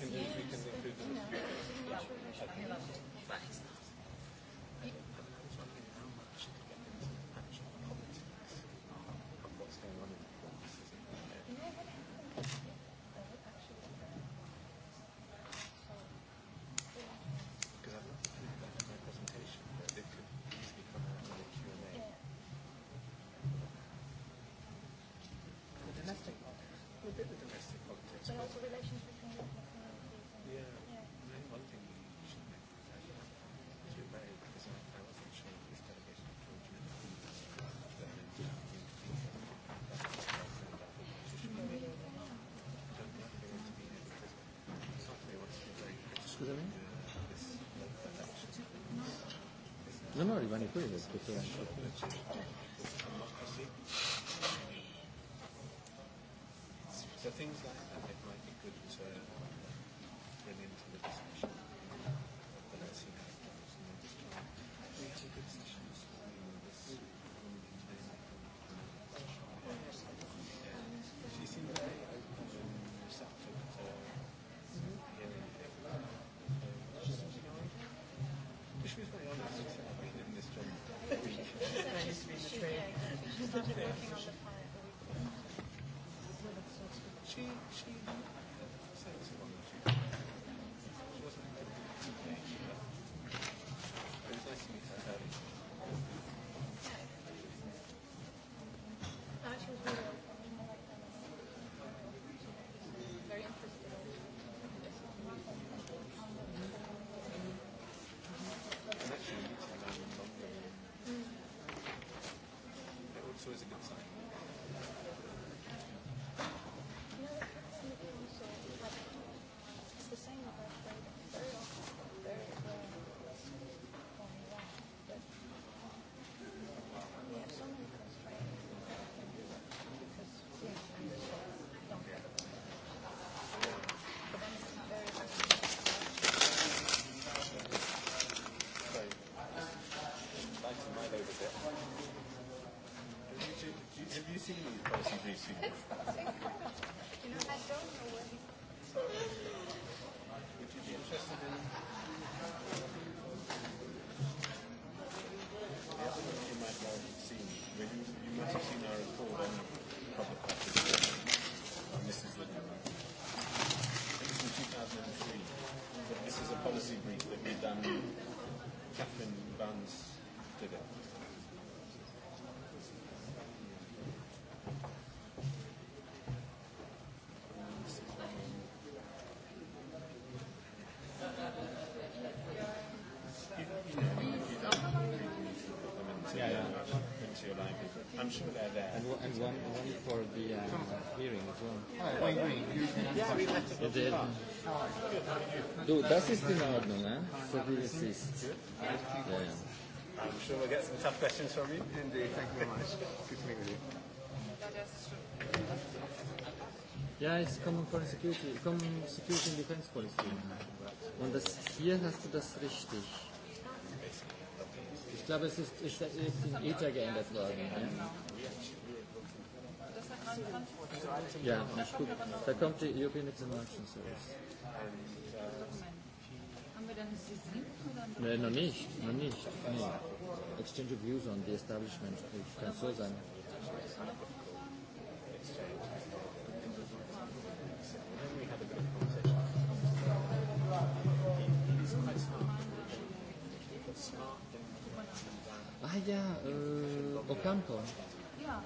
can do, we can include them. Yeah. Okay. Thanks. se da ne? Non, non, il va nettoyer parce que c'est un choc. Things like that, it might be good to say. She's been a She's been working on the be seen. you know, I don't know where he Would you be interested in I don't know if you might have seen when you, you might have seen our report on public practice on Mrs. Lydia. I think it's in 2003. But this is a policy brief that we've done. Catherine Vance did it. and one, one for the uh, hearing as well. Oh, wait, wait. Yeah, yeah, yeah. Do das ist in Ordnung, eh? For the assist. Yeah. yeah. I'm sure we'll get some tough questions from you. Indeed, thank you very much. Good to meet with you. Yeah, it's common for security, common security and defense policy. Und das hier hast du das richtig. Ich glaube, es ist, ist, ist in ETA geändert worden. Ja. Yeah, ja, da kommt die European External Action Service. Nein, noch nicht, noch nicht. Nee. Exchange of views on the establishment, ich kann so sein. Ah ja, äh, Ocampo. Ja.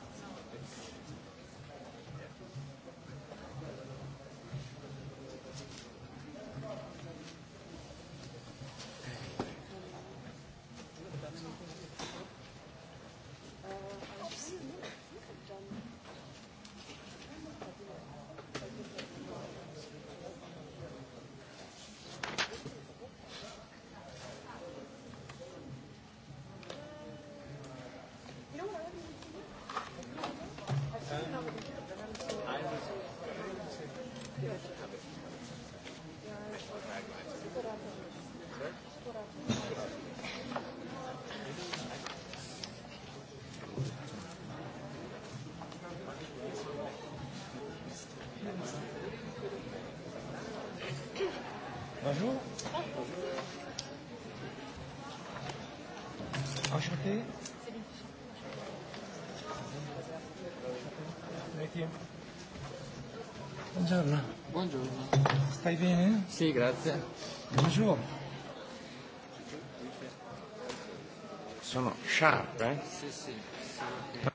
Merci. Buongiorno. Buongiorno. Stai bene? Sì, grazie. Buongiorno. Sono sharp, eh? Sì, sì. sì okay.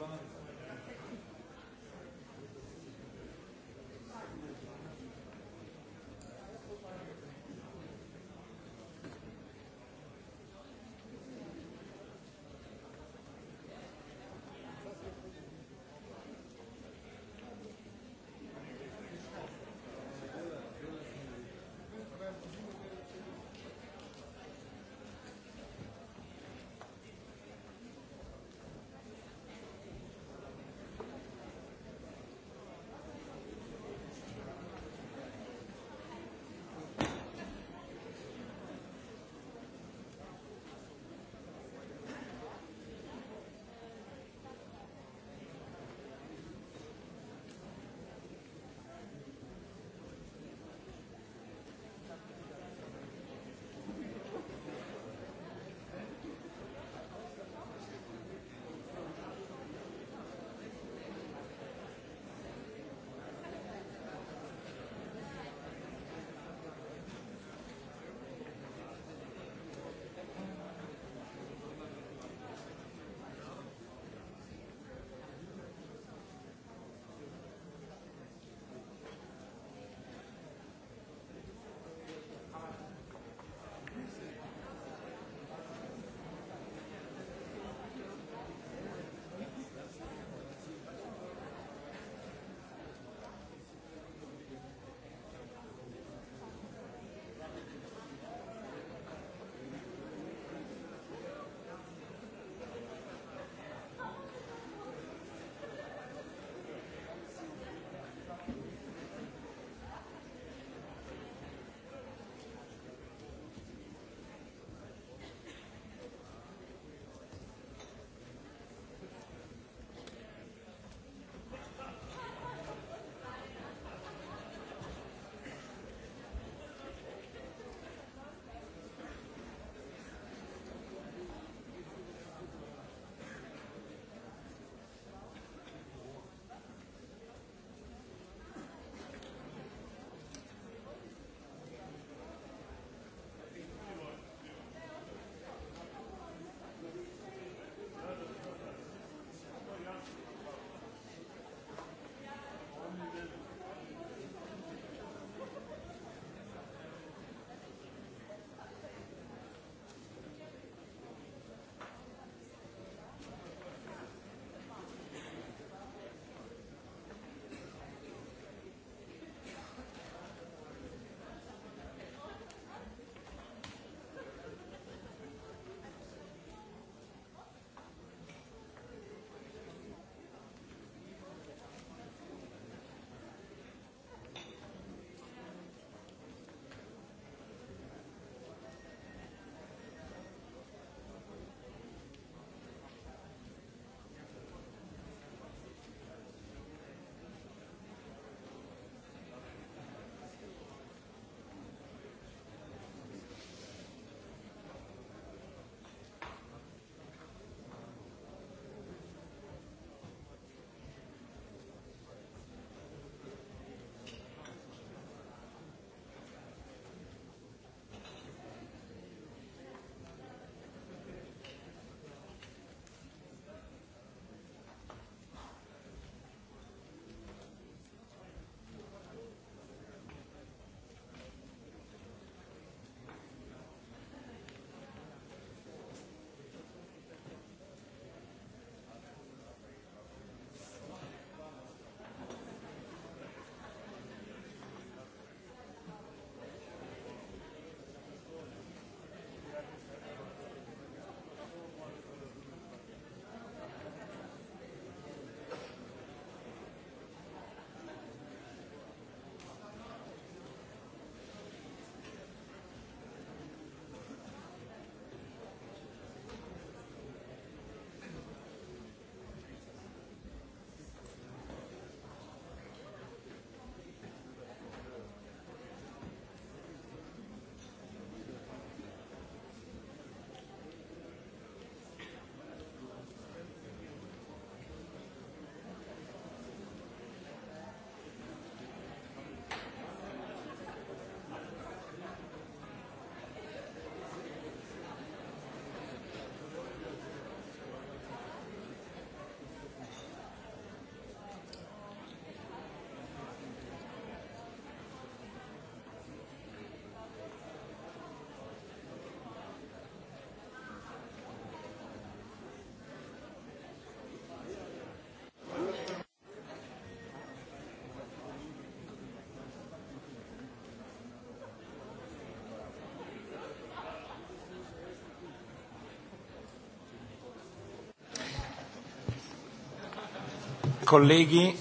kolegi.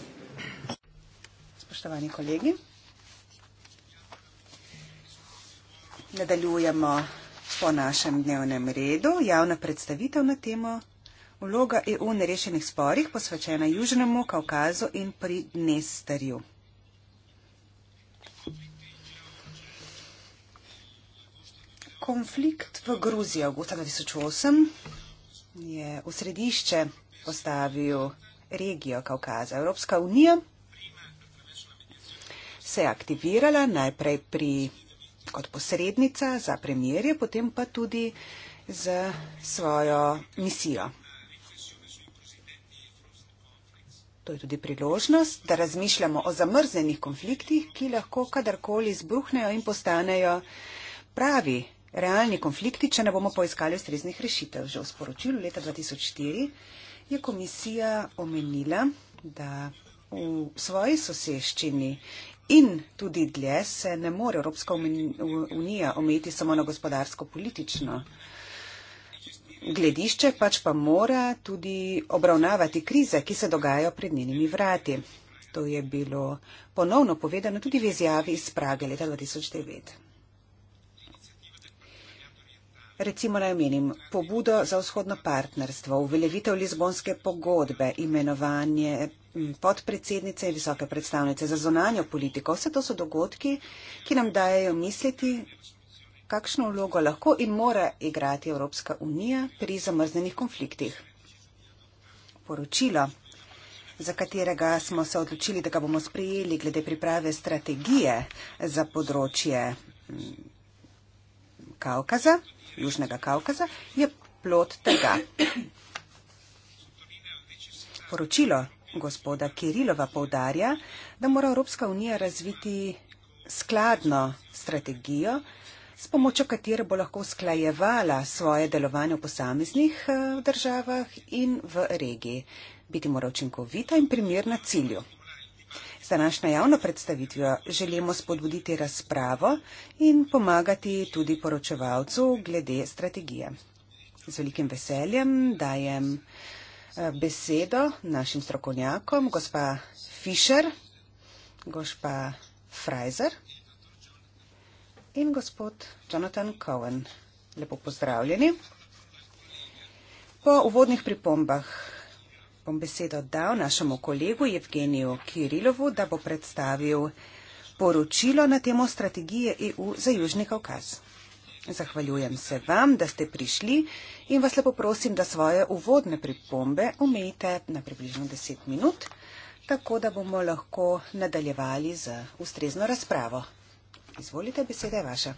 Spoštovani kolegi. Nadaljujemo po našem dnevnem redu. Javna predstavitev na temo vloga EU v nerešenih sporih posvečena Južnemu Kaukazu in pri Dnestarju. Konflikt v Gruziji avgusta 2008 je v središče postavil regijo Kaukaza. Evropska unija se je aktivirala najprej pri, kot posrednica za premjerje, potem pa tudi z svojo misijo. To je tudi priložnost, da razmišljamo o zamrznenih konfliktih, ki lahko kadarkoli izbruhnejo in postanejo pravi, realni konflikti, če ne bomo poiskali ustreznih rešitev. Že v sporočilu leta 2004 je komisija omenila, da v svoji soseščini in tudi dlje se ne more Evropska unija omejiti samo na gospodarsko-politično. Gledišče pač pa mora tudi obravnavati krize, ki se dogajajo pred njenimi vrati. To je bilo ponovno povedano tudi v izjavi iz Prage leta 2009. Recimo naj omenim pobudo za vzhodno partnerstvo, uveljavitev Lizbonske pogodbe, imenovanje mm, podpredsednice in visoke predstavnice za zonanjo politiko. Vse to so dogodki, ki nam dajo misliti, kakšno vlogo lahko in mora igrati Evropska unija pri zamrznenih konfliktih. Poročilo, za katerega smo se odločili, da ga bomo sprejeli glede priprave strategije za področje mm, Kaukaza. Južnega Kaukaza, je plot tega. Poročilo gospoda Kirilova povdarja, da mora Evropska unija razviti skladno strategijo, s pomočjo katere bo lahko usklajevala svoje delovanje v posameznih eh, državah in v regiji. Biti mora učinkovita in primerna cilju današnjo javno predstavitvijo želimo spodbuditi razpravo in pomagati tudi poročevalcu glede strategije. Z velikim veseljem dajem eh, besedo našim strokovnjakom, gospa Fischer, gospa Freiser in gospod Jonathan Cohen. Lepo pozdravljeni. Po uvodnih pripombah bom besedo dal našemu kolegu Evgeniju Kirilovu, da bo predstavil poročilo na temo strategije EU za Južni Kaukaz. Zahvaljujem se vam, da ste prišli in vas lepo prosim, da svoje uvodne pripombe omejite na približno 10 minut, tako da bomo lahko nadaljevali z ustrezno razpravo. Izvolite, beseda je vaša.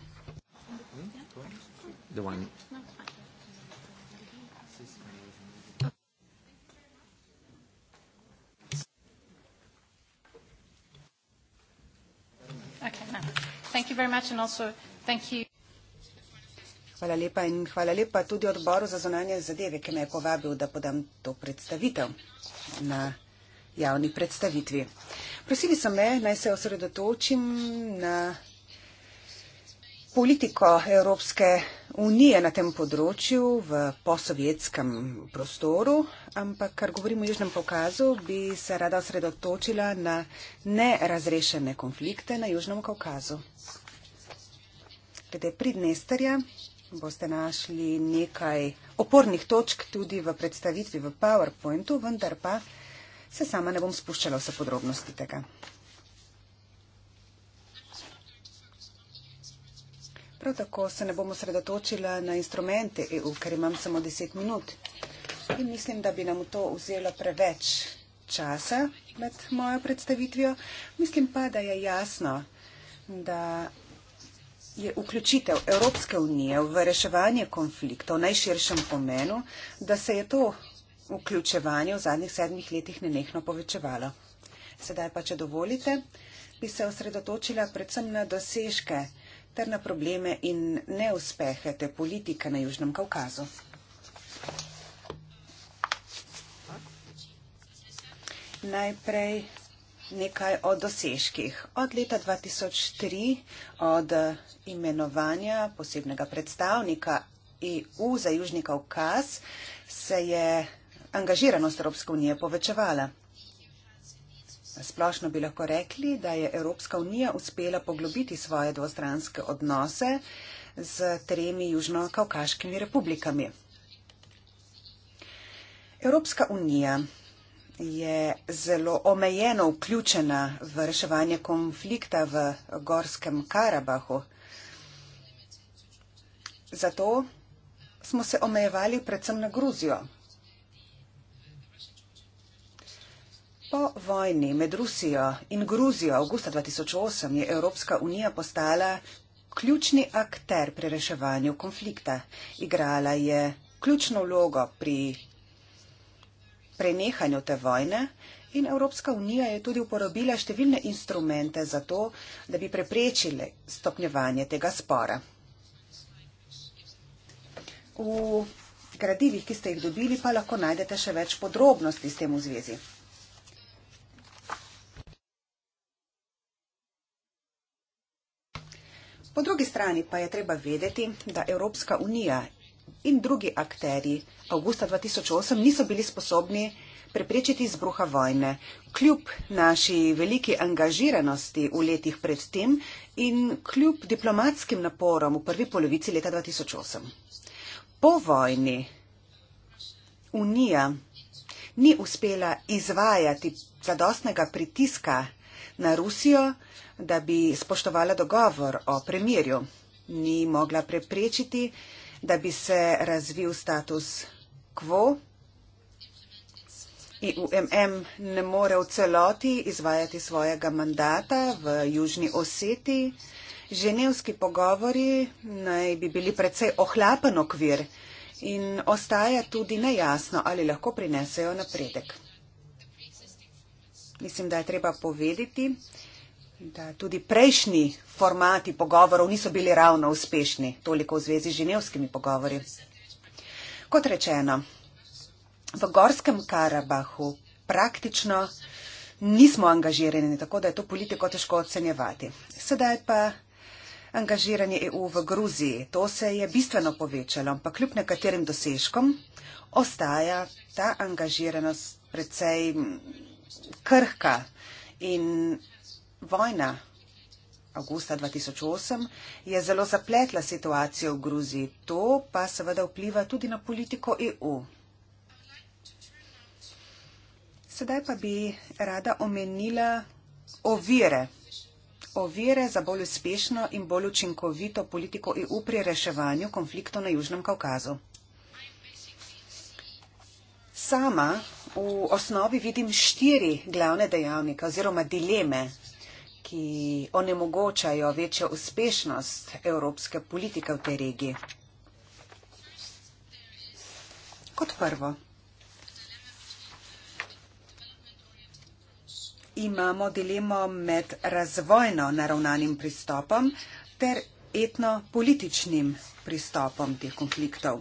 Thank you very much and also thank you. Hvala lepa in hvala lepa tudi odboru za zonanje zadeve, ki me je povabil, da podam to predstavitev na javni predstavitvi. Prosili so me, naj se osredotočim na politiko Evropske unije na tem področju v posovjetskem prostoru, ampak kar govorim o Južnem Kaukazu, bi se rada osredotočila na nerazrešene konflikte na Južnem Kaukazu. Glede Pridnesterja boste našli nekaj opornih točk tudi v predstavitvi v PowerPointu, vendar pa se sama ne bom spuščala vse podrobnosti tega. Prav tako se ne bom osredotočila na instrumente EU, ker imam samo 10 minut. In mislim, da bi nam to vzelo preveč časa med mojo predstavitvijo. Mislim pa, da je jasno, da je vključitev Evropske unije v reševanje konfliktov v najširšem pomenu, da se je to vključevanje v zadnjih sedmih letih nenehno povečevalo. Sedaj pa, če dovolite, bi se osredotočila predvsem na dosežke ter na probleme in neuspehe te politike na Južnem Kaukazu. Najprej nekaj o dosežkih. Od leta 2003, od imenovanja posebnega predstavnika EU za Južni Kaukaz, se je angažiranost Evropske unije povečevala. Splošno bi lahko rekli, da je Evropska unija uspela poglobiti svoje dvostranske odnose z tremi južno-kaukaškimi republikami. Evropska unija je zelo omejeno vključena v reševanje konflikta v Gorskem Karabahu. Zato smo se omejevali predvsem na Gruzijo. Po vojni med Rusijo in Gruzijo avgusta 2008 je Evropska unija postala ključni akter pri reševanju konflikta. Igrala je ključno vlogo pri prenehanju te vojne in Evropska unija je tudi uporabila številne instrumente za to, da bi preprečili stopnjevanje tega spora. V gradivih, ki ste jih dobili, pa lahko najdete še več podrobnosti s tem v zvezi. Po drugi strani pa je treba vedeti, da Evropska unija in drugi akteri avgusta 2008 niso bili sposobni preprečiti izbruha vojne, kljub naši veliki angažiranosti v letih predtem in kljub diplomatskim naporom v prvi polovici leta 2008. Po vojni Unija ni uspela izvajati zadostnega pritiska na Rusijo, da bi spoštovala dogovor o premirju. Ni mogla preprečiti, da bi se razvil status quo. IUMM ne more v celoti izvajati svojega mandata v Južni Oseti. Ženevski pogovori naj bi bili predvsej ohlapen okvir in ostaja tudi nejasno, ali lahko prinesejo napredek mislim, da je treba povedati, da tudi prejšnji formati pogovorov niso bili ravno uspešni, toliko v zvezi z ženevskimi pogovori. Kot rečeno, v Gorskem Karabahu praktično nismo angažirani, tako da je to politiko težko ocenjevati. Sedaj pa angažiranje EU v Gruziji. To se je bistveno povečalo, ampak kljub nekaterim dosežkom ostaja ta angažiranost precej krhka in vojna avgusta 2008 je zelo zapletla situacijo v Gruziji. To pa seveda vpliva tudi na politiko EU. Sedaj pa bi rada omenila ovire. Ovire za bolj uspešno in bolj učinkovito politiko EU pri reševanju konfliktov na Južnem Kaukazu. Sama V osnovi vidim štiri glavne dejavnike oziroma dileme, ki onemogočajo večjo uspešnost evropske politike v tej regiji. Kot prvo, imamo dilemo med razvojno naravnanim pristopom ter etnopolitičnim pristopom teh konfliktov.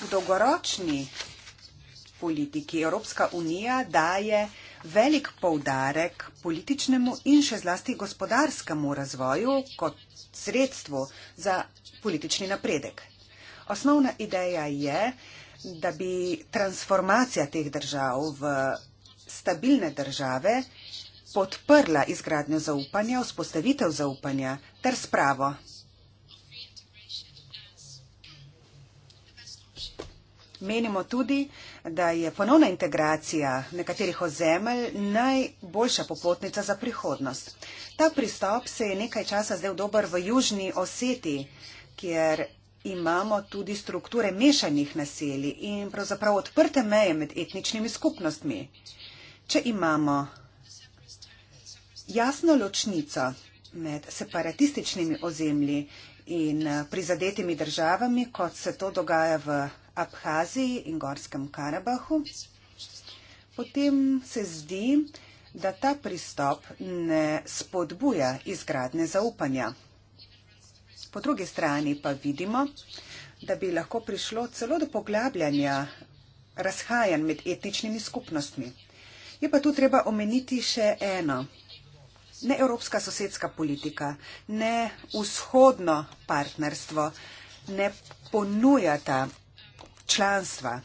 V dolgoročni politiki. Evropska unija daje velik poudarek političnemu in še zlasti gospodarskemu razvoju kot sredstvu za politični napredek. Osnovna ideja je, da bi transformacija teh držav v stabilne države podprla izgradnjo zaupanja, vzpostavitev zaupanja ter spravo Menimo tudi, da je ponovna integracija nekaterih ozemelj najboljša popotnica za prihodnost. Ta pristop se je nekaj časa zdaj dober v Južni Oseti, kjer imamo tudi strukture mešanih naselij in pravzaprav odprte meje med etničnimi skupnostmi. Če imamo jasno ločnico med separatističnimi ozemlji in prizadetimi državami, kot se to dogaja v Evropi, Abhaziji in Gorskem Karabahu, potem se zdi, da ta pristop ne spodbuja izgradne zaupanja. Po drugi strani pa vidimo, da bi lahko prišlo celo do poglabljanja razhajanj med etničnimi skupnostmi. Je pa tu treba omeniti še eno. Ne evropska sosedska politika, ne vzhodno partnerstvo ne ponujata članstva,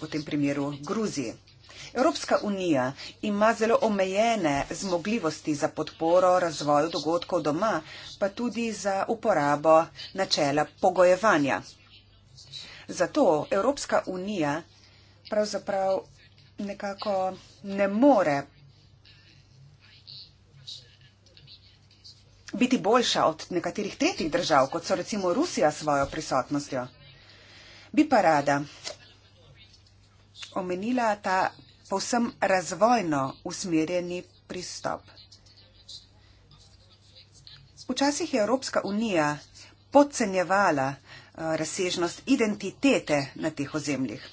v tem primeru Gruziji. Evropska unija ima zelo omejene zmogljivosti za podporo razvoju dogodkov doma, pa tudi za uporabo načela pogojevanja. Zato Evropska unija pravzaprav nekako ne more biti boljša od nekaterih tretjih držav, kot so recimo Rusija s svojo prisotnostjo. Bi pa rada omenila ta povsem razvojno usmerjeni pristop. Včasih je Evropska unija podcenjevala eh, razsežnost identitete na teh ozemljih.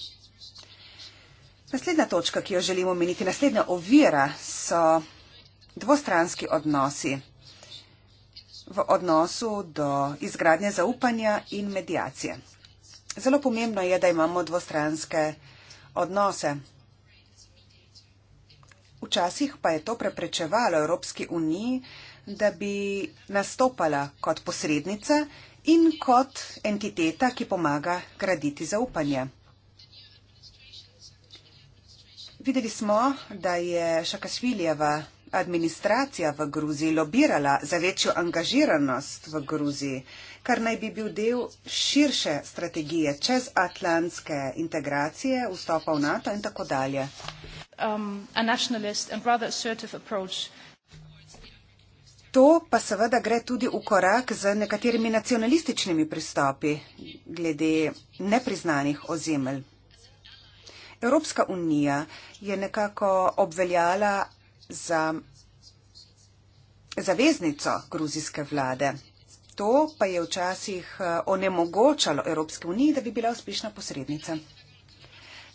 Naslednja točka, ki jo želim omeniti, naslednja ovira so dvostranski odnosi v odnosu do izgradnje zaupanja in medijacije. Zelo pomembno je, da imamo dvostranske odnose. Včasih pa je to preprečevalo Evropski uniji, da bi nastopala kot posrednica in kot entiteta, ki pomaga graditi zaupanje. Videli smo, da je Šakašviljeva administracija v Gruziji lobirala za večjo angažiranost v Gruziji, kar naj bi bil del širše strategije čez atlantske integracije, vstopa v NATO in tako dalje. Um, to pa seveda gre tudi v korak z nekaterimi nacionalističnimi pristopi glede nepriznanih ozemelj. Evropska unija je nekako obveljala za zaveznico gruzijske vlade. To pa je včasih eh, onemogočalo Evropske unije, da bi bila uspešna posrednica.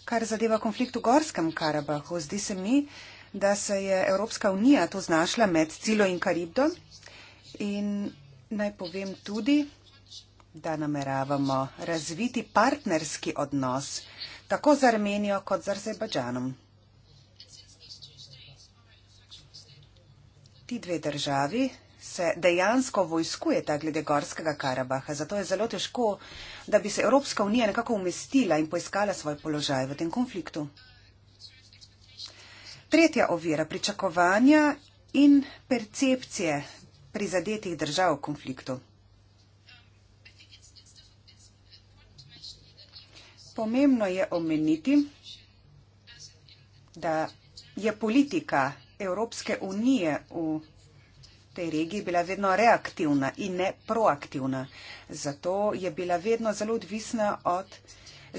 Kar zadeva konflikt v Gorskem Karabahu, zdi se mi, da se je Evropska unija to znašla med Cilo in Karibdo. In naj povem tudi, da nameravamo razviti partnerski odnos tako z Armenijo kot z Azerbajdžanom. ti dve državi se dejansko vojskujeta glede Gorskega Karabaha, zato je zelo težko, da bi se Evropska unija nekako umestila in poiskala svoj položaj v tem konfliktu. Tretja ovira pričakovanja in percepcije prizadetih držav v konfliktu. Pomembno je omeniti, da je politika Evropske unije v tej regiji bila vedno reaktivna in ne proaktivna. Zato je bila vedno zelo odvisna od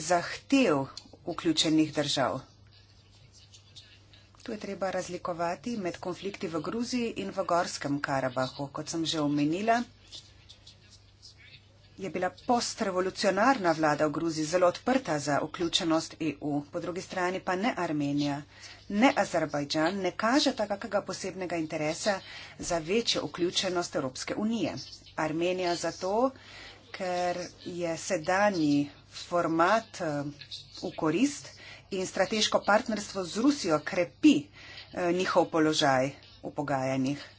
zahtev vključenih držav. Tu je treba razlikovati med konflikti v Gruziji in v Gorskem Karabahu. Kot sem že omenila, je bila postrevolucionarna vlada v Gruziji zelo odprta za vključenost EU, po drugi strani pa ne Armenija ne Azerbajdžan ne kaže takega posebnega interesa za večjo vključenost Evropske unije. Armenija zato, ker je sedanji format eh, v korist in strateško partnerstvo z Rusijo krepi eh, njihov položaj v pogajanjih.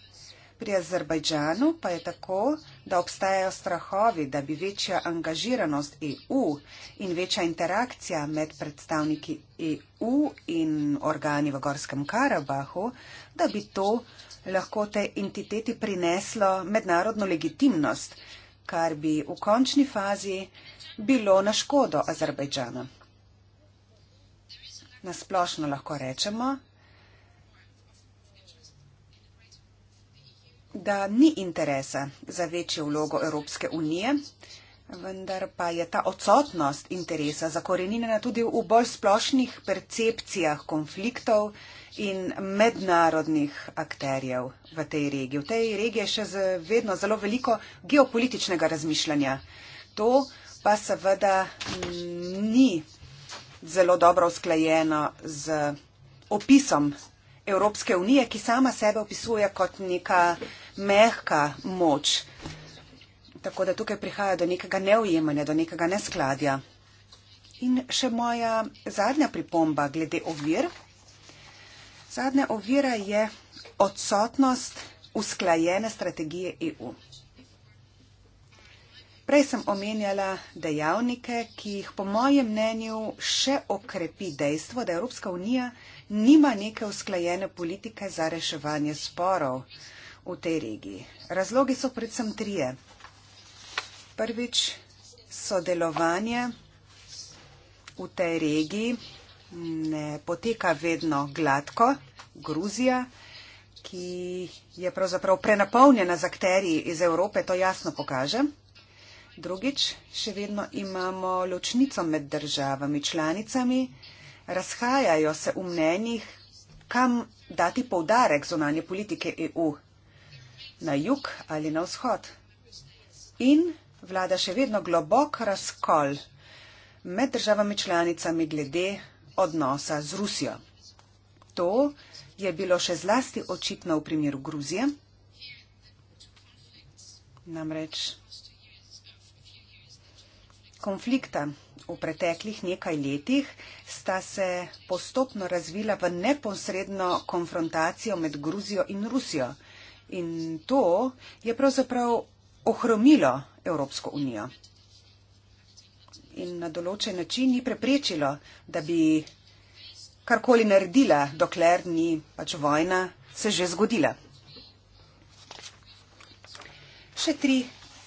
Pri Azerbajdžanu pa je tako, da obstajajo strahovi, da bi večja angažiranost EU in večja interakcija med predstavniki EU in organi v Gorskem Karabahu, da bi to lahko te entiteti prineslo mednarodno legitimnost, kar bi v končni fazi bilo na škodo Azerbajdžana. Nasplošno lahko rečemo, da ni interesa za večjo vlogo Evropske unije, vendar pa je ta odsotnost interesa zakorenjena tudi v bolj splošnih percepcijah konfliktov in mednarodnih akterjev v tej regiji. V tej regiji je še vedno zelo veliko geopolitičnega razmišljanja. To pa seveda ni zelo dobro usklajeno z opisom Evropske unije, ki sama sebe opisuje kot neka mehka moč. Tako da tukaj prihaja do nekega neujemanja, do nekega neskladja. In še moja zadnja pripomba glede ovir. Zadnja ovira je odsotnost usklajene strategije EU. Prej sem omenjala dejavnike, ki jih po mojem mnenju še okrepi dejstvo, da Evropska unija nima neke usklajene politike za reševanje sporov v tej regiji. Razlogi so predvsem trije. Prvič, sodelovanje v tej regiji ne poteka vedno gladko. Gruzija, ki je pravzaprav prenapolnjena z akterji iz Evrope, to jasno pokaže. Drugič, še vedno imamo ločnico med državami članicami, razhajajo se v mnenjih, kam dati povdarek zonanje politike EU, na jug ali na vzhod. In vlada še vedno globok razkol med državami članicami glede odnosa z Rusijo. To je bilo še zlasti očitno v primeru Gruzije. Namreč konflikta v preteklih nekaj letih sta se postopno razvila v neposredno konfrontacijo med Gruzijo in Rusijo. In to je pravzaprav ohromilo Evropsko unijo. In na določen način ni preprečilo, da bi karkoli naredila, dokler ni pač vojna se že zgodila. Še tri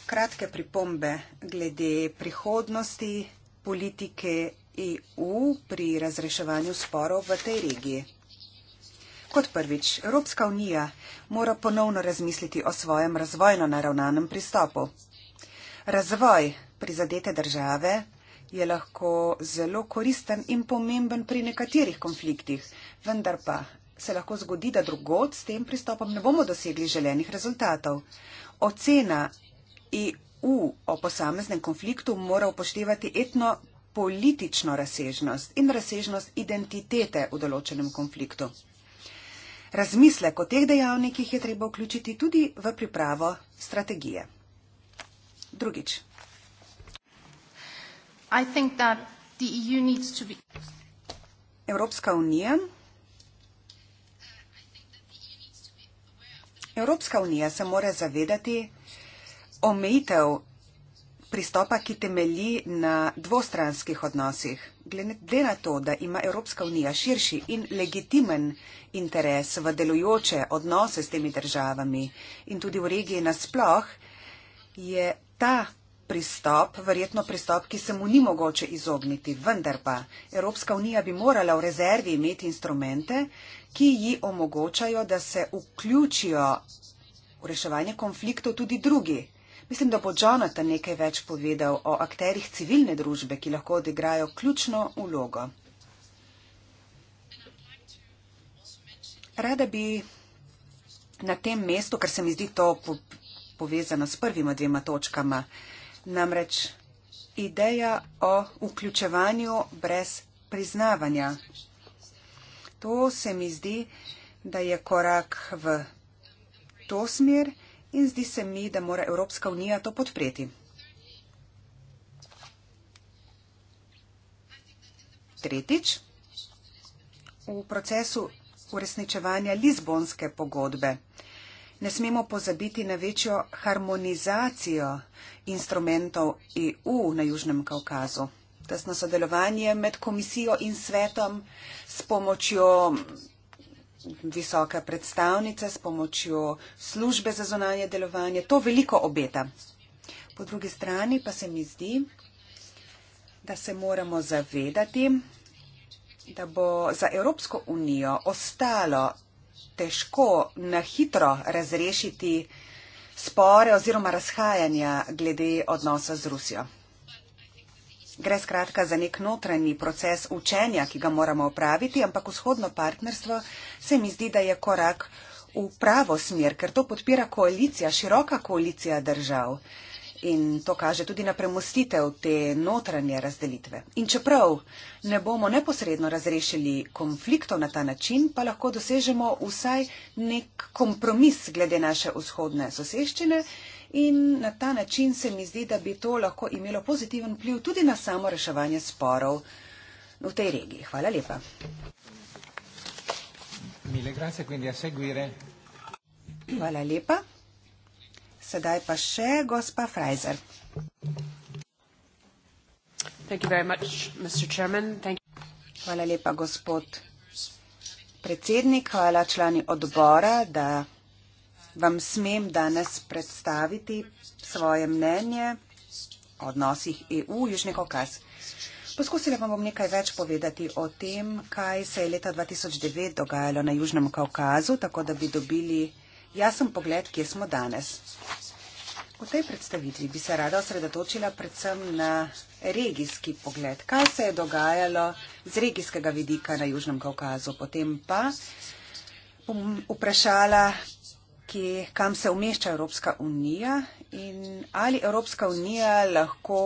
kratke pripombe glede prihodnosti politike EU pri razreševanju sporov v tej regiji. Kot prvič, Evropska unija mora ponovno razmisliti o svojem razvojno naravnanem pristopu. Razvoj prizadete države je lahko zelo koristen in pomemben pri nekaterih konfliktih, vendar pa se lahko zgodi, da drugod s tem pristopom ne bomo dosegli želenih rezultatov. Ocena EU EU o posameznem konfliktu mora upoštevati etnopolitično razsežnost in razsežnost identitete v določenem konfliktu. Razmislek o teh dejavnikih je treba vključiti tudi v pripravo strategije. Drugič. E Evropska unija. Evropska unija se mora zavedati, omejitev pristopa, ki temelji na dvostranskih odnosih. Glede na to, da ima Evropska unija širši in legitimen interes v delujoče odnose s temi državami in tudi v regiji nasploh, je ta pristop verjetno pristop, ki se mu ni mogoče izogniti. Vendar pa Evropska unija bi morala v rezervi imeti instrumente, ki ji omogočajo, da se vključijo v reševanje konfliktov tudi drugi Mislim, da bo Jonathan nekaj več povedal o akterjih civilne družbe, ki lahko odigrajo ključno vlogo. Rada bi na tem mestu, ker se mi zdi to povezano s prvima dvema točkama, namreč ideja o vključevanju brez priznavanja. To se mi zdi, da je korak v to smer, in zdi se mi, da mora Evropska unija to podpreti. Tretjič, v procesu uresničevanja Lizbonske pogodbe ne smemo pozabiti na večjo harmonizacijo instrumentov EU na Južnem Kaukazu. Tesno sodelovanje med komisijo in svetom s pomočjo visoka predstavnica s pomočjo službe za zonanje delovanje. To veliko obeta. Po drugi strani pa se mi zdi, da se moramo zavedati, da bo za Evropsko unijo ostalo težko na hitro razrešiti spore oziroma razhajanja glede odnosa z Rusijo. Gre skratka za nek notranji proces učenja, ki ga moramo opraviti, ampak vzhodno partnerstvo se mi zdi, da je korak v pravo smer, ker to podpira koalicija, široka koalicija držav. In to kaže tudi na premustitev te notranje razdelitve. In čeprav ne bomo neposredno razrešili konfliktov na ta način, pa lahko dosežemo vsaj nek kompromis glede naše vzhodne soseščine In na ta način se mi zdi, da bi to lahko imelo pozitiven vpliv tudi na samo reševanje sporov v tej regiji. Hvala lepa. Hvala lepa. Sedaj pa še gospa Freiser. Hvala lepa, gospod predsednik. Hvala člani odbora, da vam smem danes predstaviti svoje mnenje o odnosih EU-Južni Kokas. Poskusila vam bom nekaj več povedati o tem, kaj se je leta 2009 dogajalo na Južnem Kaukazu, tako da bi dobili jasen pogled, kje smo danes. V tej predstavitvi bi se rada osredotočila predvsem na regijski pogled, kaj se je dogajalo z regijskega vidika na Južnem Kaukazu. Potem pa bom vprašala, kje, kam se umešča Evropska unija in ali Evropska unija lahko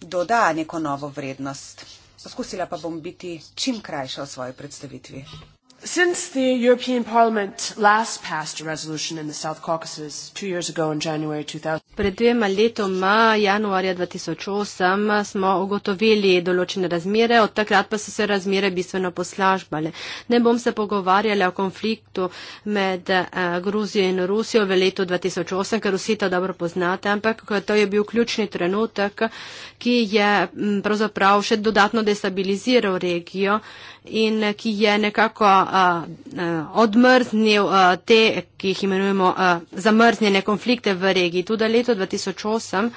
doda neko novo vrednost. Poskusila pa bom biti čim krajša v svoji predstavitvi. Since the European Parliament last passed a resolution in the South Caucasus two years ago in January 2000, Pred dvema letoma, januarja 2008, smo ugotovili določene razmere, od takrat pa so se razmere bistveno poslažbale. Ne bom se pogovarjala o konfliktu med eh, Gruzijo in Rusijo v letu 2008, ker vsi to dobro poznate, ampak eh, to je bil ključni trenutek, ki je pravzaprav še dodatno destabiliziral regijo in eh, ki je nekako uh, odmrznil uh, te, ki jih imenujemo uh, zamrznjene konflikte v regiji. Tudi leto 2008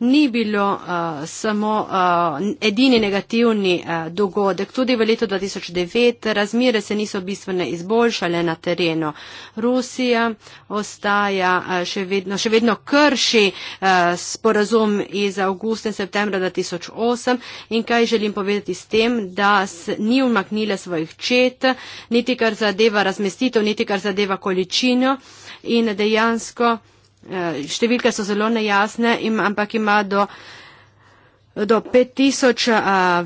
ni bilo uh, samo uh, edini negativni uh, dogodek. Tudi v letu 2009 razmire se niso bistveno izboljšale na terenu. Rusija ostaja uh, še, vedno, še vedno krši uh, sporazum iz avgusta in septembra 2008 in kaj želim povedati s tem, da ni umaknila svojih čet, niti kar zadeva razmestitev, niti kar zadeva količino in dejansko Eh, številke so zelo nejasne, ampak ima do do 5000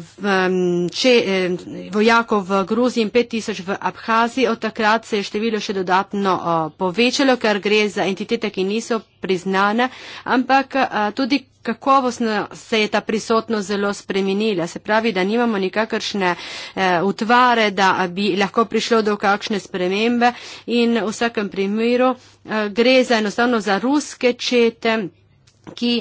e, vojakov v Gruziji in 5000 v Abhaziji. Od takrat se je število še dodatno povečalo, ker gre za entitete, ki niso priznane, ampak tudi kakovostno se je ta prisotnost zelo spremenila. Se pravi, da nimamo nikakršne e, utvare, da bi lahko prišlo do kakšne spremembe in v vsakem primeru e, gre za enostavno za ruske čete, ki.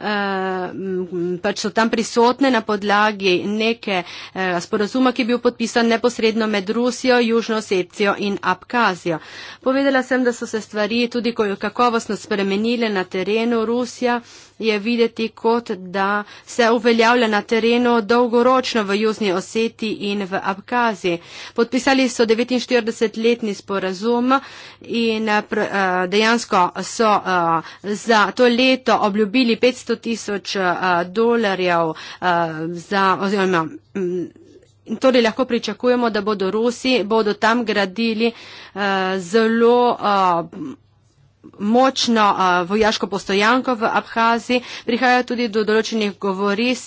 Ehm, pač so tam prisotne na podlagi neke eh, sporazuma, ki je bil podpisan neposredno med Rusijo, Južno Osecijo in Abkazijo. Povedala sem, da so se stvari tudi kakovostno spremenile na terenu Rusija je videti kot, da se uveljavlja na terenu dolgoročno v Južni Oseti in v Abkaziji. Podpisali so 49-letni sporazum in eh, eh, dejansko so eh, za to leto obljubili 500 tisoč dolarjev za oziroma. Mm, torej lahko pričakujemo, da bodo Rusi, bodo tam gradili uh, zelo. Uh, močno uh, vojaško postojanko v Abhaziji, prihaja tudi do določenih govoris,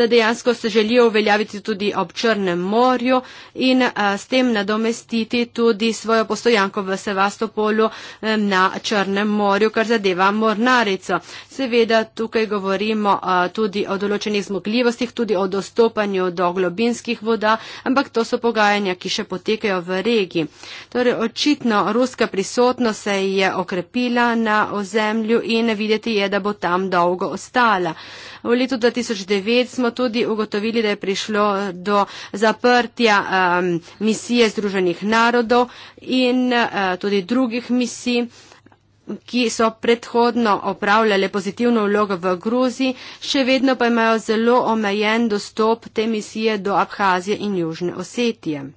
da dejansko se želijo uveljaviti tudi ob Črnem morju in uh, s tem nadomestiti tudi svojo postojanko v Sevastopolu um, na Črnem morju, kar zadeva mornarico. Seveda tukaj govorimo a, tudi o določenih zmogljivostih, tudi o dostopanju do globinskih voda, ampak to so pogajanja, ki še potekajo v regiji. Torej, očitno ruska prisotnost se je okrepila na ozemlju in videti je, da bo tam dolgo ostala. V letu 2009 smo tudi ugotovili, da je prišlo do zaprtja um, misije Združenih narodov in uh, tudi drugih misij ki so predhodno opravljale pozitivno vlogo v Gruziji, še vedno pa imajo zelo omejen dostop te misije do Abhazije in Južne Osetije.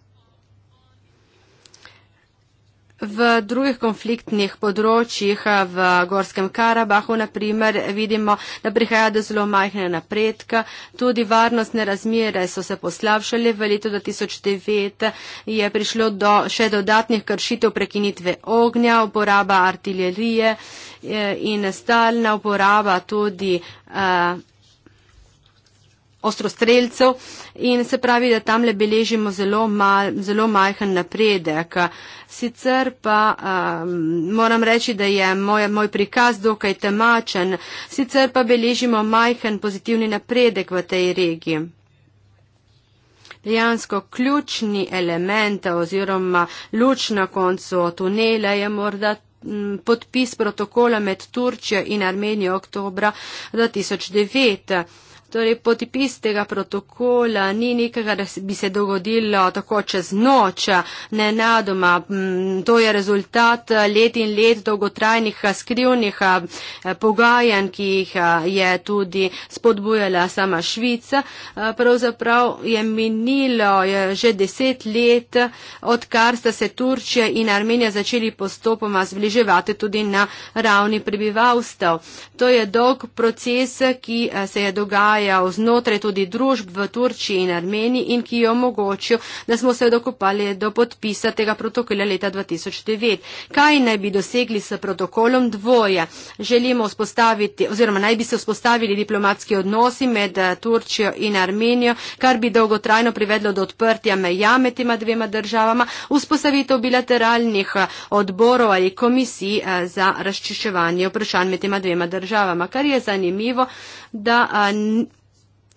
V drugih konfliktnih področjih, eh, v Gorskem Karabahu, naprimer, vidimo, da prihaja do zelo majhne napredka. Tudi varnostne razmere so se poslavšali. V letu 2009 je prišlo do še dodatnih kršitev prekinitve ognja, uporaba artilerije eh, in stalna uporaba tudi. Uh, ostrostrelcev in se pravi, da tamle beležimo zelo, mal, zelo majhen napredek. Sicer pa um, moram reči, da je moj, moj prikaz dokaj temačen, sicer pa beležimo majhen pozitivni napredek v tej regiji. Dejansko ključni element oziroma luč na koncu tunela je morda podpis protokola med Turčjo in Armenijo oktobra 2009. Torej, potipis tega protokola ni nekaj, da bi se dogodilo tako čez noč, ne nadoma. Mm, to je rezultat let in let dolgotrajnih skrivnih eh, pogajanj, ki jih eh, je tudi spodbujala sama Švica. Eh, pravzaprav je minilo že deset let, odkar sta se Turčija in Armenija začeli postopoma zbliževati tudi na ravni prebivalstva. To je dolg proces, ki se je dogajal dogajal znotraj tudi družb v Turčiji in Armeniji in ki je omogočil, da smo se dokopali do podpisa tega protokola leta 2009. Kaj naj bi dosegli s protokolom dvoja? Želimo vzpostaviti oziroma naj bi se vzpostavili diplomatski odnosi med eh, Turčijo in Armenijo, kar bi dolgotrajno privedlo do odprtja meja med tema dvema državama, vzpostavitev bilateralnih eh, odborov ali komisij eh, za razčiševanje vprašanj med tema dvema državama, kar je zanimivo da a,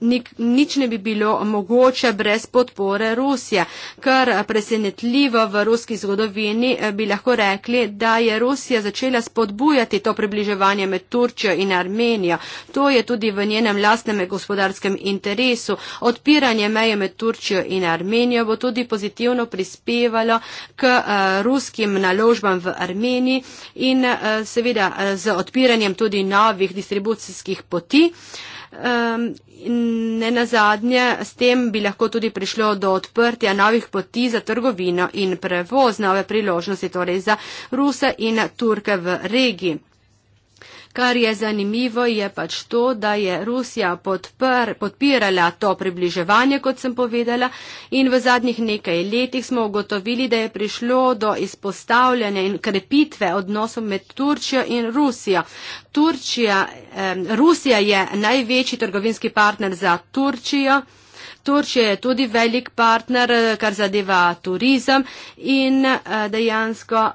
Nik, nič ne bi bilo mogoče brez podpore Rusije, kar presenetljivo v ruski zgodovini eh, bi lahko rekli, da je Rusija začela spodbujati to približevanje med Turčjo in Armenijo. To je tudi v njenem lastnem gospodarskem interesu. Odpiranje meje med Turčjo in Armenijo bo tudi pozitivno prispevalo k uh, ruskim naložbam v Armeniji in uh, seveda uh, z odpiranjem tudi novih distribucijskih poti. Ehm, In ne nazadnje, s tem bi lahko tudi prišlo do odprtja novih poti za trgovino in prevoz, nove priložnosti torej za Ruse in Turke v regiji. Kar je zanimivo, je pač to, da je Rusija podpr, podpirala to približevanje, kot sem povedala, in v zadnjih nekaj letih smo ugotovili, da je prišlo do izpostavljanja in krepitve odnosov med Turčijo in Rusijo. Turčija, eh, Rusija je največji trgovinski partner za Turčijo. Turčija je tudi velik partner, kar zadeva turizem in eh, dejansko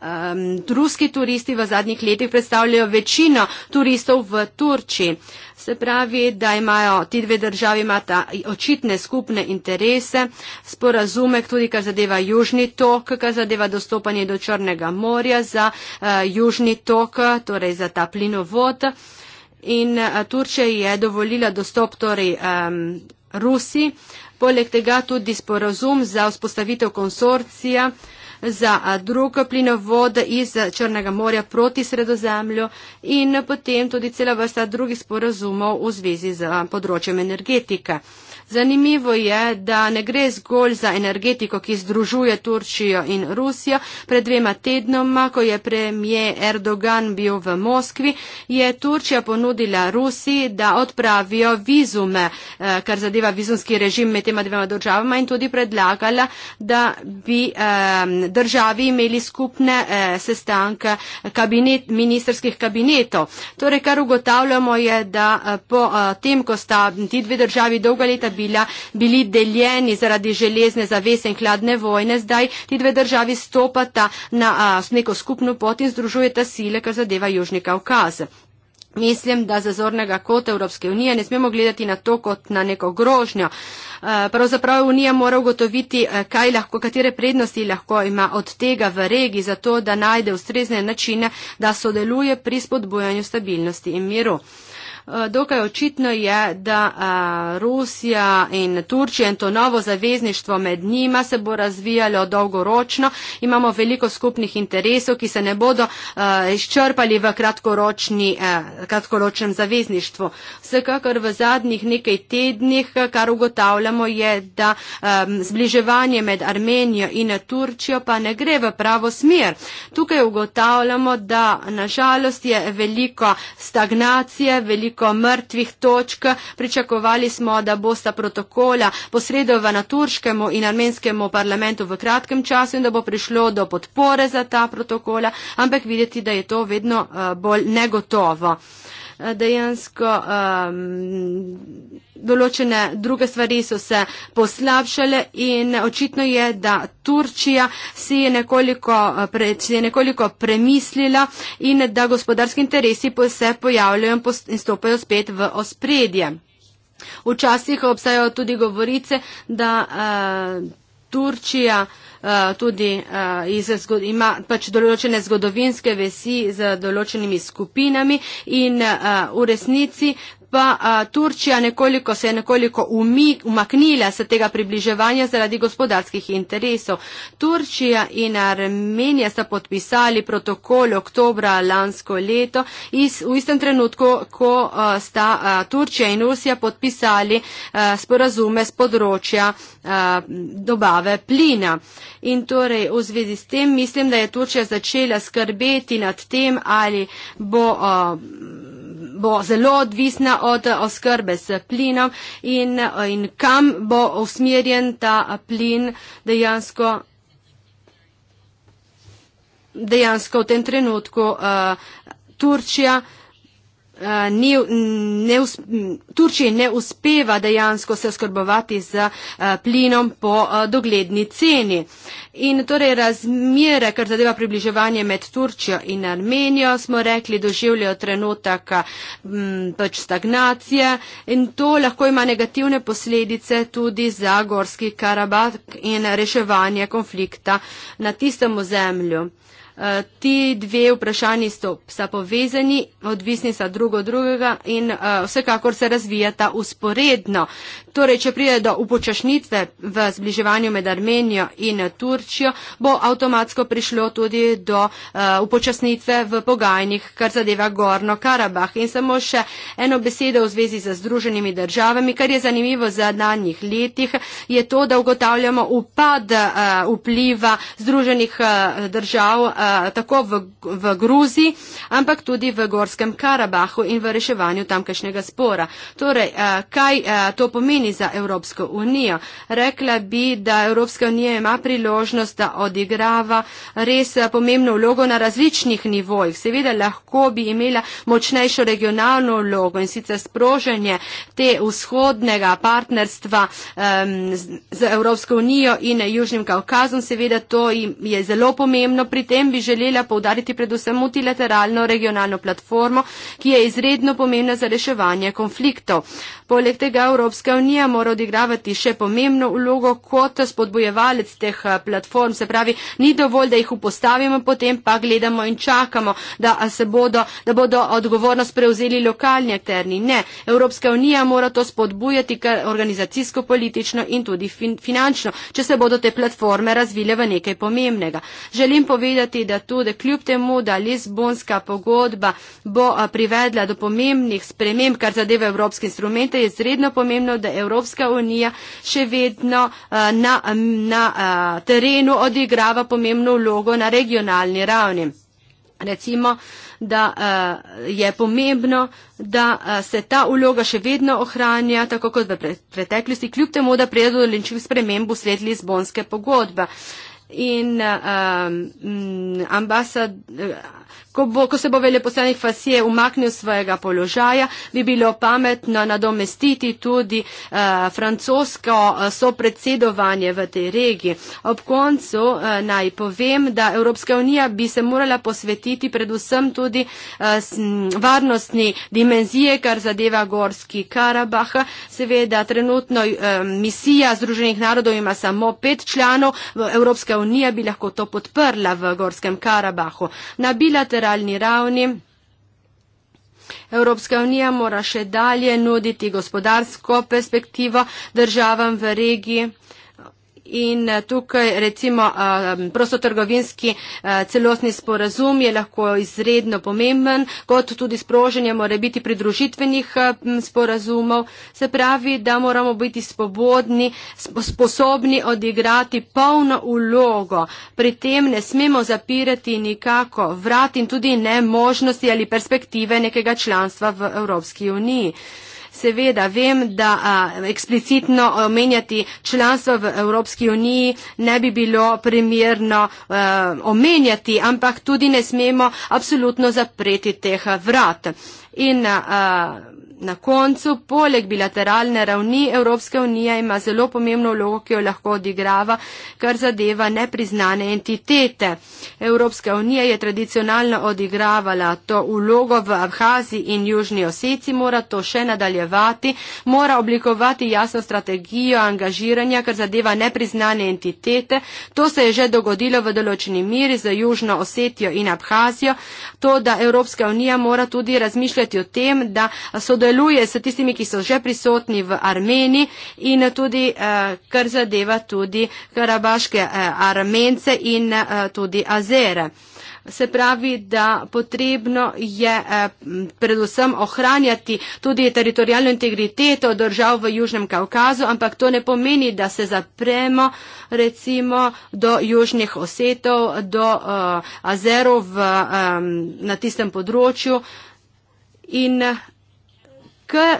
um, ruski turisti v zadnjih letih predstavljajo večino turistov v Turčiji. Se pravi, da imajo ti dve državi imata očitne skupne interese, sporazume, tudi kar zadeva južni tok, kar zadeva dostopanje do Črnega morja za uh, južni tok, torej za ta plinovod. In uh, Turčija je dovolila dostop torej um, Rusi, poleg tega tudi sporazum za vzpostavitev konsorcija. Uh, za drug plinovod iz Črnega morja proti Sredozemlju in potem tudi cela vrsta drugih sporazumov v zvezi z področjem energetike. Zanimivo je, da ne gre zgolj za energetiko, ki združuje Turčijo in Rusijo. Pred dvema tednoma, ko je premije Erdogan bil v Moskvi, je Turčija ponudila Rusiji, da odpravijo vizume, eh, kar zadeva vizumski režim med tema dvema državama in tudi predlagala, da bi državi imeli skupne eh, sestanke kabinet, ministerskih kabinetov. Torej, kar ugotavljamo je, da eh, po tem, ko sta ti dve državi dolga leta bila, bili deljeni zaradi železne zavese in hladne vojne. Zdaj ti dve državi stopata na a, neko skupno pot in združujeta sile, kar zadeva Južni Kaukaz. Mislim, da za zornega kota Evropske unije ne smemo gledati na to kot na neko grožnjo. Pravzaprav Unija mora ugotoviti, kaj lahko, katere prednosti lahko ima od tega v regiji, zato da najde ustrezne načine, da sodeluje pri spodbujanju stabilnosti in miru. Eh, dokaj očitno je, da eh, Rusija in Turčija in to novo zavezništvo med njima se bo razvijalo dolgoročno. Imamo veliko skupnih interesov, ki se ne bodo eh, izčrpali v kratkoročnem zavezništvu. Vsekakor v zadnjih nekaj tednih, kar ugotavljamo, je, da zbliževanje med Armenijo in Turčijo pa ne gre v pravo smer. Tukaj ugotavljamo, da nažalost je veliko stagnacije, veliko številko mrtvih točk. Pričakovali smo, da bosta protokola posredovana turškemu in armenskemu parlamentu v kratkem času in da bo prišlo do podpore za ta protokola, ampak videti, da je to vedno eh, bolj negotovo. Eh, dejansko. Um, določene druge stvari so se poslabšale in očitno je, da Turčija si je nekoliko, eh, pre, si je nekoliko premislila in da gospodarski interesi se pojavljajo in stopajo spet v ospredje. Včasih obstajajo tudi govorice, da uh, Turčija uh, tudi uh, iz, zgod, ima pač določene zgodovinske vesi z določenimi skupinami in uh, v resnici pa a, Turčija nekoliko se je nekoliko umik, umaknila se tega približevanja zaradi gospodarskih interesov. Turčija in Armenija sta podpisali protokol oktobra lansko leto iz, v istem trenutku, ko a, sta a, Turčija in Rusija podpisali a, sporazume z področja a, dobave plina. In torej v zvezi s tem mislim, da je Turčija začela skrbeti nad tem, ali bo. A, bo zelo odvisna od eh, oskrbe s plinom in, eh, in kam bo usmerjen ta eh, plin dejansko, dejansko v tem trenutku. Uh, Turčija. Eh, ni, ne usp, Turčiji ne uspeva dejansko se skrbovati z eh, plinom po eh, dogledni ceni. In torej razmere, kar zadeva približevanje med Turčjo in Armenijo, smo rekli, doživljajo trenutek mm, pač stagnacije in to lahko ima negativne posledice tudi za Gorski Karabak in reševanje konflikta na tistem ozemlju ti dve vprašanji sta povezani, odvisni sta drugo drugega in uh, vsekakor se razvijata usporedno. Torej, če pride do upočašnitve v zbliževanju med Armenijo in Turčijo, bo avtomatsko prišlo tudi do uh, upočasnitve v pogajnih, kar zadeva Gorno Karabah. In samo še eno besedo v zvezi z združenimi državami, kar je zanimivo za danjih letih, je to, da ugotavljamo upad uh, vpliva združenih uh, držav. Uh, tako v, v Gruziji, ampak tudi v Gorskem Karabahu in v reševanju tamkajšnjega spora. Torej, eh, kaj eh, to pomeni za Evropsko unijo? Rekla bi, da Evropska unija ima priložnost, da odigrava res eh, pomembno vlogo na različnih nivojih. Seveda lahko bi imela močnejšo regionalno vlogo in sicer sprožanje te vzhodnega partnerstva um, z Evropsko unijo in Južnim Kaukazom. Seveda to je zelo pomembno pri tem bi želela povdariti predvsem multilateralno regionalno platformo, ki je izredno pomembna za reševanje konfliktov. Poleg tega Evropska unija mora odigravati še pomembno ulogo kot spodbojevalec teh eh, platform. Se pravi, ni dovolj, da jih upostavimo, potem pa gledamo in čakamo, da se bodo, da bodo odgovornost prevzeli lokalni akterni. Ne, Evropska unija mora to spodbujati organizacijsko, politično in tudi fin finančno, če se bodo te platforme razvile v nekaj pomembnega. Želim povedati, povedati, da tudi kljub temu, da Lizbonska pogodba bo privedla do pomembnih sprememb, kar zadeva evropske instrumente, je zredno pomembno, da Evropska unija še vedno na, na terenu odigrava pomembno vlogo na regionalni ravni. Recimo, da uh, je pomembno, da uh, se ta uloga še vedno ohranja, tako kot v pre preteklosti, kljub temu, da prijedlo do linčnih sprememb v svet Lizbonske pogodbe. Uh, in um, ambasad, Ko, bo, ko se bo veljeposlenik Fasije umaknil svojega položaja, bi bilo pametno nadomestiti tudi uh, francosko uh, sopredsedovanje v tej regiji. Ob koncu uh, naj povem, da Evropska unija bi se morala posvetiti predvsem tudi uh, varnostni dimenzije, kar zadeva Gorski Karabah. Seveda, trenutno uh, misija Združenih narodov ima samo pet članov, Evropska unija bi lahko to podprla v Gorskem Karabahu federalni ravni. Evropska unija mora še dalje nuditi gospodarsko perspektivo državam v regiji in eh, tukaj recimo eh, prostotrgovinski eh, celostni sporazum je lahko izredno pomemben, kot tudi sproženje more biti pridružitvenih sporazumov. Se pravi, da moramo biti spobodni, sposobni odigrati polno ulogo. Pri tem ne smemo zapirati nikako vrat in tudi ne možnosti ali perspektive nekega članstva v Evropski uniji. Seveda vem, da a, eksplicitno omenjati članstvo v Evropski uniji ne bi bilo primerno a, omenjati, ampak tudi ne smemo absolutno zapreti teh vrat. In a, Na koncu, poleg bilateralne ravni, Evropska unija ima zelo pomembno vlogo, ki jo lahko odigrava, kar zadeva nepriznane entitete. Evropska unija je tradicionalno odigravala to vlogo v Abhazi in Južni Osici, mora to še nadaljevati, mora oblikovati jasno strategijo angažiranja, kar zadeva nepriznane entitete. To se je že dogodilo v določeni miri za Južno Osetijo in Abhazijo. To, sodeluje s tistimi, ki so že prisotni v Armeniji in tudi, eh, kar zadeva tudi karabaške eh, armence in eh, tudi azere. Se pravi, da potrebno je predvsem ohranjati tudi teritorijalno integriteto držav v Južnem Kaukazu, ampak to ne pomeni, da se zapremo recimo do južnih osetov, do uh, azerov v, um, na tistem področju. In uh,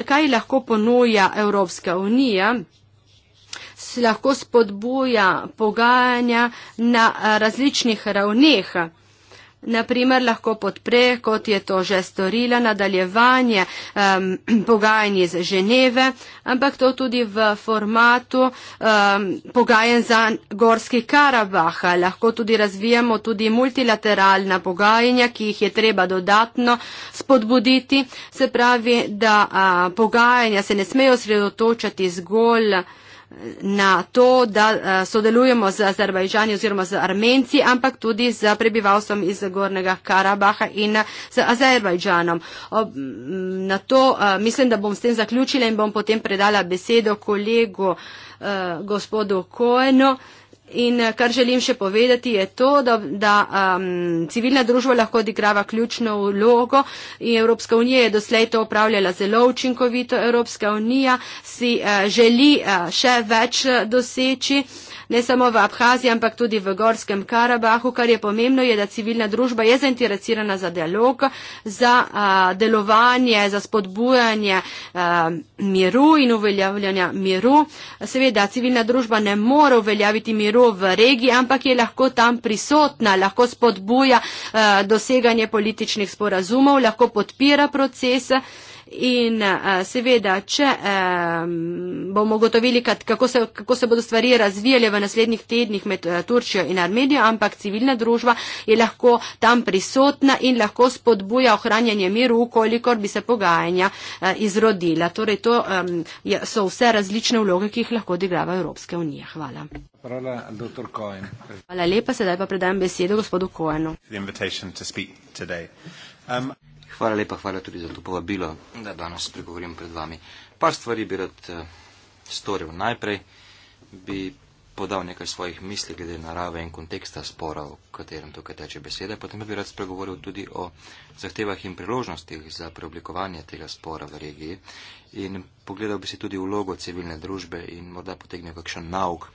kaj lahko ponuja Evropska unija, lahko spodbuja pogajanja na eh, različnih ravneh naprimer lahko podpre, kot je to že storila, nadaljevanje um, pogajanj iz Ženeve, ampak to tudi v formatu um, pogajanj za Gorski Karabah. Lahko tudi razvijamo tudi multilateralna pogajanja, ki jih je treba dodatno spodbuditi. Se pravi, da uh, pogajanja se ne smejo sredotočati zgolj na to, da eh, sodelujemo z Azerbajžani oziroma z Armenci, ampak tudi z prebivalstvom iz Gornega Karabaha in eh, z Azerbajžanom. Na to eh, mislim, da bom s tem zaključila in bom potem predala besedo kolegu gospodu Koenu. In eh, kar želim še povedati je to, da, da um, civilna družba lahko odigrava ključno vlogo in Evropska unija je doslej to upravljala zelo učinkovito. Evropska unija si uh, želi uh, še več uh, doseči. Uh, ne samo v Abhaziji, ampak tudi v Gorskem Karabahu. Kar je pomembno, je, da civilna družba je zainteresirana za dialog, za a, delovanje, za spodbujanje a, miru in uveljavljanja miru. Seveda, civilna družba ne more uveljaviti miru v regiji, ampak je lahko tam prisotna, lahko spodbuja a, doseganje političnih sporazumov, lahko podpira procese. In uh, seveda, če um, bomo gotovili, kako se, kako se bodo stvari razvijale v naslednjih tednih med uh, Turčijo in Armenijo, ampak civilna družba je lahko tam prisotna in lahko spodbuja ohranjanje miru, kolikor bi se pogajanja uh, izrodila. Torej, to um, je, so vse različne vloge, ki jih lahko odigrava Evropska unija. Hvala. Hvala, dr. Cohen. Hvala lepa, sedaj pa predajam besedo gospodu Cohenu. Hvala lepa, hvala tudi za to povabilo, da danes pregovorim pred vami. Par stvari bi rad eh, storil. Najprej bi podal nekaj svojih misli glede narave in konteksta spora, o katerem tukaj teče beseda. Potem bi rad spregovoril tudi o zahtevah in priložnostih za preoblikovanje tega spora v regiji. In pogledal bi si tudi vlogo civilne družbe in morda potegnil kakšen nauk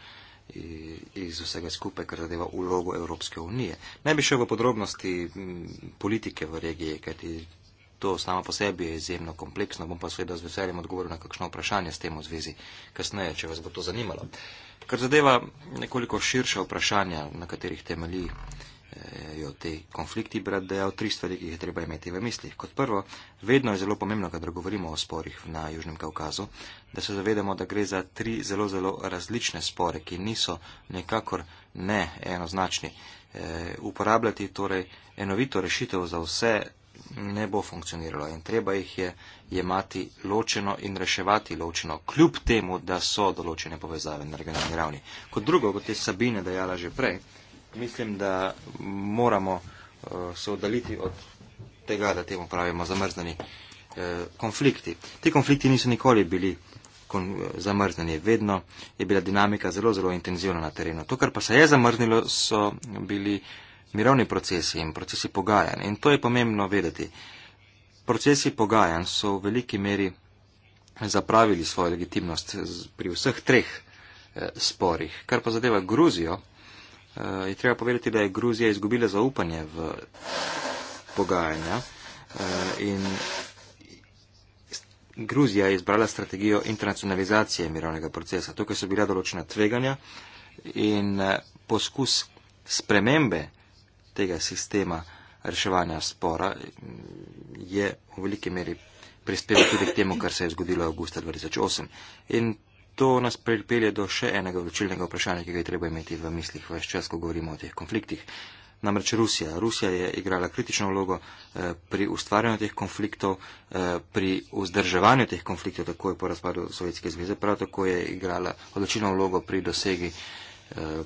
iz vsega skupaj, kar zadeva ulogo Evropske unije. Ne bi šel v podrobnosti politike v regiji, kajti to samo po sebi je izjemno kompleksno, bom pa seveda z veseljem odgovoril na kakšno vprašanje s tem v zvezi kasneje, če vas bo to zanimalo. Kar zadeva nekoliko širše vprašanja, na katerih temelji Eh, jo ti konflikti brati, da je o tri stvari, ki jih je treba imeti v mislih. Kot prvo, vedno je zelo pomembno, kadar govorimo o sporih na Južnem Kaukazu, da se zavedamo, da gre za tri zelo, zelo različne spore, ki niso nekakor ne enoznačni. E, uporabljati torej enovito rešitev za vse ne bo funkcioniralo in treba jih je jemati ločeno in reševati ločeno, kljub temu, da so določene povezave na regionalni ravni. Kot drugo, kot je Sabine dejala že prej, mislim, da moramo uh, se oddaliti od tega, da temu pravimo zamrznani uh, eh, konflikti. Ti konflikti niso nikoli bili kon, uh, zamrznani, vedno je bila dinamika zelo, zelo intenzivna na terenu. To, kar pa se je zamrznilo, so bili mirovni procesi in procesi pogajanj. In to je pomembno vedeti. Procesi pogajanj so v veliki meri zapravili svojo legitimnost pri vseh treh eh, sporih. Kar pa zadeva Gruzijo, Eh, je treba povedati, da je Gruzija izgubila zaupanje v pogajanja eh, in Gruzija je izbrala strategijo internacionalizacije mirovnega procesa. Tukaj so bila določena tveganja in eh, poskus spremembe tega sistema reševanja spora je v veliki meri prispeval tudi k temu, kar se je zgodilo avgusta 2008. In to nas pripelje do še enega odločilnega vprašanja, ki ga je treba imeti v mislih vse čas, ko govorimo o teh konfliktih. Namreč Rusija. Rusija je igrala kritično vlogo eh, pri ustvarjanju teh konfliktov, eh, pri vzdrževanju teh konfliktov takoj po razpadu Sovjetske zveze, prav tako je igrala odločilno vlogo pri dosegi eh,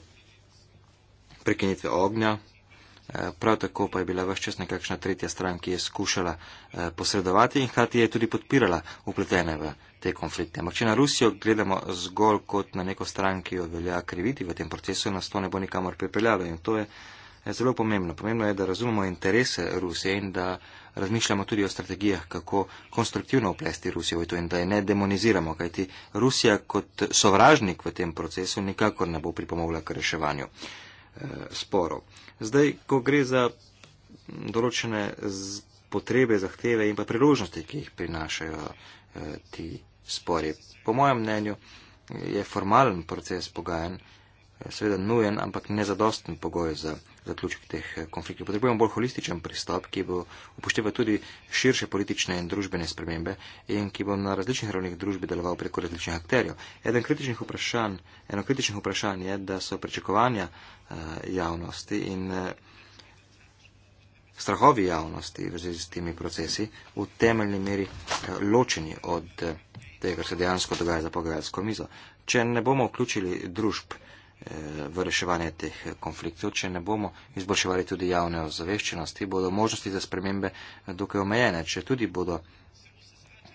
prekinitve ognja. Eh, prav tako pa je bila vse čas nekakšna tretja stran, ki je skušala eh, posredovati in hkrati je tudi podpirala upletene v te konflikte. Ampak če na Rusijo gledamo zgolj kot na neko stran, ki jo velja kriviti v tem procesu, nas to ne bo nikamor pripeljalo. In to je, je zelo pomembno. Pomembno je, da razumemo interese Rusije in da razmišljamo tudi o strategijah, kako konstruktivno oplesti Rusijo v to in da je ne demoniziramo, kajti Rusija kot sovražnik v tem procesu nikakor ne bo pripomogla k reševanju e, sporov. Zdaj, ko gre za določene potrebe, zahteve in pa priložnosti, ki jih prinašajo eh, ti spori. Po mojem mnenju je formalen proces pogajanj eh, seveda nujen, ampak nezadosten pogoj za zaključek teh eh, konfliktov. Potrebujemo bolj holističen pristop, ki bo upošteval tudi širše politične in družbene spremembe in ki bo na različnih ravnih družbi deloval preko različnih akterjev. Eden kritičnih vprašanj, eno kritičnih vprašanj je, da so pričakovanja eh, javnosti in strahovi javnosti v zvezi s temi procesi v temeljni meri ločeni od tega, kar se dejansko dogaja za pogajalsko mizo. Če ne bomo vključili družb eh, v reševanje teh konfliktov, če ne bomo izboljševali tudi javne ozaveščenosti, bodo možnosti za spremembe dokaj omejene, če tudi bodo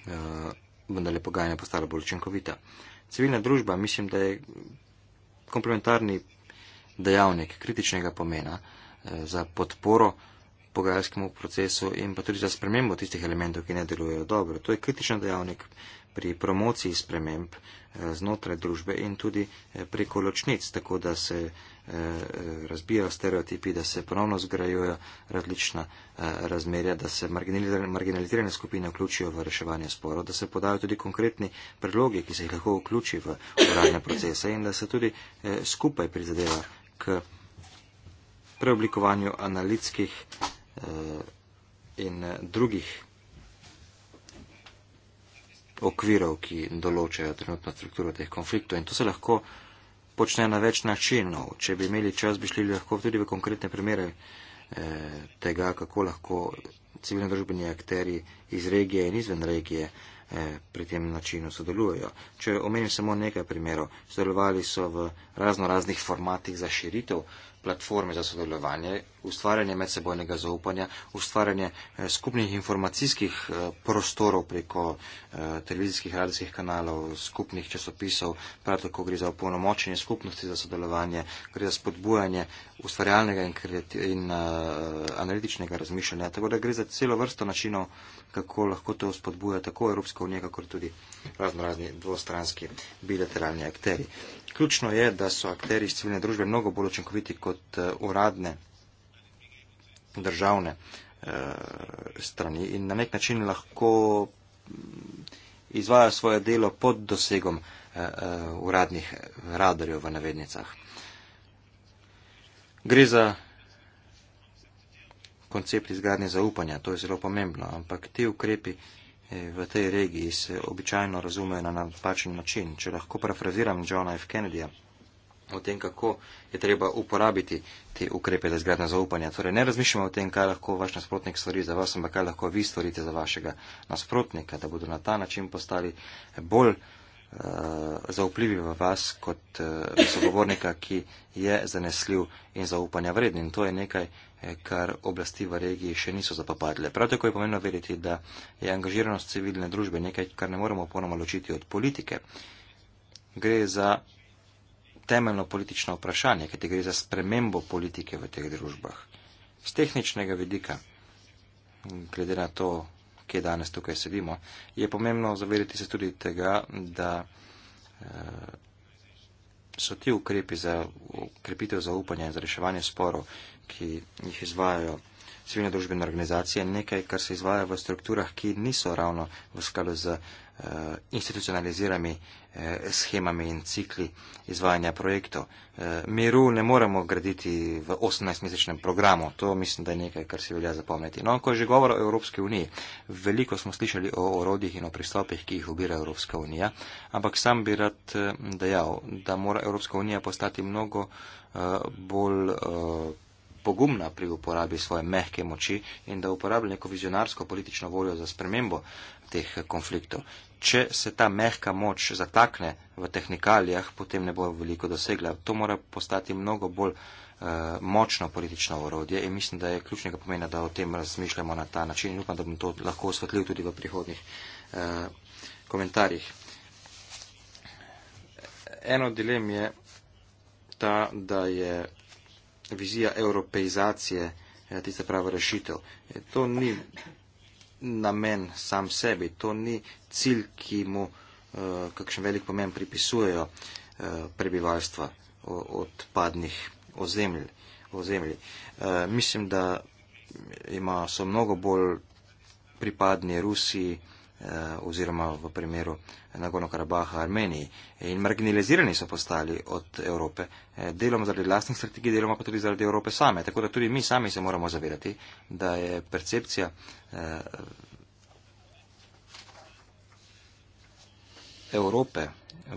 eh, vendarle pogajanja postala bolj učinkovita. Civilna družba mislim, da je komplementarni dejavnik kritičnega pomena eh, za podporo pogajalskemu procesu in pa tudi za spremembo tistih elementov, ki ne delujejo dobro. To je kritičen dejavnik, pri promociji sprememb eh, znotraj družbe in tudi eh, preko ločnic, tako da se eh, razbijajo stereotipi, da se ponovno zgrajujejo različna razmerja, da se marginalizirane skupine vključijo v reševanje sporov, da se podajo tudi konkretni predlogi, ki se jih lahko vključi v uradne procese in da se tudi skupaj prizadeva k preoblikovanju analitskih in drugih okvirov, ki določajo trenutno strukturo teh konfliktov. In to se lahko počne na več načinov. Če bi imeli čas, bi šli lahko tudi v konkretne primere eh, tega, kako lahko civilno družbeni akteri iz regije in izven regije eh, pri tem načinu sodelujejo. Če omenim samo nekaj primerov, sodelovali so v razno raznih formatih za širitev platforme za sodelovanje, ustvarjanje medsebojnega zaupanja, ustvarjanje eh, skupnih informacijskih eh, prostorov preko eh, televizijskih radijskih kanalov, skupnih časopisov, prav tako gre za opolnomočenje skupnosti za sodelovanje, gre za spodbujanje ustvarjalnega in, kreti, in uh, analitičnega razmišljanja. Tako da gre za celo vrsto načinov, kako lahko to spodbuja tako Evropska unija, kakor tudi razno razni dvostranski bilateralni akteri. Ključno je, da so akteri iz civilne družbe mnogo bolj učinkoviti kot uh, uradne državne uh, strani in na nek način lahko mm, izvajajo svoje delo pod dosegom uh, uh, uradnih radarjev v navednicah. Uh, Gre za koncept izgradnje zaupanja, to je zelo pomembno, ampak ti ukrepi eh, v tej regiji se običajno razumejo na napačen način. Če lahko parafraziram Johna F. Kennedyja o tem, kako je treba uporabiti te ukrepe za izgradnjo zaupanja. Torej, ne razmišljamo o tem, kaj lahko vaš nasprotnik stori za vas, ampak kaj lahko vi storite za vašega nasprotnika, da bodo na ta način postali bolj Eh, za vplivi v vas kot uh, sogovornika, ki je zanesljiv in zaupanja vreden. In to je nekaj, eh, kar oblasti v regiji še niso zapopadle. Prav tako je pomembno veriti, da je angažiranost civilne družbe nekaj, kar ne moremo ponoma ločiti od politike. Gre za temeljno politično vprašanje, kajti gre za spremembo politike v teh družbah. Z tehničnega vidika, glede na to, kje danes tukaj sedimo. Je pomembno zavedati se tudi tega, da eh, so ti ukrepi za ukrepitev zaupanja in za reševanje sporov, ki jih izvajajo civilne družbene organizacije, nekaj, kar se izvaja v strukturah, ki niso ravno v skladu z eh, institucionaliziranimi eh, schemami in cikli izvajanja projektov. Eh, miru ne moremo graditi v 18-mesečnem programu, to mislim, da je nekaj, kar si velja zapomniti. No, ko je že govor o Evropski uniji, veliko smo slišali o orodjih in o pristopih, ki jih ubira Evropska unija, ampak sam bi rad eh, dejal, da mora Evropska unija postati mnogo eh, bolj. Eh, pogumna pri uporabi svoje mehke moči in da uporablja neko vizionarsko politično voljo za spremembo teh konfliktov če se ta mehka moč zatakne v tehnikalijah, potem ne bo veliko dosegla. To mora postati mnogo bolj eh, močno politično orodje in mislim, da je ključnega pomena, da o tem razmišljamo na ta način in upam, da bom to lahko osvetlil tudi v prihodnih eh, komentarjih. Eno dilem je ta, da je vizija evropeizacije eh, tista prava rešitev. Eh, to ni namen sam sebi, to ni cilj, ki mu eh, kakšen velik pomen pripisujejo eh, prebivalstva odpadnih ozemlj. ozemlj. Eh, mislim, da ima, so mnogo bolj pripadni Rusiji, Eh, oziroma v primeru Nagorno-Karabaha Armeniji. In marginalizirani so postali od Evrope, eh, deloma zaradi lastnih strategij, deloma pa tudi zaradi Evrope same. Tako da tudi mi sami se moramo zavedati, da je percepcija. Eh, Evrope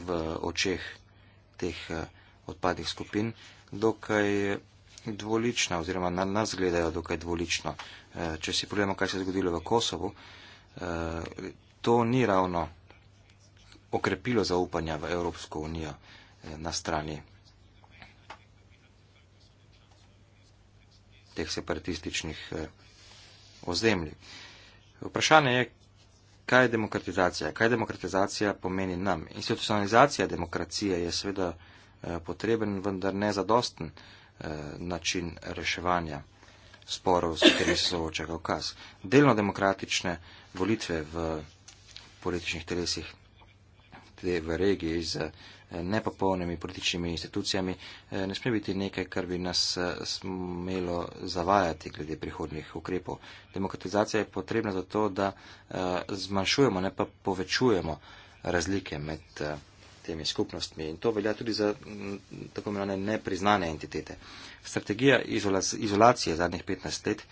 v očeh teh odpadnih skupin dokaj dvolična oziroma na nas gledajo dokaj dvolično. Če si pogledamo, kaj se je zgodilo v Kosovu, Eh, to ni ravno okrepilo zaupanja v Evropsko unijo eh, na strani teh separatističnih eh, ozemlji. Vprašanje je, kaj je demokratizacija? Kaj demokratizacija pomeni nam? Institucionalizacija demokracije je seveda potreben, vendar ne zadosten način reševanja sporov, s kateri se sooča Kaukaz. Delno demokratične volitve v političnih telesih te v regiji z eh, nepopolnimi političnimi institucijami eh, ne sme biti nekaj, kar bi nas eh, smelo zavajati glede prihodnih ukrepov. Demokratizacija je potrebna zato, da zmanjšujemo, ne pa povečujemo razlike med temi skupnostmi in to velja tudi za tako imenovane nepriznane entitete. Strategija izolacije zadnjih 15 let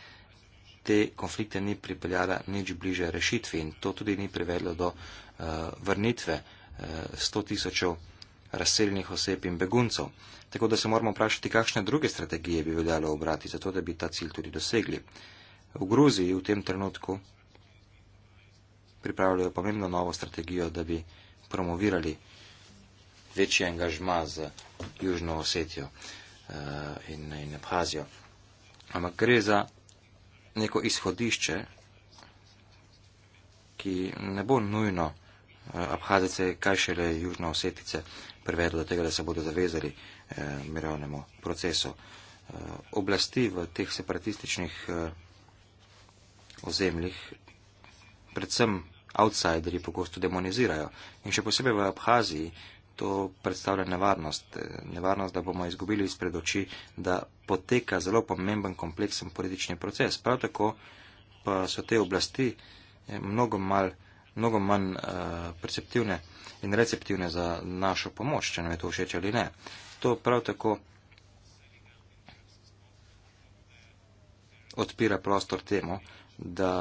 te konflikte ni pripeljala nič bliže rešitvi in to tudi ni privedlo do uh, vrnitve uh, eh, 100 tisočev razseljenih oseb in beguncev. Tako da se moramo vprašati, kakšne druge strategije bi veljalo obrati, zato da bi ta cilj tudi dosegli. V Gruziji v tem trenutku pripravljajo pomembno novo strategijo, da bi promovirali večji angažma z Južno Osetijo uh, eh, in, in Abhazijo. Ampak gre za neko izhodišče, ki ne bo nujno uh, eh, Abhazice, kaj šele Južno Osetice, privedlo do tega, da se bodo zavezali uh, mirovnemu procesu. Uh, oblasti v teh separatističnih uh, ozemljih, predvsem outsideri, pogosto demonizirajo. In še posebej v Abhaziji, uh, to predstavlja nevarnost. Eh, nevarnost, da bomo izgubili izpred oči, da poteka zelo pomemben kompleksen politični proces. Prav tako pa so te oblasti eh, mnogo, mal, mnogo manj uh, perceptivne in receptivne za našo pomoč, če nam je to všeč ali ne. To prav tako odpira prostor temu, da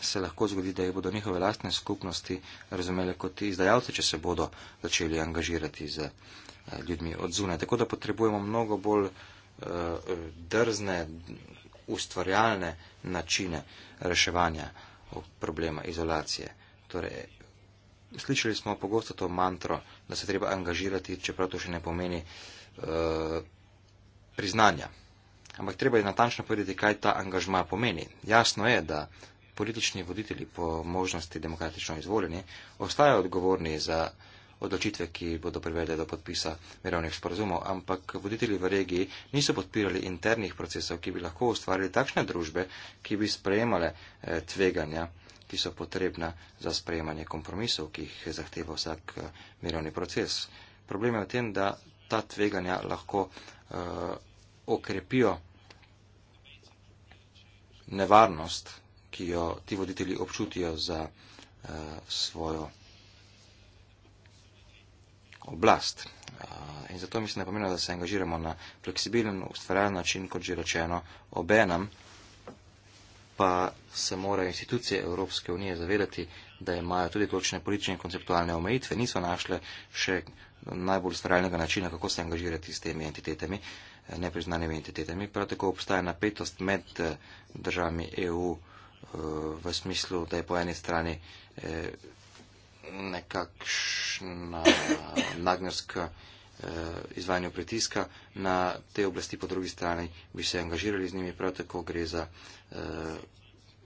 se lahko zgodi, da jih bodo njihove lastne skupnosti razumele kot izdajalce, če se bodo začeli angažirati z eh, ljudmi od zunaj. Tako da potrebujemo mnogo bolj eh, drzne, ustvarjalne načine reševanja problema izolacije. Torej, slišali smo pogosto to mantro, da se treba angažirati, čeprav to še ne pomeni eh, priznanja. Ampak treba je natančno povedati, kaj ta angažma pomeni. Jasno je, da politični voditelji po možnosti demokratično izvoljeni ostajajo odgovorni za odločitve, ki bodo privedle do podpisa mirovnih sporazumov, ampak voditelji v regiji niso podpirali internih procesov, ki bi lahko ustvarili takšne družbe, ki bi sprejemale eh, tveganja, ki so potrebna za sprejemanje kompromisov, ki jih zahteva vsak eh, mirovni proces. Problem je v tem, da ta tveganja lahko uh, okrepijo nevarnost ki jo ti voditelji občutijo za uh, svojo oblast. Uh, in zato mislim, da je pomembno, da se angažiramo na fleksibilen, ustvarjalen način, kot že rečeno, obenem pa se morajo institucije Evropske unije zavedati, da imajo tudi določene politične in konceptualne omejitve, niso našle še najbolj ustvarjalnega načina, kako se angažirati s temi entitetami, eh, nepriznanimi entitetami. Prav tako obstaja napetost med državami EU v smislu, da je po eni strani eh, nekakšna nagnerska eh, izvajanja pritiska na te oblasti, po drugi strani bi se angažirali z njimi, prav tako gre za eh,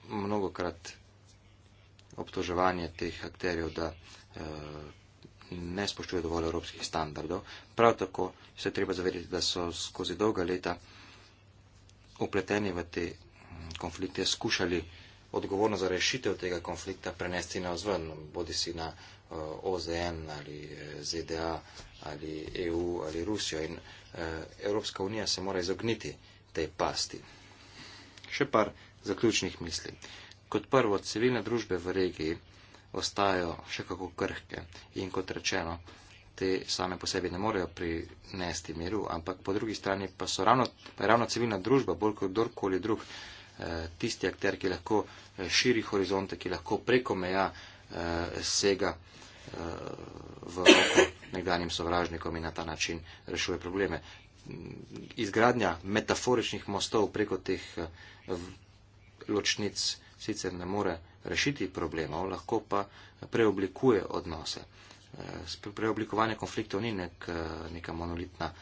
mnogokrat obtoževanje teh akterjev, da ne spoštuje dovolj evropskih standardov. Prav tako se treba zavedati, da so skozi dolga leta upleteni v te mm, konflikte skušali uh, odgovornost za rešitev tega konflikta prenesti na vzven, bodi si na uh, eh, OZN ali eh, ZDA ali EU ali Rusijo. In uh, Evropska unija se mora izogniti tej pasti. Še par zaključnih misli. Kot prvo, civilne družbe v regiji ostajajo še kako krhke in kot rečeno, te same po sebi ne morejo prinesti miru, ampak po drugi strani pa so ravno, ravno civilna družba bolj kot kdorkoli drug. Eh, tisti akter, ki lahko eh, širi horizonte, ki lahko preko meja eh, sega v roko nekdanjim sovražnikom in na ta način rešuje probleme. Izgradnja metaforičnih mostov preko teh ločnic sicer ne more rešiti problemov, lahko pa preoblikuje odnose. Preoblikovanje konfliktov ni nek, neka monolitna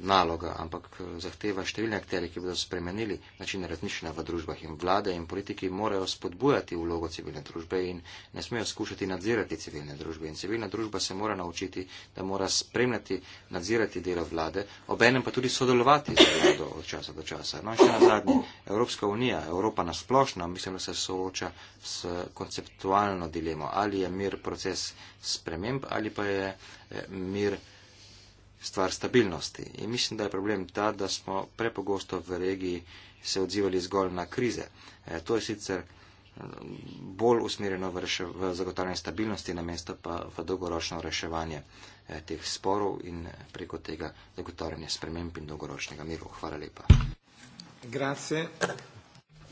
naloga, ampak eh, zahteva številne akteri, ki bodo spremenili način razmišljanja v družbah in vlade in politiki morajo spodbujati vlogo civilne družbe in ne smejo skušati nadzirati civilne družbe. In civilna družba se mora naučiti, da mora spremljati, nadzirati delo vlade, obenem pa tudi sodelovati z vlado od časa do časa. No in še na zadnje, Evropska unija, Evropa nasplošno, mislim, da se sooča s konceptualno dilemo, ali je mir proces sprememb ali pa je eh, mir proces stvar stabilnosti. In mislim, da je problem ta, da smo prepogosto v regiji se odzivali zgolj na krize. E, to je sicer mm, bolj usmerjeno v, reše, v zagotavljanje stabilnosti, namesto pa v dolgoročno reševanje e, teh sporov in e, preko tega zagotavljanje sprememb in dolgoročnega miru. Hvala lepa. Grazie.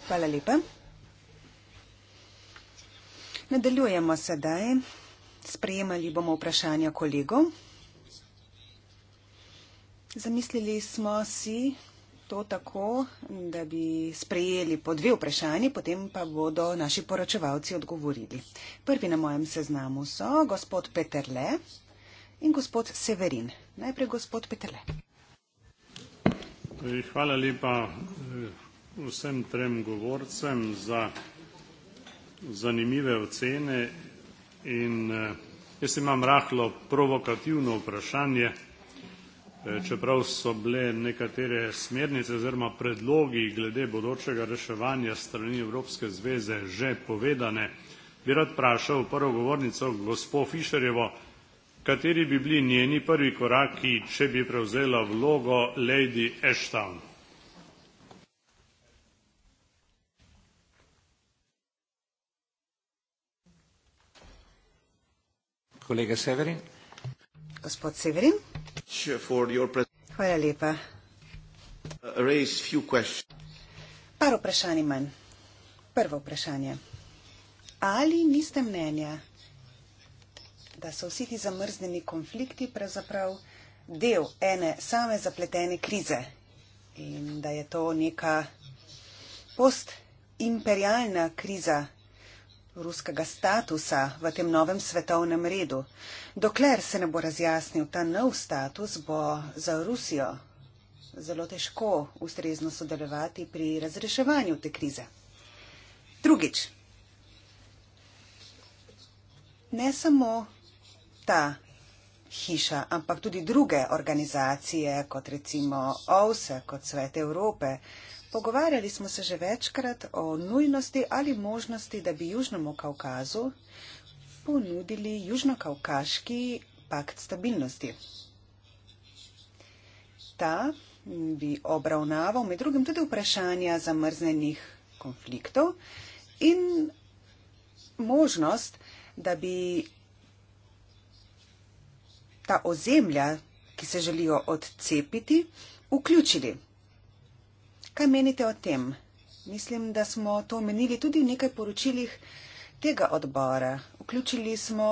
Hvala lepa. Nadaljujemo sedaj. Sprejemali bomo vprašanja kolegov. Zamislili smo si to tako, da bi sprejeli po dve vprašanji, potem pa bodo naši poročevalci odgovorili. Prvi na mojem seznamu so gospod Peterle in gospod Severin. Najprej gospod Peterle. Hvala lepa eh, vsem trem govorcem za zanimive ocene in eh, jaz imam rahlo provokativno vprašanje. Eh, čeprav so bile nekatere smernice oziroma predlogi glede bodočega reševanja strani Evropske zveze že povedane, bi rad vprašal prvo govornico gospod Fišerjevo, kateri bi bili njeni prvi koraki, če bi prevzela vlogo Lady Ashton. Kolega Severin. Gospod Severin. Hvala lepa. Uh, Par vprašanj imam. Prvo vprašanje. Ali niste mnenja, da so vsi ti zamrzneni konflikti pravzaprav del ene same zapletene krize in da je to neka postimperialna kriza? ruskega statusa v tem novem svetovnem redu. Dokler se ne bo razjasnil ta nov status, bo za Rusijo zelo težko ustrezno sodelovati pri razreševanju te krize. Drugič, ne samo ta hiša, ampak tudi druge organizacije, kot recimo OVSE, kot Svet Evrope, Pogovarjali smo se že večkrat o nujnosti ali možnosti, da bi Južnemu Kaukazu ponudili Južno-Kaukaški pakt stabilnosti. Ta bi obravnaval med drugim tudi vprašanja zamrznenih konfliktov in možnost, da bi ta ozemlja, ki se želijo odcepiti, vključili. Kaj menite o tem? Mislim, da smo to omenili tudi v nekaj poročilih tega odbora. Vključili smo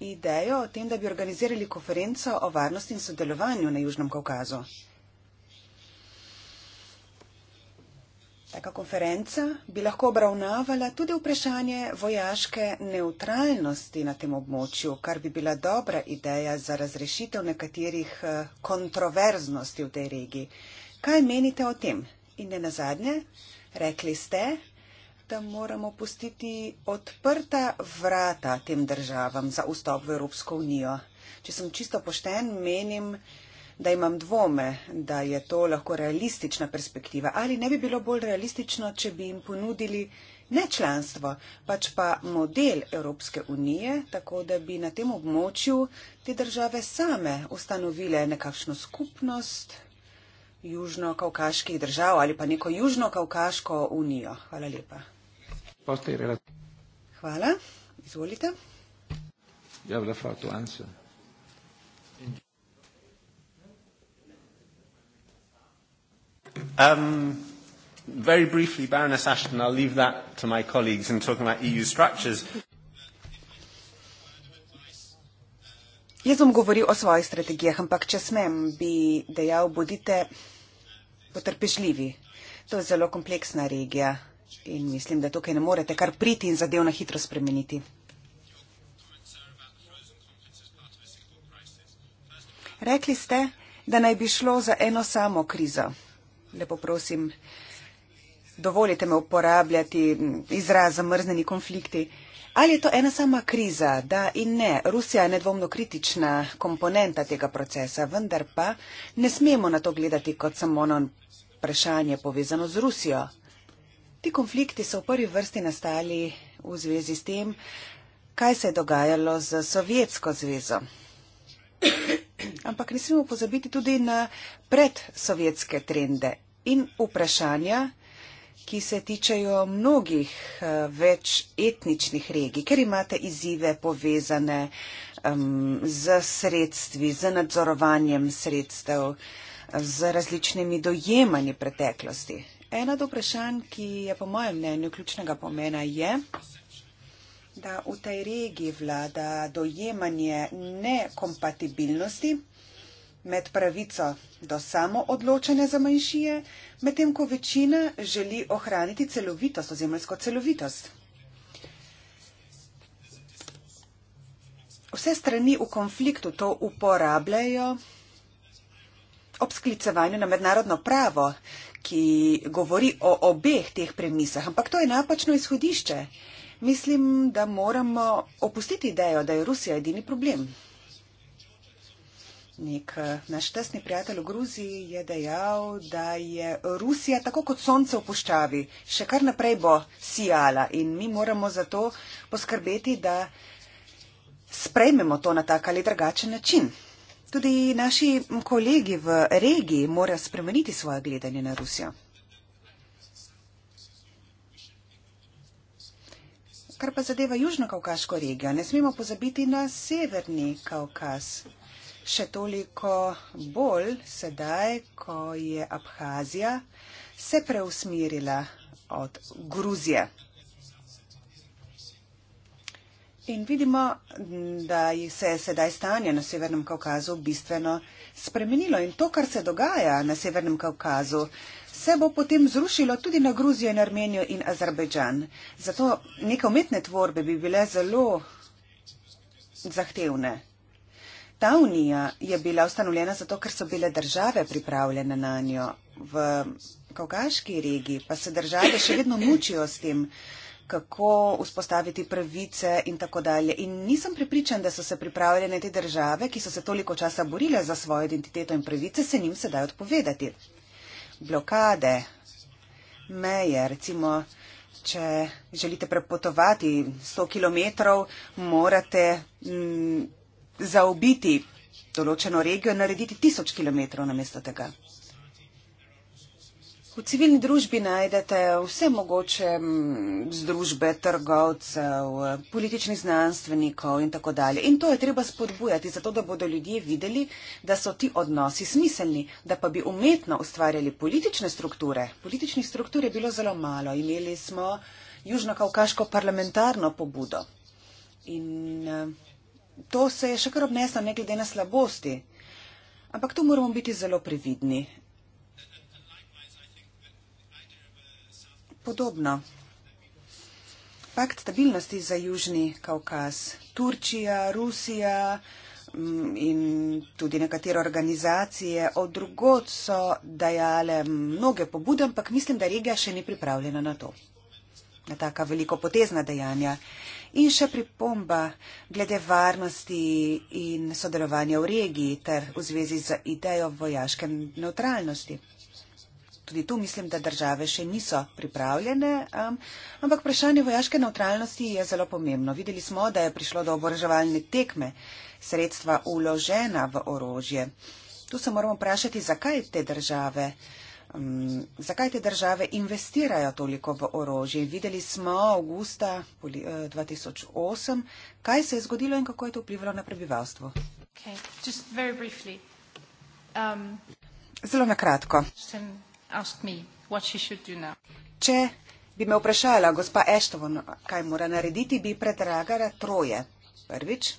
idejo o tem, da bi organizirali konferenco o varnosti in sodelovanju na Južnem Kaukazu. Taka konferenca bi lahko obravnavala tudi vprašanje vojaške neutralnosti na tem območju, kar bi bila dobra ideja za razrešitev nekaterih eh, kontroverznosti v tej regiji. Kaj menite o tem? In ne nazadnje, rekli ste, da moramo pustiti odprta vrata tem državam za vstop v Evropsko unijo. Če sem čisto pošten, menim, da imam dvome, da je to lahko realistična perspektiva. Ali ne bi bilo bolj realistično, če bi jim ponudili ne članstvo, pač pa model Evropske unije, tako da bi na tem območju te države same ustanovile nekakšno skupnost? južno-kaukaških držav ali pa neko južno-kaukaško unijo. Hvala lepa. Hvala. Izvolite. Ja, um, very briefly, Baroness Ashton, I'll leave that to my colleagues in talking about EU structures. Jaz bom govoril o svojih strategijah, ampak če smem, bi dejal, bodite potrpežljivi. To je zelo kompleksna regija in mislim, da tukaj ne morete kar priti in zadev na hitro spremeniti. Rekli ste, da naj bi šlo za eno samo krizo. Lepo prosim, dovolite me uporabljati izraz zamrznjeni konflikti. Ali je to ena sama kriza? Da in ne. Rusija je nedvomno kritična komponenta tega procesa, vendar pa ne smemo na to gledati kot samo na vprašanje povezano z Rusijo. Ti konflikti so v prvi vrsti nastali v zvezi s tem, kaj se je dogajalo z Sovjetsko zvezo. Ampak ne smemo pozabiti tudi na predsovjetske trende in vprašanja, ki se tičejo mnogih eh, več etničnih regij, ker imate izzive povezane um, z sredstvi, z nadzorovanjem sredstev, z različnimi dojemanji preteklosti. Ena od vprašanj, ki je po mojem mnenju ključnega pomena, je, da v tej regiji vlada dojemanje nekompatibilnosti med pravico do samoodločanja za manjšije, medtem ko večina želi ohraniti celovitost ozemljsko celovitost. Vse strani v konfliktu to uporabljajo ob sklicevanju na mednarodno pravo, ki govori o obeh teh premisah, ampak to je napačno izhodišče. Mislim, da moramo opustiti idejo, da je Rusija edini problem. Nek eh, naš tesni prijatelj v Gruziji je dejal, da je Rusija tako kot sonce v puščavi, še kar naprej bo sijala in mi moramo zato poskrbeti, da sprejmemo to na tak ali drugačen način. Tudi naši kolegi v regiji morajo spremeniti svoje gledanje na Rusijo. Kar pa zadeva Južno-Kaukaško regijo, ne smemo pozabiti na Severni Kaukaz še toliko bolj sedaj, ko je Abhazija se preusmirila od Gruzije. In vidimo, da se je sedaj stanje na Severnem Kaukazu bistveno spremenilo. In to, kar se dogaja na Severnem Kaukazu, se bo potem zrušilo tudi na Gruzijo in Armenijo in Azerbejdžan. Zato neke umetne tvorbe bi bile zelo zahtevne. Ta unija je bila ustanovljena zato, ker so bile države pripravljene na njo. V Kogaški regiji pa se države še vedno mučijo s tem, kako vzpostaviti pravice in tako dalje. In nisem pripričan, da so se pripravljene te države, ki so se toliko časa borile za svojo identiteto in pravice, se njim sedaj odpovedati. Blokade, meje, recimo, če želite prepotovati 100 km, morate. Mm, zaobiti določeno regijo in narediti tisoč kilometrov namesto tega. V civilni družbi najdete vse mogoče združbe trgovcev, političnih znanstvenikov in tako dalje. In to je treba spodbujati, zato da bodo ljudje videli, da so ti odnosi smiselni, da pa bi umetno ustvarjali politične strukture. Političnih struktur je bilo zelo malo. Imeli smo Južno-Kaukaško parlamentarno pobudo. In, uh, to se je še kar obneslo, ne glede na slabosti. Ampak tu moramo biti zelo previdni. Podobno. Pakt stabilnosti za Južni Kaukaz. Turčija, Rusija mm, in tudi nekatere organizacije od drugod so dajale mnoge pobude, ampak mislim, da regija še ni pripravljena na to, na taka veliko potezna dejanja. In še pripomba glede varnosti in sodelovanja v regiji ter v zvezi z idejo vojaške neutralnosti. Tudi tu mislim, da države še niso pripravljene, um, ampak vprašanje vojaške neutralnosti je zelo pomembno. Videli smo, da je prišlo do oboroževalne tekme, sredstva uložena v orožje. Tu se moramo vprašati, zakaj te države Um, zakaj te države investirajo toliko v orožje? Videli smo avgusta 2008, eh, kaj se je zgodilo in kako je to vplivalo na prebivalstvo. Okay, um, Zelo na kratko. Če bi me vprašala gospa Eštovon, kaj mora narediti, bi predragala troje. Prvič,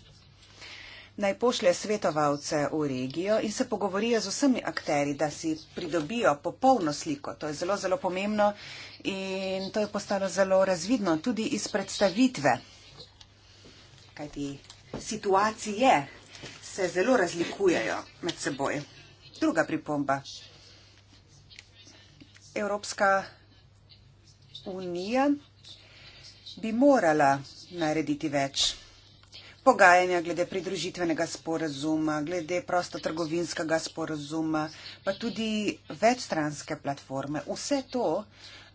naj pošlje svetovalce v regijo in se pogovorijo z vsemi akteri, da si pridobijo popolno sliko. To je zelo, zelo pomembno in to je postalo zelo razvidno tudi iz predstavitve. Kajti situacije se zelo razlikujejo med seboj. Druga pripomba. Evropska unija bi morala narediti več pogajanja glede pridružitvenega sporazuma, glede prostotrgovinskega sporazuma, pa tudi večstranske platforme. Vse to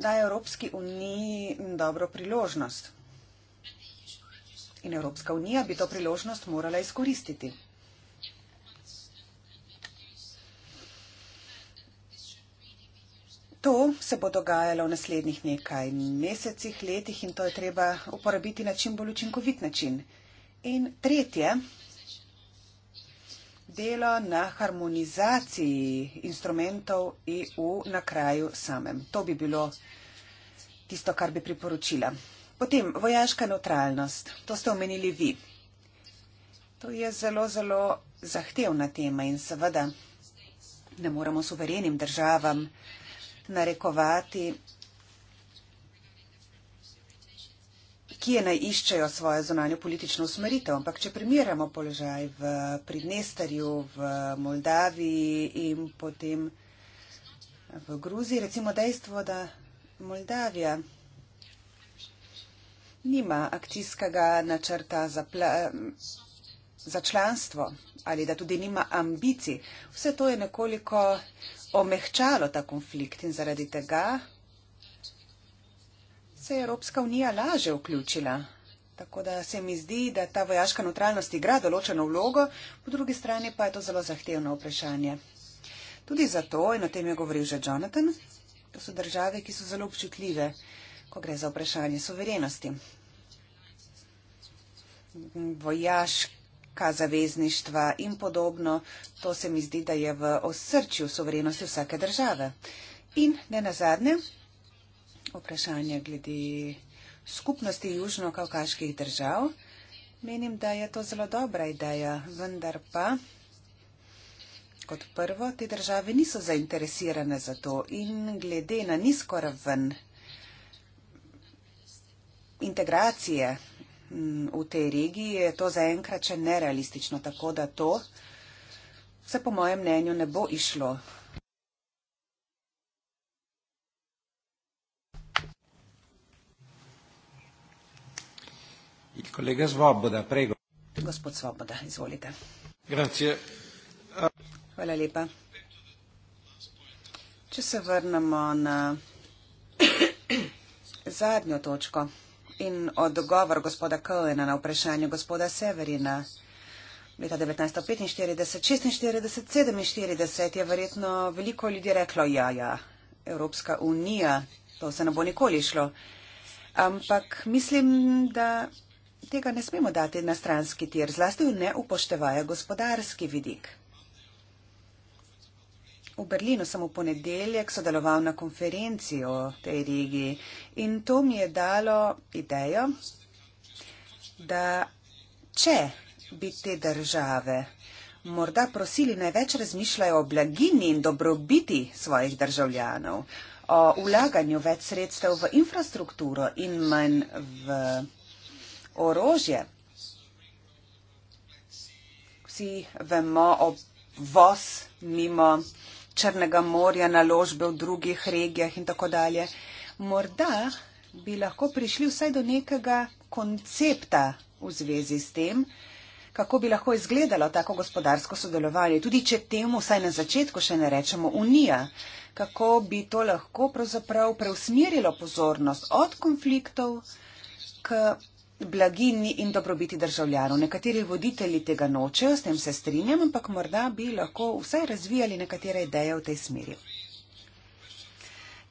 daje Evropski uniji dobro priložnost. In Evropska unija bi to priložnost morala izkoristiti. To se bo dogajalo v naslednjih nekaj mesecih, letih in to je treba uporabiti na čim bolj učinkovit način. In tretje, delo na harmonizaciji instrumentov EU na kraju samem. To bi bilo tisto, kar bi priporočila. Potem, vojaška neutralnost. To ste omenili vi. To je zelo, zelo zahtevna tema in seveda ne moremo suverenim državam narekovati, kje naj iščejo svojo zonanjo politično usmeritev, ampak če primerjamo položaj v Pridnesterju, v Moldaviji in potem v Gruziji, recimo dejstvo, da Moldavija nima akcijskega načrta za, za članstvo ali da tudi nima ambicij. Vse to je nekoliko omehčalo ta konflikt in zaradi tega se je Evropska unija laže vključila. Tako da se mi zdi, da ta vojaška neutralnost igra določeno vlogo, po drugi strani pa je to zelo zahtevno vprašanje. Tudi zato, in o tem je govoril že Jonathan, to so države, ki so zelo občutljive, ko gre za vprašanje soverenosti. Vojaška zavezništva in podobno, to se mi zdi, da je v osrčju soverenosti vsake države. In ne nazadnje, vprašanje glede skupnosti južno-kavkaških držav. Menim, da je to zelo dobra ideja, vendar pa kot prvo te države niso zainteresirane za to in glede na nizko raven integracije mm, v tej regiji je to zaenkrat še nerealistično, tako da to se po mojem mnenju ne bo išlo. Il collega Svoboda, prego. Gospod Svoboda, izvolite. Grazie. Hvala lepa. Če se vrnemo na zadnjo točko in odgovor gospoda Kojena na vprašanje gospoda Severina leta 1945, 46, 47 je verjetno veliko ljudi reklo, ja, ja, Evropska unija, to se ne bo nikoli šlo. Ampak mislim, da tega ne smemo dati na stranski tir, zlasti ne upoštevaja gospodarski vidik. V Berlinu sem v ponedeljek sodeloval na konferenci o tej regiji in to mi je dalo idejo, da če bi te države morda prosili največ razmišljajo o blagini in dobrobiti svojih državljanov, o vlaganju več sredstev v infrastrukturo in manj v orožje. Vsi vemo o voz mimo Črnega morja, naložbe v drugih regijah in tako dalje. Morda bi lahko prišli vsaj do nekega koncepta v zvezi s tem, kako bi lahko izgledalo tako gospodarsko sodelovanje, tudi če temu vsaj na začetku še ne rečemo Unija, kako bi to lahko pravzaprav preusmerilo pozornost od konfliktov k blaginji in dobrobiti državljanov. Nekateri voditelji tega nočejo, s tem se strinjam, ampak morda bi lahko vsaj razvijali nekatere ideje v tej smeri.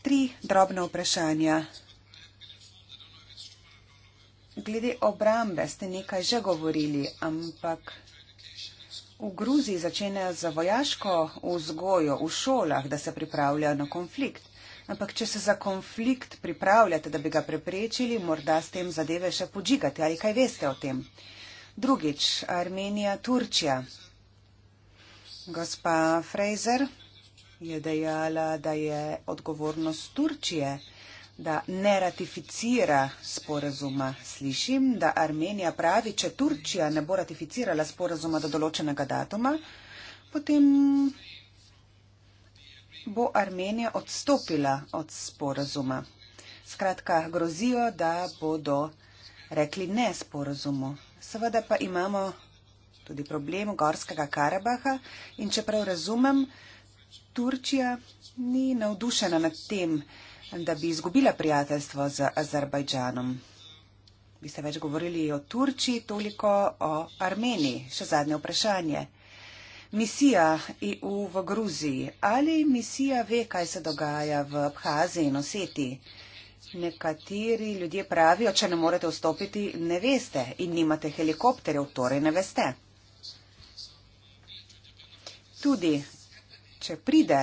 Tri drobne vprašanja. Glede obrambe ste nekaj že govorili, ampak v Gruziji začenjajo za vojaško vzgojo v šolah, da se pripravljajo na konflikt. Ampak, če se za konflikt pripravljate, da bi ga preprečili, morda s tem zadeve še podžigate ali kaj veste o tem. Drugič, Armenija, Turčija. Gospa Fraser je dejala, da je odgovornost Turčije, da ne ratificira sporazuma. Slišim, da Armenija pravi, če Turčija ne bo ratificirala sporazuma do določenega datuma, potem bo Armenija odstopila od sporazuma. Skratka, grozijo, da bodo rekli ne sporazumu. Seveda pa imamo tudi problem Gorskega Karabaha in čeprav razumem, Turčija ni navdušena nad tem, da bi izgubila prijateljstvo z Azerbajdžanom. Bi se več govorili o Turčiji, toliko o Armeniji. Še zadnje vprašanje. Misija EU v Gruziji. Ali misija ve, kaj se dogaja v Abhaziji in Oseti? Nekateri ljudje pravijo, če ne morete vstopiti, ne veste in nimate helikopterjev, torej ne veste. Tudi, če pride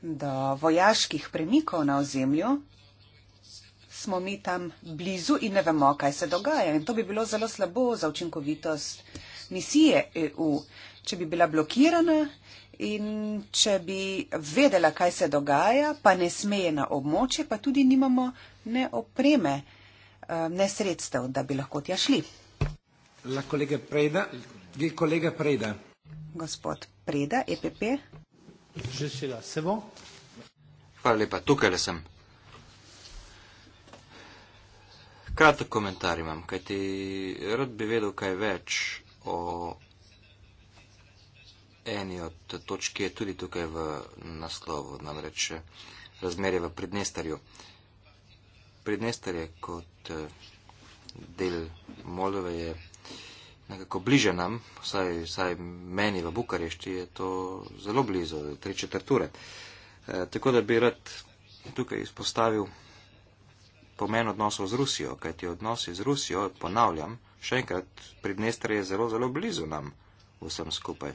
do vojaških premikov na ozemlju, smo mi tam blizu in ne vemo, kaj se dogaja. In to bi bilo zelo slabo za učinkovitost misije EU če bi bila blokirana in če bi vedela, kaj se dogaja, pa ne smeje na območje, pa tudi nimamo ne opreme, eh, ne sredstev, da bi lahko tja šli. La kolega Preda, vi kolega Preda. Gospod Preda, EPP. Že si la, se bo. Hvala lepa, tukaj le sem. Kratek komentar imam, kajti rad bi vedel kaj več o eni od točk je tudi tukaj v naslovu, namreč eh, razmerje v Prednestarju. Prednestarje kot eh, del Moldove je nekako bliže nam, vsaj, vsaj meni v Bukarešti je to zelo blizu, tri četrture. E, tako da bi rad tukaj izpostavil pomen odnosov z Rusijo, kajti odnosi z Rusijo, ponavljam, še enkrat, Prednestar je zelo, zelo blizu nam vsem skupaj.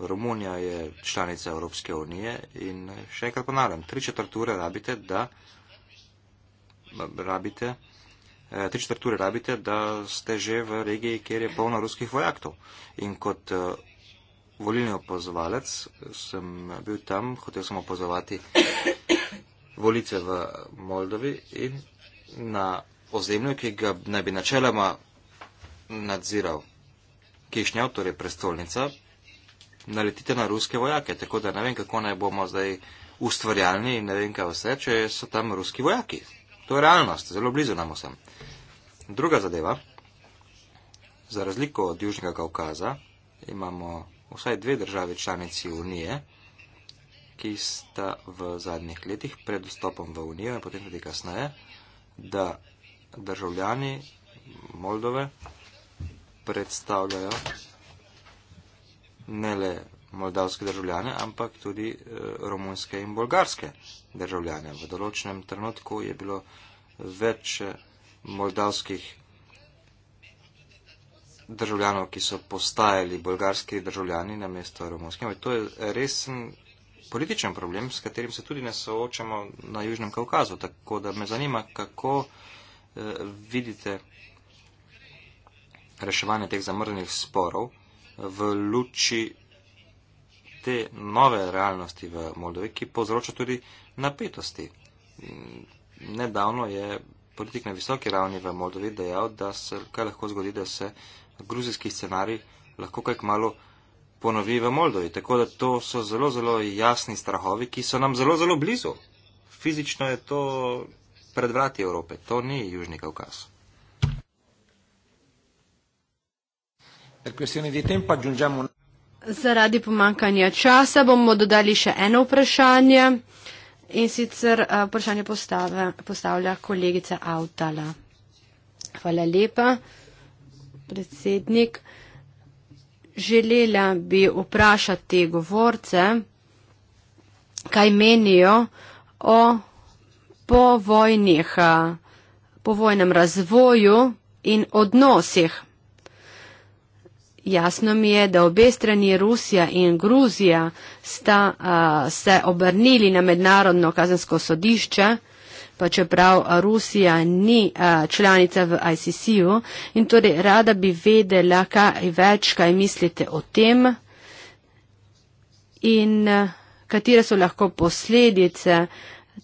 Romunija je članica Evropske unije in še enkrat ponavljam, tri četvrt ure rabite, da rabite, eh, tri četvrt ure rabite, da ste že v regiji, kjer je polno ruskih vojakov. In kot eh, volilni opozovalec sem bil tam, hotel sem opozovati volice v Moldovi in na ozemlju, ki ga naj bi načeloma nadziral Kišnjav, torej prestolnica, naletite na ruske vojake. Tako da ne vem, kako naj bomo zdaj ustvarjalni in ne vem, kaj vse, če so tam ruski vojaki. To je realnost, zelo blizu nam vsem. Druga zadeva, za razliko od Južnega Kaukaza, imamo vsaj dve države članici Unije, ki sta v zadnjih letih pred vstopom v Unijo in potem tudi kasneje, da državljani Moldove predstavljajo ne le moldavske državljane, ampak tudi eh, romunske in bolgarske državljane. V določenem trenutku je bilo več eh, moldavskih državljanov, ki so postajali bolgarski državljani na mesto romunskih. To je resen političen problem, s katerim se tudi ne soočamo na Južnem Kaukazu. Tako da me zanima, kako eh, vidite reševanje teh zamrznih sporov v luči te nove realnosti v Moldovi, ki povzroča tudi napetosti. Nedavno je politik na visoki ravni v Moldovi dejal, da se kaj lahko zgodi, da se gruzijski scenarij lahko kaj malo ponovi v Moldovi. Tako da to so zelo, zelo jasni strahovi, ki so nam zelo, zelo blizu. Fizično je to pred vrati Evrope, to ni Južni Kaukaz. Per questione di tempo aggiungiamo un... Zaradi pomankanja časa bomo dodali še eno vprašanje in sicer eh, vprašanje postave, postavlja kolegica Avtala. Hvala lepa, predsednik. Želela bi vprašati govorce, kaj menijo o povojnih, eh, povojnem razvoju in odnosih Jasno mi je, da obe strani Rusija in Gruzija sta a, se obrnili na mednarodno kazensko sodišče, pa čeprav Rusija ni a, članica v ICC-u. In torej rada bi vedela, kaj več, kaj mislite o tem in a, katere so lahko posledice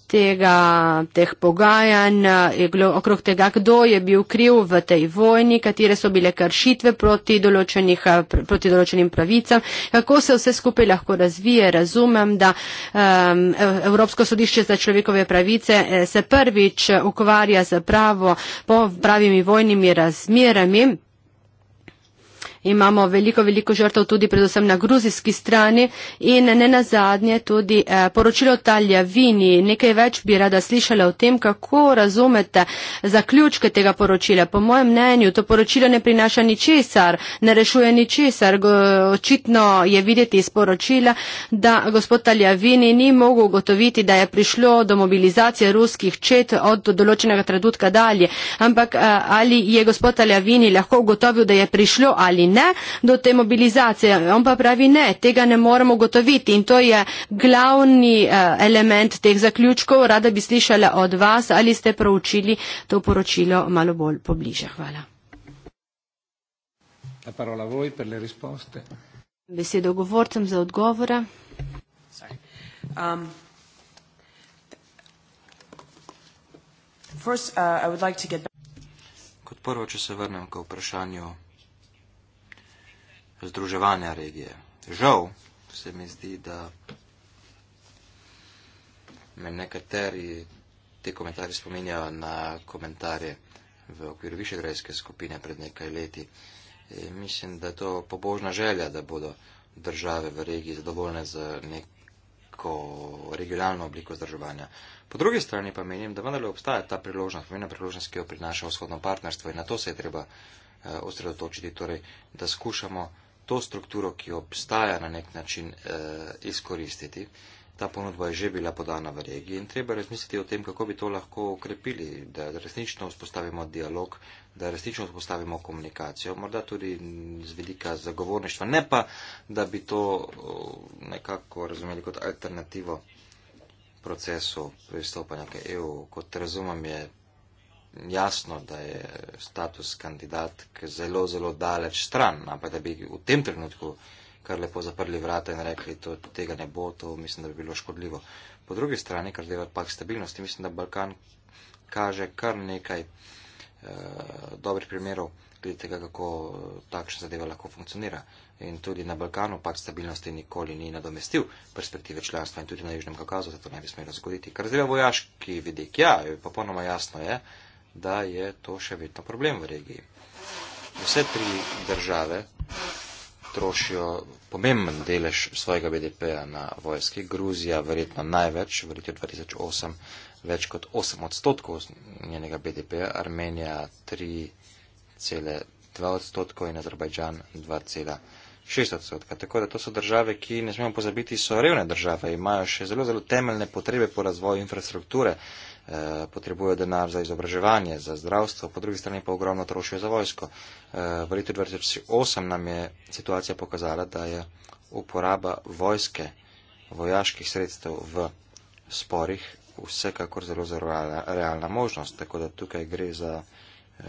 tega, teh pogajanj, eh, okrog tega, kdo je bil kriv v tej vojni, katere so bile kršitve proti, eh, proti določenim pravicam, kako se vse skupaj lahko razvije. Razumem, da um, Evropsko sodišče za človekove pravice eh, se prvič ukvarja z pravo po pravimi vojnimi razmerami imamo veliko, veliko žrtev tudi predvsem na gruzijski strani in ne nazadnje tudi eh, poročilo Talja Vini. Nekaj več bi rada slišala o tem, kako razumete zaključke tega poročila. Po mojem mnenju to poročilo ne prinaša ničesar, ne rešuje ničesar. Očitno je videti iz poročila, da gospod Talja Vini ni mogel ugotoviti, da je prišlo do mobilizacije ruskih čet od določenega trenutka dalje. Ampak eh, ali je gospod Talja Vini lahko ugotovil, da je prišlo ali ne? ne do te mobilizacije. On pa pravi, ne, tega ne moremo gotoviti in to je glavni eh, element teh zaključkov. Rada bi slišala od vas, ali ste proučili to poročilo malo bolj pobliže. Hvala. Besedo govorcem za odgovore. Um, first, uh, I would like to get back. Kot prvo, če se vrnem k vprašanju združevanja regije. Žal se mi zdi, da me nekateri te komentarje spominjajo na komentarje v okviru višegrajske skupine pred nekaj leti. E, mislim, da je to pobožna želja, da bodo države v regiji zadovoljne z neko regionalno obliko združevanja. Po drugi strani pa menim, da vendarle obstaja ta priložnost, pomena priložnost, ki jo prinaša vzhodno partnerstvo in na to se je treba eh, osredotočiti, torej, da skušamo to strukturo, ki obstaja na nek način, eh, izkoristiti. Ta ponudba je že bila podana v regiji in treba razmisliti o tem, kako bi to lahko ukrepili, da resnično vzpostavimo dialog, da resnično vzpostavimo komunikacijo, morda tudi z vidika zagovorništva, ne pa, da bi to eh, nekako razumeli kot alternativo procesu pristopanja k EU. Kot razumem, je jasno, da je status kandidatk zelo, zelo daleč stran, ampak da bi v tem trenutku kar lepo zaprli vrata in rekli, da tega ne bo, to mislim, da bi bilo škodljivo. Po drugi strani, kar zdaj pa k stabilnosti, mislim, da Balkan kaže kar nekaj eh, dobrih primerov glede tega, kako eh, takšna zadeva lahko funkcionira. In tudi na Balkanu pakt stabilnosti nikoli ni nadomestil perspektive članstva in tudi na Južnem Kaukazu se to ne bi smelo zgoditi. Kar zdaj vojaški vidik, ja, popolnoma jasno je, eh, da je to še vedno problem v regiji. Vse tri države trošijo pomemben delež svojega BDP-ja na vojski. Gruzija verjetno največ, v letu 2008 več kot 8 odstotkov njenega BDP-ja, Armenija 3,2 odstotkov in Azerbajdžan 2,6 odstotka. Tako da to so države, ki ne smemo pozabiti, so revne države, imajo še zelo, zelo temeljne potrebe po razvoju infrastrukture, Eh, potrebujejo denar za izobraževanje, za zdravstvo, po drugi strani pa ogromno trošijo za vojsko. Eh, v letu 2008 nam je situacija pokazala, da je uporaba vojske, vojaških sredstev v sporih vsekakor zelo zelo realna možnost, tako da tukaj gre za eh,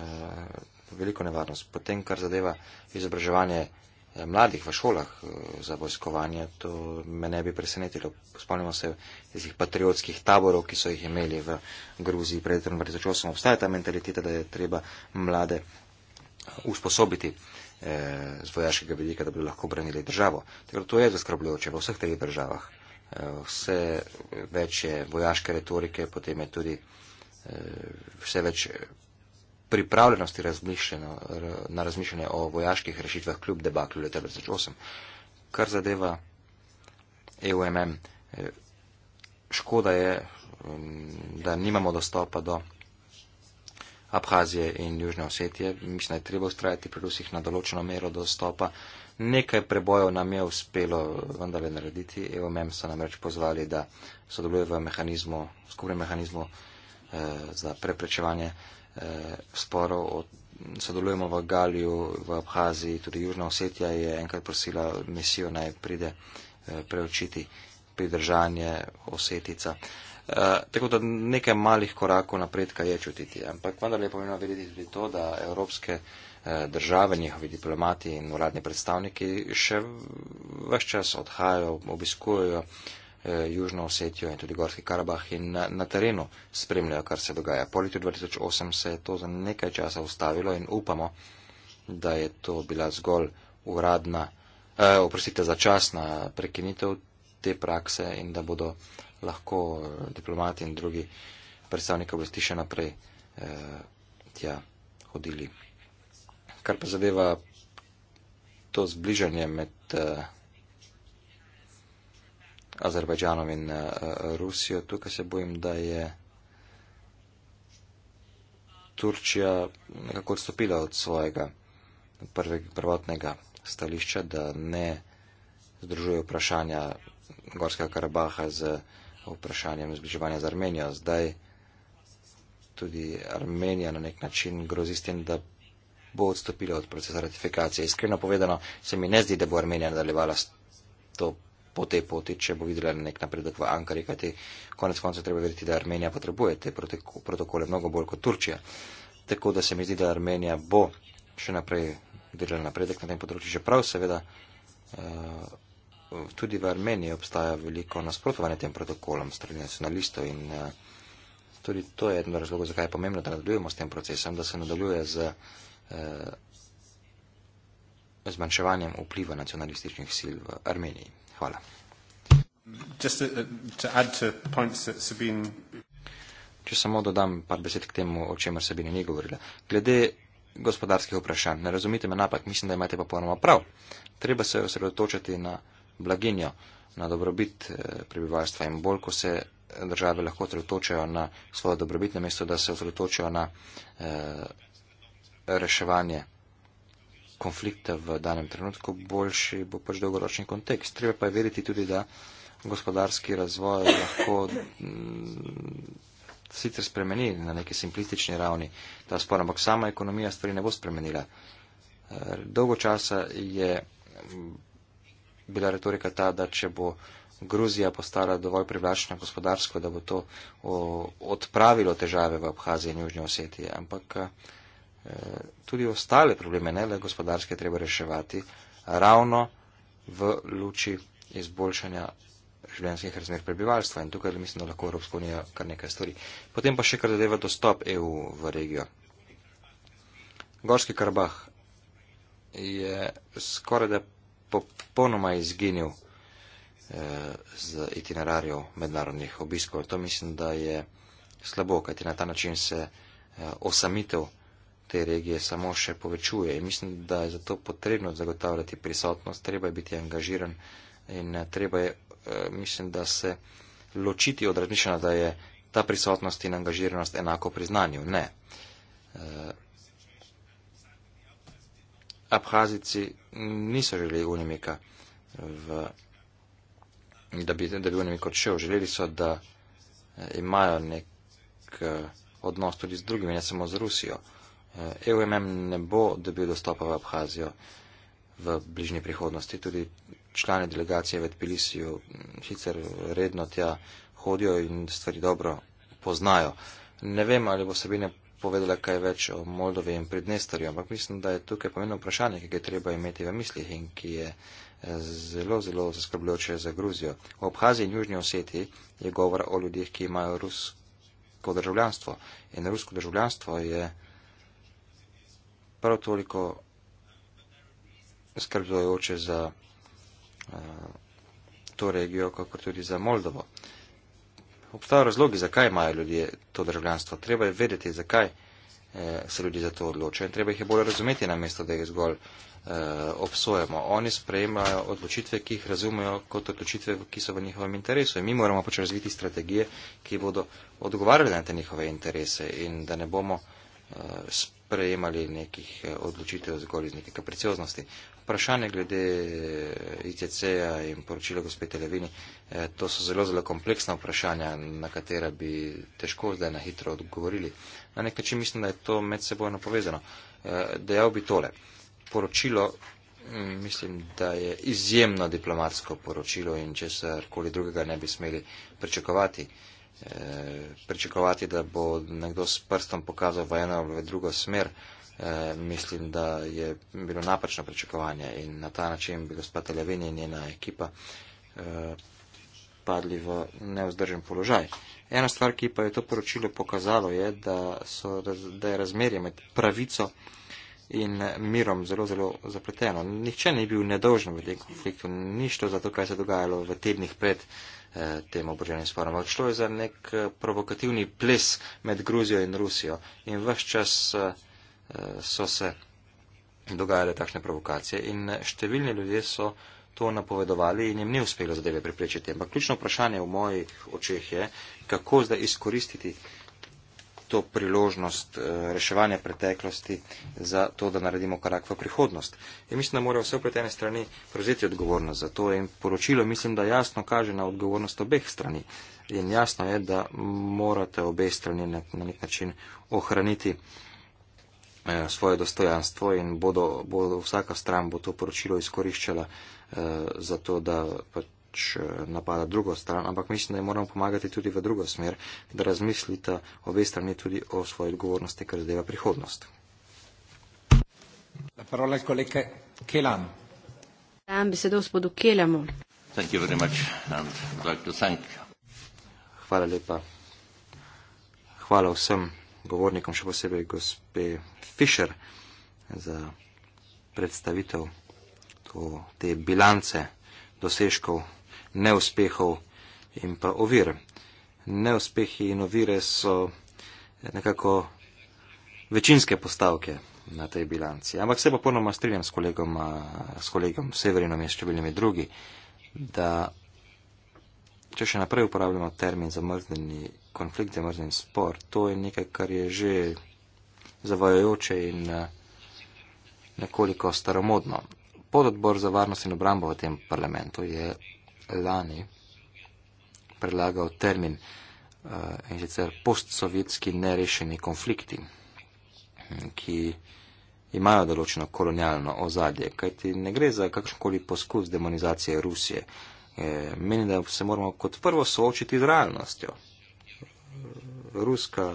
veliko nevarnost. Potem, kar zadeva izobraževanje Eh, mladih v šolah eh, za vojskovanje, to me ne bi presenetilo. Spomnimo se iz tih patriotskih taborov, ki so jih imeli v Gruziji pred 2008. Obstaja ta mentaliteta, da je treba mlade eh, usposobiti z vojaškega vidika, da bi lahko branili državo. Tako da to je zaskrbljujoče v vseh teh državah. Vse več je vojaške retorike, potem je tudi vse več pripravljenosti na razmišljanje o vojaških rešitvah kljub debaklju leta 2008. Kar zadeva EUMM, e, škoda je, da nimamo dostopa do Abhazije in Južne Osetije. Mislim, da je treba ustrajati pri Rusih na določeno mero dostopa. Nekaj prebojev nam je uspelo vendarle narediti. EUMM so namreč pozvali, da sodeluje v mehanizmu, skupnem mehanizmu eh, za preprečevanje eh, eh, sporov, od, sodelujemo v Galiju, v Abhaziji, tudi Južna Osetja je enkrat prosila misijo naj pride eh, preučiti pridržanje Osetica. Eh, tako da nekaj malih korakov napredka je čutiti, ampak vendar je pomembno vedeti tudi to, da evropske eh, države, njihovi diplomati in uradni predstavniki še vse čas odhajajo, obiskujejo. Eh, Južno Osetijo in tudi Gorski Karabah in na, na terenu spremljajo, kar se dogaja. Po letu 2008 se je to za nekaj časa ustavilo in upamo, da je to bila zgolj uradna, eh, oprostite, začasna prekinitev te prakse in da bodo lahko eh, diplomati in drugi predstavniki oblasti še naprej eh, tja hodili. Kar pa zadeva to zbližanje med. Eh, Azerbajdžanom in eh, Rusijo. Tukaj se bojim, da je Turčija nekako odstopila od svojega prvotnega stališča, da ne združuje vprašanja Gorskega Karabaha z vprašanjem zbliževanja z Armenijo. Zdaj tudi Armenija na nek način grozi s tem, da bo odstopila od procesa ratifikacije. Iskreno povedano, se mi ne zdi, da bo Armenija nadaljevala s to po tej poti, če bo videla nek napredek v Ankari, kajti konec konca treba vedeti, da Armenija potrebuje te protokole mnogo bolj kot Turčija. Tako da se mi zdi, da Armenija bo še naprej delala napredek na tem področju. Čeprav seveda eh, tudi v Armeniji obstaja veliko nasprotovanja tem protokolom strani nacionalistov in eh, tudi to je eden razlog, zakaj je pomembno, da nadaljujemo s tem procesom, da se nadaljuje z eh, zmanjševanjem vpliva nacionalističnih sil v Armeniji. Hvala. Just uh, to add to points that Sabine... Če samo dodam par besed k temu, o čemer Sabine ni govorila. Glede gospodarskih vprašanj, ne razumite me napak, mislim, da imate pa ponoma prav. Treba se osredotočati na blaginjo, na dobrobit eh, prebivalstva in bolj, ko se države lahko osredotočajo na svojo dobrobit, namesto da se osredotočajo na eh, reševanje konflikta v danem trenutku, boljši bo pač dolgoročni kontekst. Treba pa je veriti tudi, da gospodarski razvoj lahko mm, sicer spremeni na neki simplistični ravni ta spor, ampak sama ekonomija stvari ne bo spremenila. Dolgo časa je mm, bila retorika ta, da če bo Gruzija postala dovolj privlačna gospodarsko, da bo to odpravilo težave v Abhaziji in Južnji Osetiji. Ampak tudi ostale probleme, ne le gospodarske, treba reševati ravno v luči izboljšanja življenjskih razmer prebivalstva. In tukaj mislim, da lahko Evropska unija kar nekaj stori. Potem pa še kar zadeva dostop EU v regijo. Gorski Karabah je skoraj da popolnoma izginil eh, z itinerarjev mednarodnih obiskov. To mislim, da je slabo, kajti na ta način se eh, osamitev te regije samo še povečuje. In mislim, da je zato potrebno zagotavljati prisotnost, treba je biti angažiran in eh, treba je, eh, mislim, da se ločiti od razmišljanja, da je ta prisotnost in angažiranost enako priznanju. Ne. Eh, Abhazici niso želeli unimika, v, da, bi, da bi unimik odšel. Želeli so, da imajo nek odnos tudi z drugimi, ne samo z Rusijo. EUMM eh, e ne bo dobil dostopa v Abhazijo v bližnji prihodnosti. Tudi člani delegacije v Tbilisiju mm, sicer redno tja hodijo in stvari dobro poznajo. Ne vem, ali bo Sabine povedala kaj več o Moldovi in Prednestarju, ampak mislim, da je tukaj pomembno vprašanje, ki ga je treba imeti v mislih in ki je eh, zelo, zelo zaskrbljujoče za Gruzijo. V Abhaziji in Južnji Oseti je govora o ljudih, ki imajo rusko državljanstvo. In rusko državljanstvo je prav toliko skrbzojoče za uh, to regijo, kakor tudi za Moldovo. Obstajajo razlogi, zakaj imajo ljudje to državljanstvo. Treba je vedeti, zakaj eh, se ljudje za to odločajo in treba jih je bolj razumeti na mesto, da jih zgolj eh, obsojamo. Oni sprejemajo odločitve, ki jih razumejo kot odločitve, ki so v njihovem interesu. In mi moramo pač razviti strategije, ki bodo odgovarjale na te njihove interese in da ne bomo eh, prejemali nekih eh, odločitev zgolj iz neke kapricioznosti. Vprašanje glede eh, ICC-ja in poročila gospe Televini, eh, to so zelo, zelo kompleksna vprašanja, na katera bi težko zdaj na hitro odgovorili. Na nek način mislim, da je to med sebojno povezano. Dejal bi tole. Poročilo, mm, mislim, da je izjemno diplomatsko poročilo in česar koli drugega ne bi smeli pričakovati pričakovati, da bo nekdo s prstom pokazal v eno ali v drugo smer, eh, mislim, da je bilo napačno pričakovanje in na ta način bi gospod Televin in njena ekipa eh, padli v neozdržen položaj. Ena stvar, ki pa je to poročilo pokazalo, je, da, so, da je razmerje med pravico in eh, mirom zelo, zelo zapleteno. Nihče ni bil nedolžen v tem konfliktu, ništo za to, kaj se je dogajalo v tednih pred eh, Eh, tem oboroženim sporom. Šlo je za nek eh, provokativni ples med Gruzijo in Rusijo in vse čas eh, so se dogajale takšne provokacije in številni ljudje so to napovedovali in jim ni uspelo zadeve preprečiti. Ampak ključno vprašanje v mojih očeh je, kako zdaj izkoristiti to priložnost eh, reševanja preteklosti za to, da naredimo korak v prihodnost. In mislim, da morajo vse upletene strani prevzeti odgovornost za to in poročilo mislim, da jasno kaže na odgovornost obeh strani. In jasno je, da morate obe strani na, na nek način ohraniti eh, svoje dostojanstvo in bodo, bodo vsaka stran bo to poročilo izkoriščala eh, za to, da pač pač napada drugo stran, ampak mislim, da jim moramo pomagati tudi v drugo smer, da razmislite obe strani tudi o svoji odgovornosti, kar zadeva prihodnost. Hvala lepa. Hvala vsem govornikom, še posebej gospe Fischer, za predstavitev to, te bilance dosežkov neuspehov in pa ovir. Neuspehi in ovire so nekako večinske postavke na tej bilanci. Ampak se pa ponoma strinjam s kolegom, s kolegom Severinom in številnimi drugi, da če še naprej uporabljamo termin zamrzneni konflikt, zamrzneni spor, to je nekaj, kar je že zavajajoče in nekoliko staromodno. Pododbor za varnost in obrambo v tem parlamentu je lani predlagal termin eh, in sicer postsovjetski nerešeni konflikti, hm, ki imajo določeno kolonialno ozadje, kajti ne gre za kakršnokoli poskus demonizacije Rusije. Eh, menim, da se moramo kot prvo soočiti z realnostjo. Eh, ruska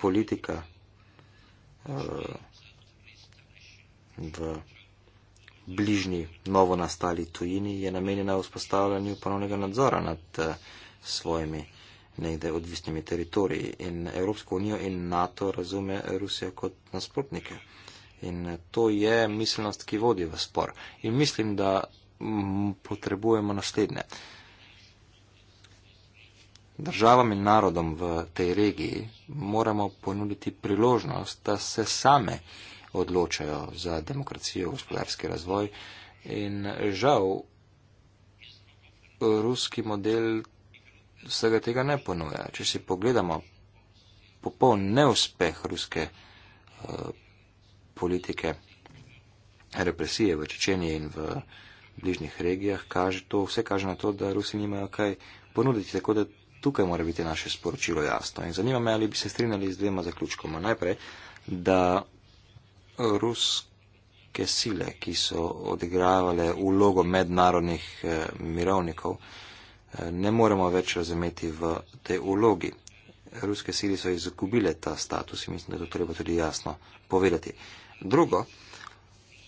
politika v bližnji novo nastali tujini je namenjena vzpostavljanju ponovnega nadzora nad eh, svojimi nekdaj odvisnimi teritoriji. In Evropsko unijo in NATO razume Rusijo kot nasprotnike. In eh, to je miselnost, ki vodi v spor. In mislim, da potrebujemo naslednje. Državam in narodom v tej regiji moramo ponuditi priložnost, da se same odločajo za demokracijo, gospodarski razvoj. In žal, ruski model vsega tega ne ponuja. Če si pogledamo popoln neuspeh ruske uh, politike represije v Čečeniji in v bližnjih regijah, kaže to, vse kaže na to, da Rusi nimajo kaj ponuditi. Tako da tukaj mora biti naše sporočilo jasno. In zanima me, ali bi se strinjali z dvema zaključkoma. Najprej, da ruske sile, ki so odigravale ulogo mednarodnih eh, mirovnikov, eh, ne moremo več razumeti v tej ulogi. Ruske sile so izgubile ta status in mislim, da to treba tudi jasno povedati. Drugo,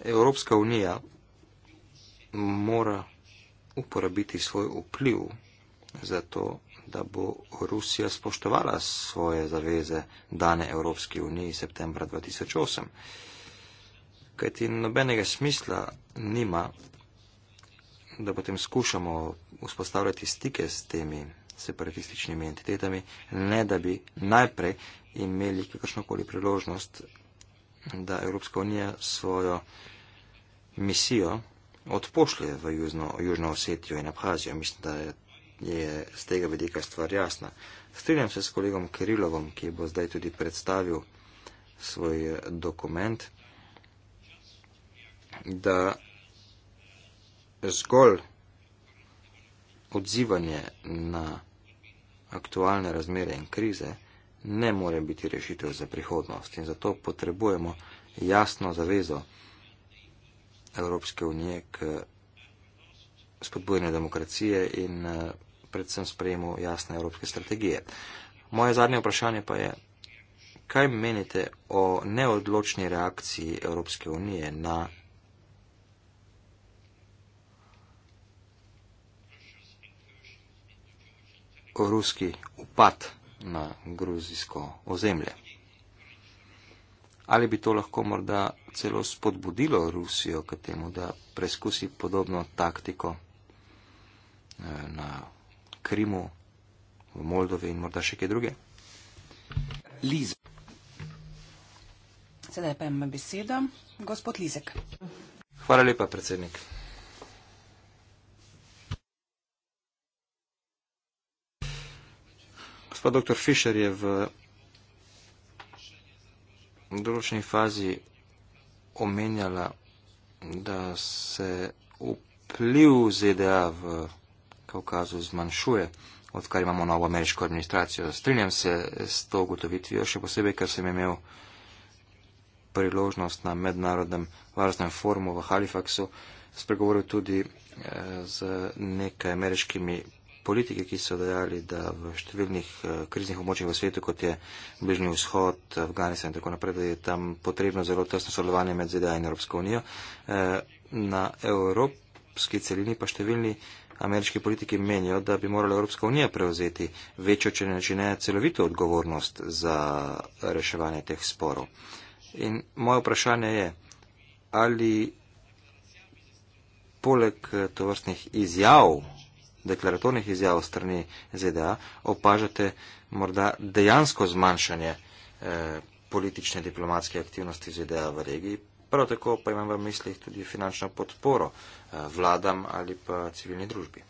Evropska unija mora uporabiti svoj vpliv za to, da bo Rusija spoštovala svoje zaveze dane Evropski uniji septembra 2008 kajti nobenega smisla nima, da potem skušamo vzpostavljati stike s temi separatističnimi entitetami, ne da bi najprej imeli kakršnokoli priložnost, da Evropska unija svojo misijo odpošlje v Južno, Južno Osetijo in Abhazijo. Mislim, da je z tega vidika stvar jasna. Strinjam se s kolegom Kirilovom, ki bo zdaj tudi predstavil svoj dokument da zgolj odzivanje na aktualne razmere in krize ne more biti rešitev za prihodnost. In zato potrebujemo jasno zavezo Evropske unije k spodbujanju demokracije in eh, predvsem sprejemu jasne evropske strategije. Moje zadnje vprašanje pa je, kaj menite o neodločni reakciji Evropske unije na ruski upad na gruzijsko ozemlje. Ali bi to lahko morda celo spodbudilo Rusijo k temu, da preskusi podobno taktiko eh, na Krimu, v Moldovi in morda še kaj druge? Liz. Sedaj pa ima besedo gospod Lizek. Hvala lepa, predsednik. Gospod dr. Fischer je v določeni fazi omenjala, da se vpliv ZDA v Kaukazu zmanjšuje, odkar imamo novo ameriško administracijo. Strinjam se s to ugotovitvijo, še posebej, ker sem imel priložnost na mednarodnem varstvenem forumu v Halifaxu spregovoril tudi eh, z nekaj ameriškimi politike, ki so dejali, da v številnih eh, kriznih območjih v svetu, kot je Bližnji vzhod, Afganistan in tako naprej, da je tam potrebno zelo tesno sodelovanje med ZDA in Evropsko unijo. Eh, na evropski celini pa številni ameriški politiki menijo, da bi morala Evropska unija prevzeti večjo, če ne čine celovito odgovornost za reševanje teh sporov. In moje vprašanje je, ali poleg eh, tovrstnih izjav deklaratornih izjav strani ZDA opažate morda dejansko zmanjšanje eh, politične diplomatske aktivnosti ZDA v regiji. Prav tako pa imam v mislih tudi finančno podporo eh, vladam ali pa civilni družbi.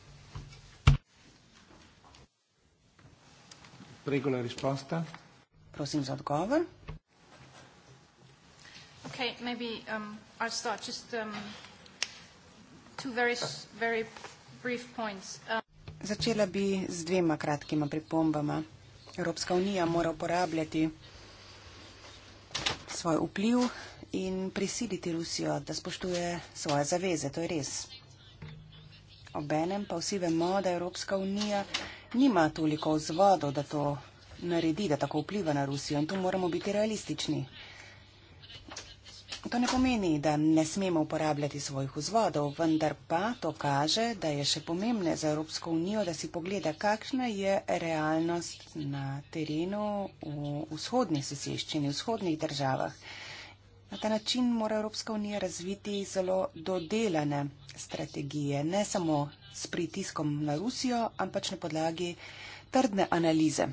Regular response. Prosim za odgovor. Okay, maybe um, I'll start just um, two very, very Uh, Začela bi z dvema kratkima pripombama. Evropska unija mora uporabljati svoj vpliv in prisiliti Rusijo, da spoštuje svoje zaveze. To je res. Obenem pa vsi vemo, da Evropska unija nima toliko vzvodov, da to naredi, da tako vpliva na Rusijo. In tu moramo biti realistični. To ne pomeni, da ne smemo uporabljati svojih vzvodov, vendar pa to kaže, da je še pomembne za Evropsko unijo, da si pogleda, kakšna je realnost na terenu v vzhodni soseščini, v vzhodnih državah. Na ta način mora Evropska unija razviti zelo dodelane strategije, ne samo s pritiskom na Rusijo, ampak na podlagi trdne analize.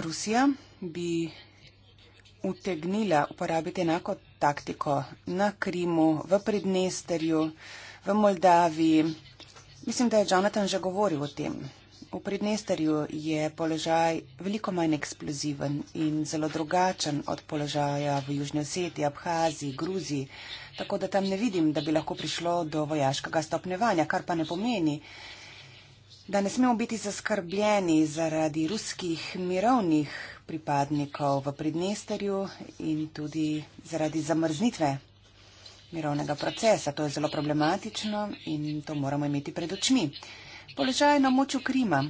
Rusija bi utegnila uporabiti enako taktiko na Krimu, v Pridnesterju, v Moldaviji. Mislim, da je Jonathan že govoril o tem. V Pridnesterju je položaj veliko manj eksploziven in zelo drugačen od položaja v Južni Osetiji, Abhaziji, Gruziji, tako da tam ne vidim, da bi lahko prišlo do vojaškega stopnevanja, kar pa ne pomeni, da ne smemo biti zaskrbljeni zaradi ruskih mirovnih pripadnikov v Pridnesterju in tudi zaradi zamrznitve mirovnega procesa. To je zelo problematično in to moramo imeti pred očmi. Položaj na moču Krima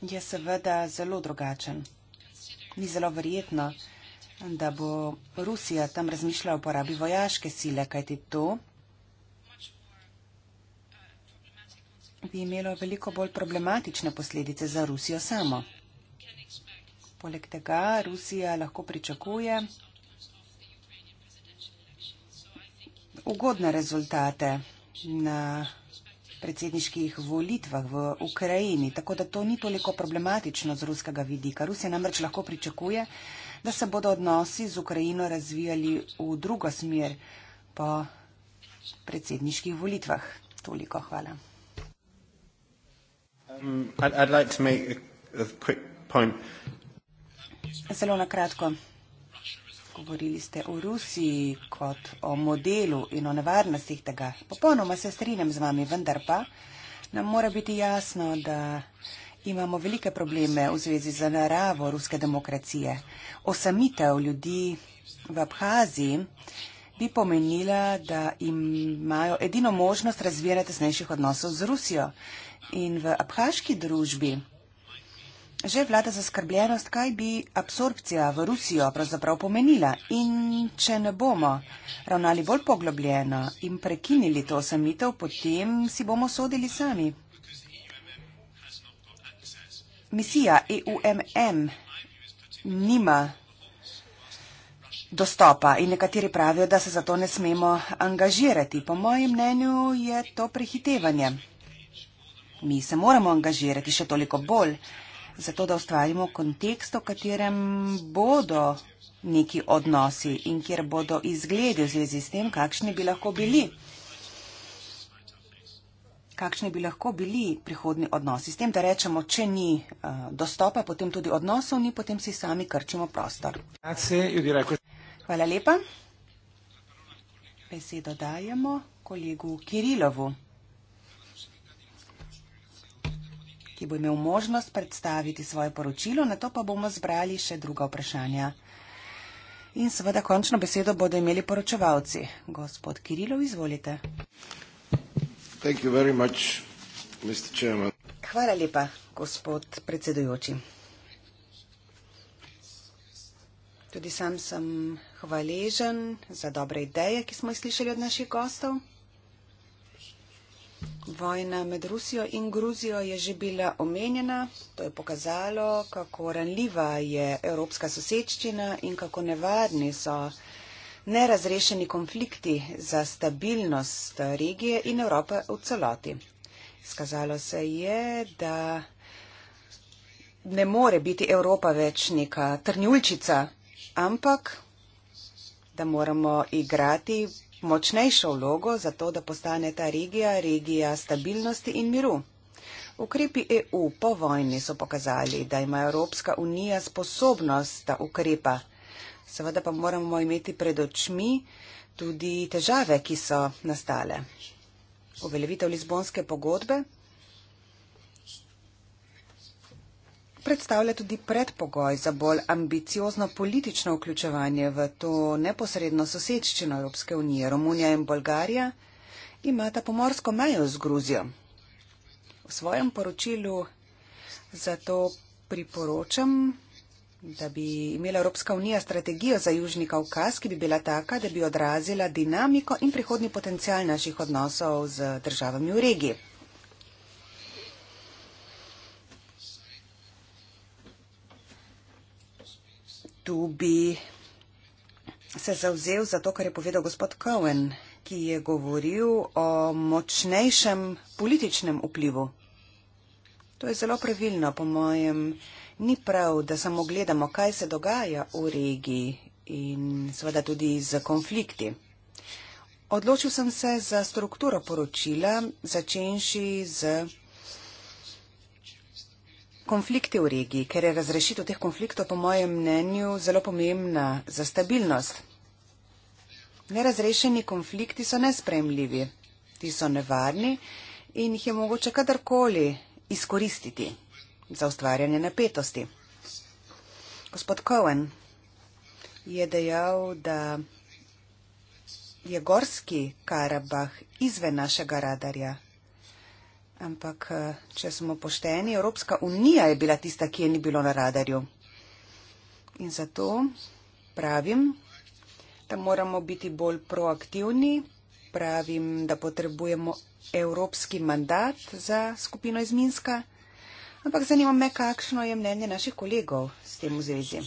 je seveda zelo drugačen. Ni zelo verjetno, da bo Rusija tam razmišljala o porabi vojaške sile, kajti to bi imelo veliko bolj problematične posledice za Rusijo samo. Poleg tega Rusija lahko pričakuje ugodne rezultate na predsedniških volitvah v Ukrajini, tako da to ni toliko problematično z ruskega vidika. Rusija namreč lahko pričakuje, da se bodo odnosi z Ukrajino razvijali v drugo smer po predsedniških volitvah. Toliko hvala. Um, Zelo na kratko. Govorili ste o Rusiji kot o modelu in o nevarnostih tega. Popolnoma se strinjam z vami, vendar pa nam mora biti jasno, da imamo velike probleme v zvezi z naravo ruske demokracije. Osamitev ljudi v Abhaziji bi pomenila, da imajo edino možnost razvijanja tesnejših odnosov z Rusijo. In v abhaški družbi že vlada zaskrbljenost, kaj bi absorpcija v Rusijo pravzaprav pomenila. In če ne bomo ravnali bolj poglobljeno in prekinili to osamitev, potem si bomo sodili sami. Misija EUMM nima dostopa in nekateri pravijo, da se za to ne smemo angažirati. Po mojem mnenju je to prehitevanje. Mi se moramo angažirati še toliko bolj, zato da ustvarimo kontekst, v katerem bodo neki odnosi in kjer bodo izgledi v zvezi s tem, kakšni bi lahko bili. Kakšni bi lahko bili prihodni odnosi? S tem, da rečemo, če ni uh, dostopa, potem tudi odnosov ni, potem si sami krčimo prostor. Grazie, Hvala lepa. Besedo dajemo kolegu Kirilovu, ki bo imel možnost predstaviti svoje poročilo, na to pa bomo zbrali še druga vprašanja. In seveda končno besedo bodo imeli poročevalci. Gospod Kirilov, izvolite. Much, Hvala lepa, gospod predsedujoči. Tudi sam sem hvaležen za dobre ideje, ki smo jih slišali od naših gostov. Vojna med Rusijo in Gruzijo je že bila omenjena. To je pokazalo, kako ranljiva je evropska sosedščina in kako nevarni so nerazrešeni konflikti za stabilnost regije in Evrope v celoti. Skazalo se je, da ne more biti Evropa več neka trnjulčica, ampak da moramo igrati močnejšo vlogo za to, da postane ta regija regija stabilnosti in miru. Ukrepi EU po vojni so pokazali, da ima Evropska unija sposobnost, da ukrepa. Seveda pa moramo imeti pred očmi tudi težave, ki so nastale. Uveljavitev Lizbonske pogodbe predstavlja tudi predpogoj za bolj ambiciozno politično vključevanje v to neposredno sosedščino Evropske unije. Romunija in Bolgarija imata pomorsko mejo z Gruzijo. V svojem poročilu zato priporočam, da bi imela Evropska unija strategijo za Južni Kaukaz, ki bi bila taka, da bi odrazila dinamiko in prihodni potencial naših odnosov z državami v regiji. tu bi se zauzel za to, kar je povedal gospod Cohen, ki je govoril o močnejšem političnem vplivu. To je zelo pravilno, po mojem. Ni prav, da samo gledamo, kaj se dogaja v regiji in seveda tudi z konflikti. Odločil sem se za strukturo poročila, začenši z konflikti v regiji, ker je razrešitev teh konfliktov, po mojem mnenju, zelo pomembna za stabilnost. Nerazrešeni konflikti so nespremljivi, ti so nevarni in jih je mogoče kadarkoli izkoristiti za ustvarjanje napetosti. Gospod Cohen je dejal, da je gorski Karabah izven našega radarja, Ampak, eh, če smo pošteni, Evropska unija je bila tista, ki je ni bilo na radarju. In zato pravim, da moramo biti bolj proaktivni, pravim, da potrebujemo evropski mandat za skupino iz Minska, ampak zanima me, kakšno je mnenje naših kolegov s tem v zvezi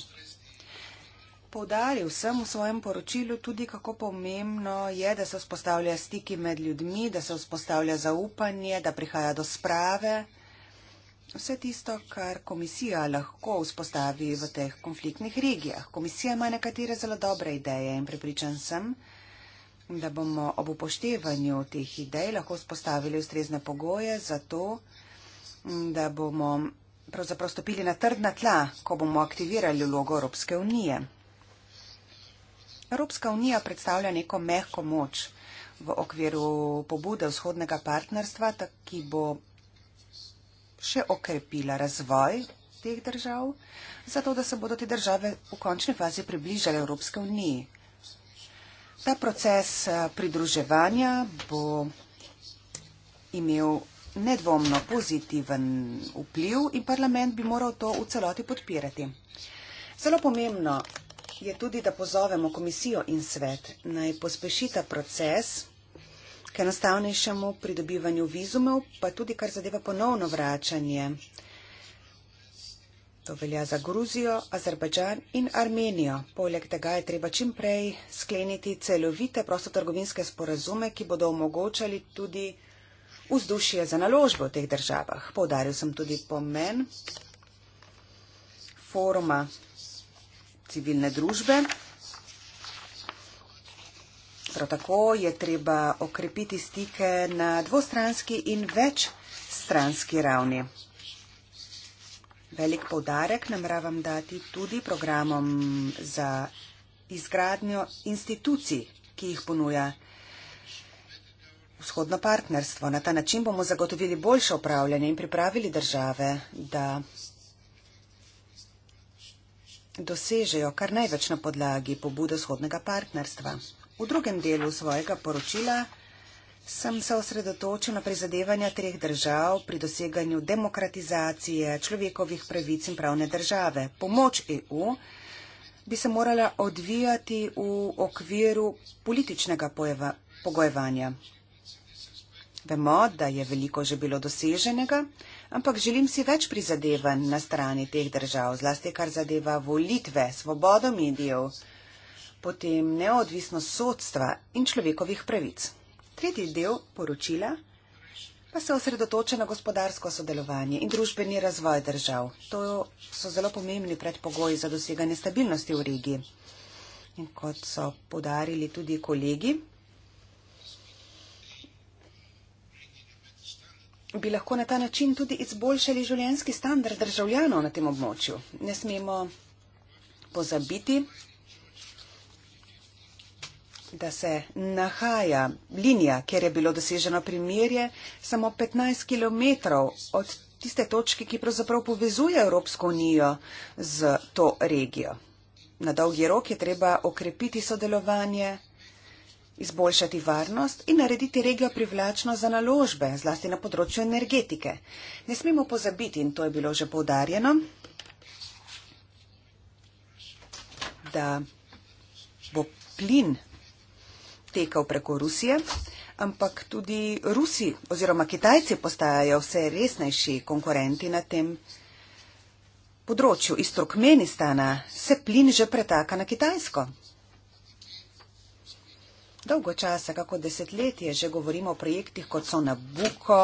poudaril sem v svojem poročilu tudi, kako pomembno je, da se vzpostavlja stiki med ljudmi, da se vzpostavlja zaupanje, da prihaja do sprave. Vse tisto, kar komisija lahko vzpostavi v teh konfliktnih regijah. Komisija ima nekatere zelo dobre ideje in prepričan sem, da bomo ob upoštevanju teh idej lahko vzpostavili ustrezne pogoje za to, da bomo pravzaprav stopili na trdna tla, ko bomo aktivirali vlogo Evropske unije. Evropska unija predstavlja neko mehko moč v okviru pobude vzhodnega partnerstva, ki bo še okrepila razvoj teh držav, zato da se bodo te države v končni fazi približale Evropske unije. Ta proces eh, pridruževanja bo imel nedvomno pozitiven vpliv in parlament bi moral to v celoti podpirati. Zelo pomembno je tudi, da pozovemo komisijo in svet naj pospešita proces k enostavnejšemu pridobivanju vizumov, pa tudi kar zadeva ponovno vračanje. To velja za Gruzijo, Azerbajdžan in Armenijo. Poleg tega je treba čimprej skleniti celovite prostotrgovinske sporazume, ki bodo omogočali tudi vzdušje za naložbe v teh državah. Poudaril sem tudi pomen foruma civilne družbe. Prav tako je treba okrepiti stike na dvostranski in večstranski ravni. Velik povdarek namravam dati tudi programom za izgradnjo institucij, ki jih ponuja vzhodno partnerstvo. Na ta način bomo zagotovili boljše upravljanje in pripravili države, da dosežejo kar največ na podlagi pobude shodnega partnerstva. V drugem delu svojega poročila sem se osredotočil na prizadevanja treh držav pri doseganju demokratizacije človekovih pravic in pravne države. Pomoč EU bi se morala odvijati v okviru političnega pogojevanja. Vemo, da je veliko že bilo doseženega, ampak želim si več prizadevanj na strani teh držav, zlasti kar zadeva volitve, svobodo medijev, potem neodvisno sodstva in človekovih pravic. Tretji del poročila pa se osredotoča na gospodarsko sodelovanje in družbeni razvoj držav. To so zelo pomembni predpogoji za doseganje stabilnosti v regiji. In kot so podarili tudi kolegi, bi lahko na ta način tudi izboljšali življenski standard državljanov na tem območju. Ne smemo pozabiti, da se nahaja linija, kjer je bilo doseženo primirje, samo 15 km od tiste točke, ki pravzaprav povezuje Evropsko unijo z to regijo. Na dolgi rok je treba okrepiti sodelovanje izboljšati varnost in narediti regijo privlačno za naložbe, zlasti na področju energetike. Ne smemo pozabiti, in to je bilo že poudarjeno, da bo plin tekal preko Rusije, ampak tudi Rusi oziroma Kitajci postajajo vse resnejši konkurenti na tem področju. Iz Turkmenistana se plin že pretaka na Kitajsko. Dolgo časa, kako desetletje, že govorimo o projektih, kot so Nabuko,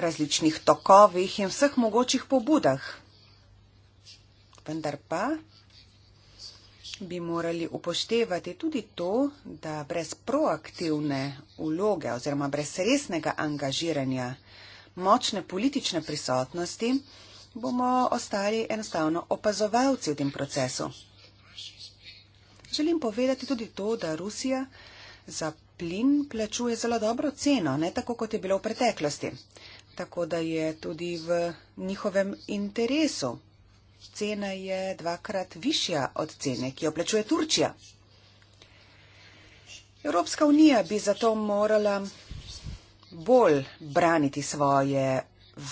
različnih tokovih in vseh mogočih pobudah. Vendar pa bi morali upoštevati tudi to, da brez proaktivne vloge oziroma brez resnega angažiranja močne politične prisotnosti bomo ostali enostavno opazovalci v tem procesu. Želim povedati tudi to, da Rusija za plin plačuje zelo dobro ceno, ne tako, kot je bilo v preteklosti. Tako da je tudi v njihovem interesu. Cena je dvakrat višja od cene, ki jo plačuje Turčija. Evropska unija bi zato morala bolj braniti svoje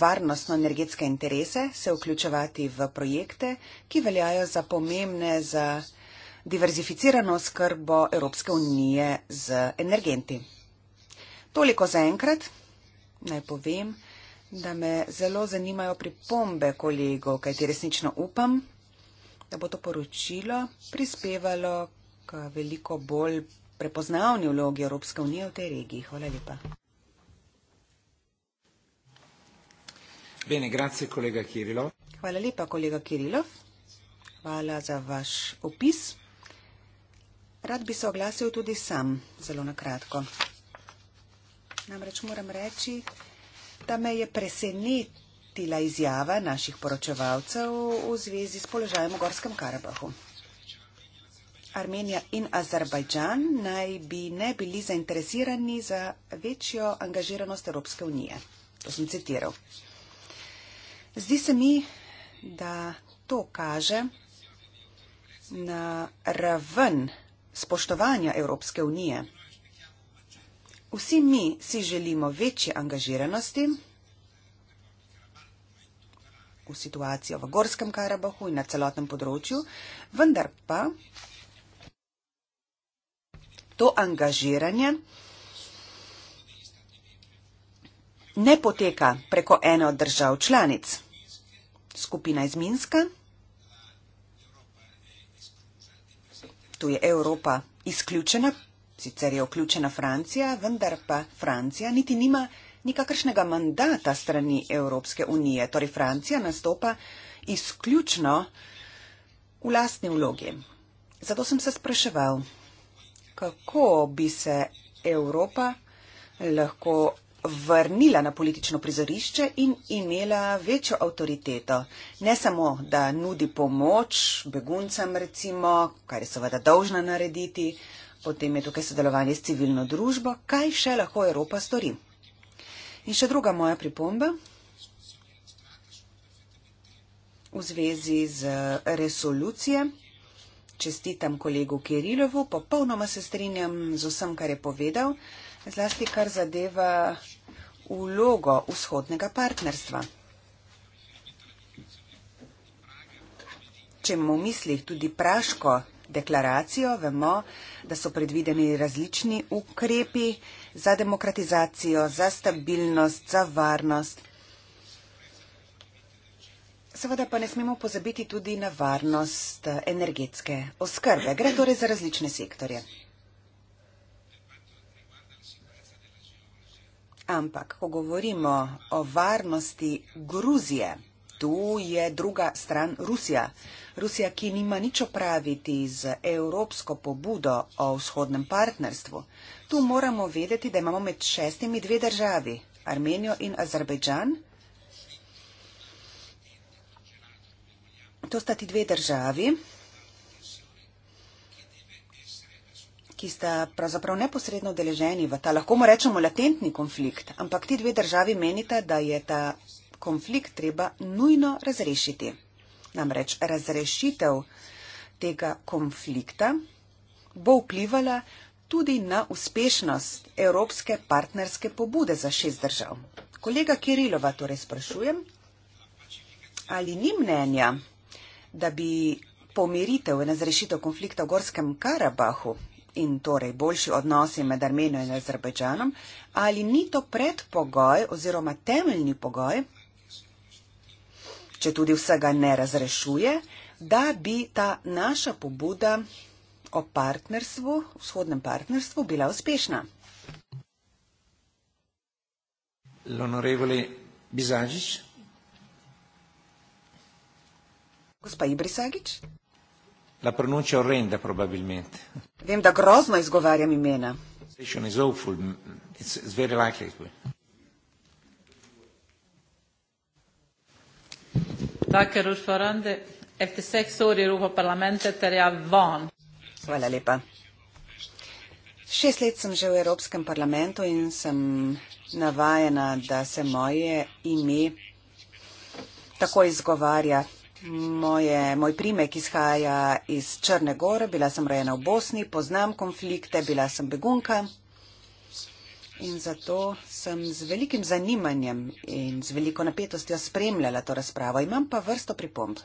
varnostno-energetske interese, se vključevati v projekte, ki veljajo za pomembne za diverzificirano skrbo Evropske unije z energenti. Toliko za enkrat. Naj povem, da me zelo zanimajo pripombe kolegov, kajti resnično upam, da bo to poročilo prispevalo k veliko bolj prepoznavni vlogi Evropske unije v tej regiji. Hvala lepa. Bene, grazie, kolega Kirilov. Hvala lepa, kolega Kirilov. Hvala za vaš opis. Rad bi se oglasil tudi sam, zelo na kratko. Namreč moram reči, da me je presenetila izjava naših poročevalcev v zvezi s položajem v Gorskem Karabahu. Armenija in Azerbajdžan naj bi ne bili zainteresirani za večjo angažiranost Evropske unije. To sem citiral. Zdi se mi, da to kaže na raven spoštovanja Evropske unije. Vsi mi si želimo večje angažiranosti v situacijo v Gorskem Karabahu in na celotnem področju, vendar pa to angažiranje ne poteka preko ene od držav članic. Skupina iz Minska tu je Evropa izključena, sicer je vključena Francija, vendar pa Francija niti nima nikakršnega mandata strani Evropske unije. Torej Francija nastopa izključno v lastni vlogi. Zato sem se spraševal, kako bi se Evropa lahko vrnila na politično prizorišče in imela večjo avtoriteto. Ne samo, da nudi pomoč beguncem, recimo, kar je seveda dolžna narediti, potem je tukaj sodelovanje s civilno družbo, kaj še lahko Evropa stori. In še druga moja pripomba v zvezi z resolucije. Čestitam kolegu Kirilovu, popolnoma se strinjam z vsem, kar je povedal zlasti kar zadeva vlogo vzhodnega partnerstva. Če imamo v mislih tudi Praško deklaracijo, vemo, da so predvideni različni ukrepi za demokratizacijo, za stabilnost, za varnost. Seveda pa ne smemo pozabiti tudi na varnost energetske oskrbe. Gre torej za različne sektorje. Ampak, ko govorimo o varnosti Gruzije, tu je druga stran Rusija. Rusija, ki nima nič opraviti z evropsko pobudo o vzhodnem partnerstvu. Tu moramo vedeti, da imamo med šestimi dve državi, Armenijo in Azerbejdžan. To sta ti dve državi, ki sta pravzaprav neposredno deleženi v ta, lahko mu rečemo, latentni konflikt, ampak ti dve državi menita, da je ta konflikt treba nujno razrešiti. Namreč razrešitev tega konflikta bo vplivala tudi na uspešnost evropske partnerske pobude za šest držav. Kolega Kirilova torej sprašujem, ali ni mnenja, da bi pomiritev in razrešitev konflikta v Gorskem Karabahu in torej boljši odnosi med Armenijo in Azerbajdžanom, ali ni to predpogoj oziroma temeljni pogoj, če tudi vsega ne razrešuje, da bi ta naša pobuda o partnerstvu, vzhodnem partnerstvu, bila uspešna. Gospa Ibrisagič. La pronuncia orrenda probabilmente. Vem, da grozno izgovarjam imena. Er Hvala lepa. Šest let sem že v Evropskem parlamentu in sem navajena, da se moje ime tako izgovarja Moje, moj primek izhaja iz Črne gore, bila sem rojena v Bosni, poznam konflikte, bila sem begunka in zato sem z velikim zanimanjem in z veliko napetostjo spremljala to razpravo. Imam pa vrsto pripomb.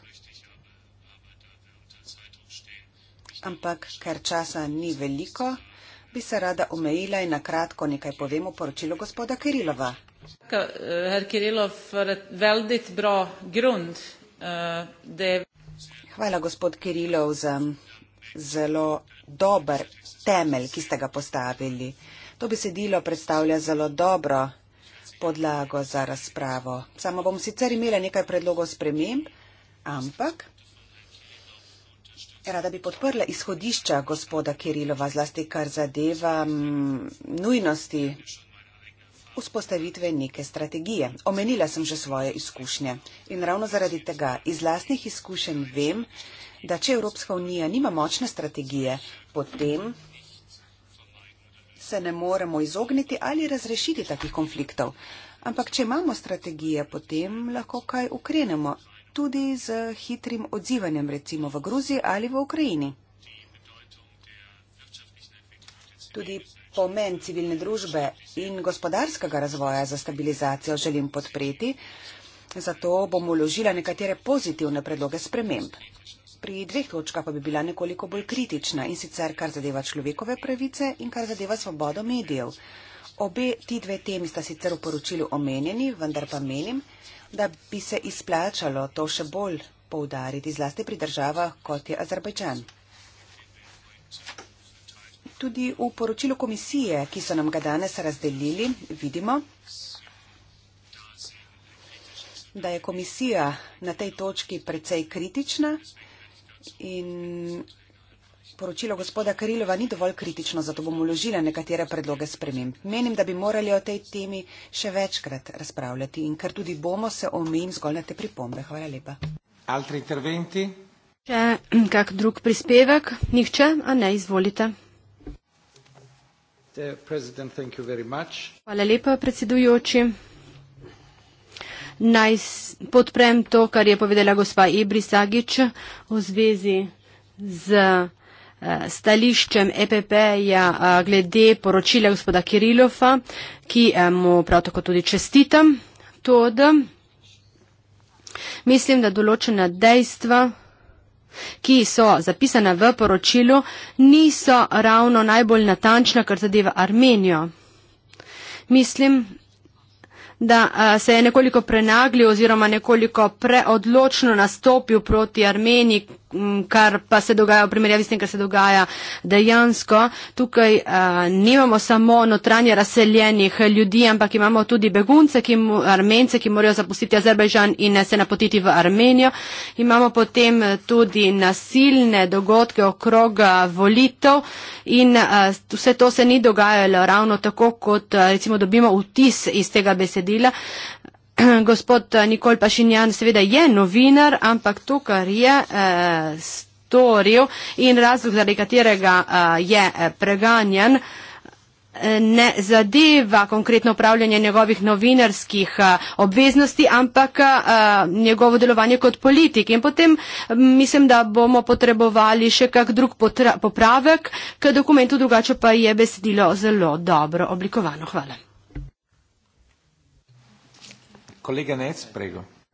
Ampak ker časa ni veliko, bi se rada omejila in na kratko nekaj povem o poročilu gospoda Kirilova. Eh, herr Kirilov, veldit bro grund Hvala, gospod Kirilov, za zelo dober temelj, ki ste ga postavili. To besedilo predstavlja zelo dobro podlago za razpravo. Samo bom sicer imela nekaj predlogov sprememb, ampak rada bi podprla izhodišča gospoda Kirilova, zlasti kar zadeva mm, nujnosti vzpostavitve neke strategije. Omenila sem že svoje izkušnje in ravno zaradi tega iz lastnih izkušenj vem, da če Evropska unija nima močne strategije, potem se ne moremo izogniti ali razrešiti takih konfliktov. Ampak, če imamo strategije, potem lahko kaj ukrenemo, tudi z hitrim odzivanjem, recimo v Gruziji ali v Ukrajini. Tudi pomen civilne družbe in gospodarskega razvoja za stabilizacijo želim podpreti, zato bom uložila nekatere pozitivne predloge sprememb. Pri dveh točkah pa bi bila nekoliko bolj kritična in sicer kar zadeva človekove pravice in kar zadeva svobodo medijev. Obe ti dve temi sta sicer v poročilu omenjeni, vendar pa menim, da bi se izplačalo to še bolj poudariti zlasti pri državah, kot je Azerbajdžan. Thank you. Tudi v poročilu komisije, ki so nam ga danes razdelili, vidimo, da je komisija na tej točki precej kritična in poročilo gospoda Karilova ni dovolj kritično, zato bomo vložili nekatere predloge spremem. Menim, da bi morali o tej temi še večkrat razpravljati in ker tudi bomo, se omejim zgolj na te pripombe. Hvala lepa. Altri interventi? Še kak drug prispevek? Nihče? A ne, izvolite. Uh, Hvala lepa, predsedujoči. Naj podprem to, kar je povedala gospa Ibri Sagič v zvezi z uh, stališčem EPP-ja uh, glede poročila gospoda Kirilova, ki mu prav tako tudi čestitam. Tod, mislim, da določena dejstva ki so zapisana v poročilu, niso ravno najbolj natančna, kar zadeva Armenijo. Mislim, da se je nekoliko prenaglil oziroma nekoliko preodločno nastopil proti Armeniji, kar pa se dogaja v primerjavi s tem, kar se dogaja dejansko. Tukaj uh, nimamo samo notranje razseljenih ljudi, ampak imamo tudi begunce, ki mu, armence, ki morajo zapustiti Azerbajžan in eh, se napotiti v Armenijo. Imamo potem eh, tudi nasilne dogodke okrog eh, volitev in uh, vse to se ni dogajalo ravno tako, kot uh, recimo dobimo vtis iz tega besedila. gospod eh, Nikol Pašinjan seveda je novinar, ampak to, kar je eh, storil in razlog, zaradi katerega eh, je eh, preganjan, eh, ne zadeva konkretno upravljanje njegovih novinarskih obveznosti, ampak njegovo delovanje kot politik. In potem mislim, da bomo potrebovali še kak drug popravek k dokumentu, drugače pa je besedilo zelo dobro oblikovano. Hvala.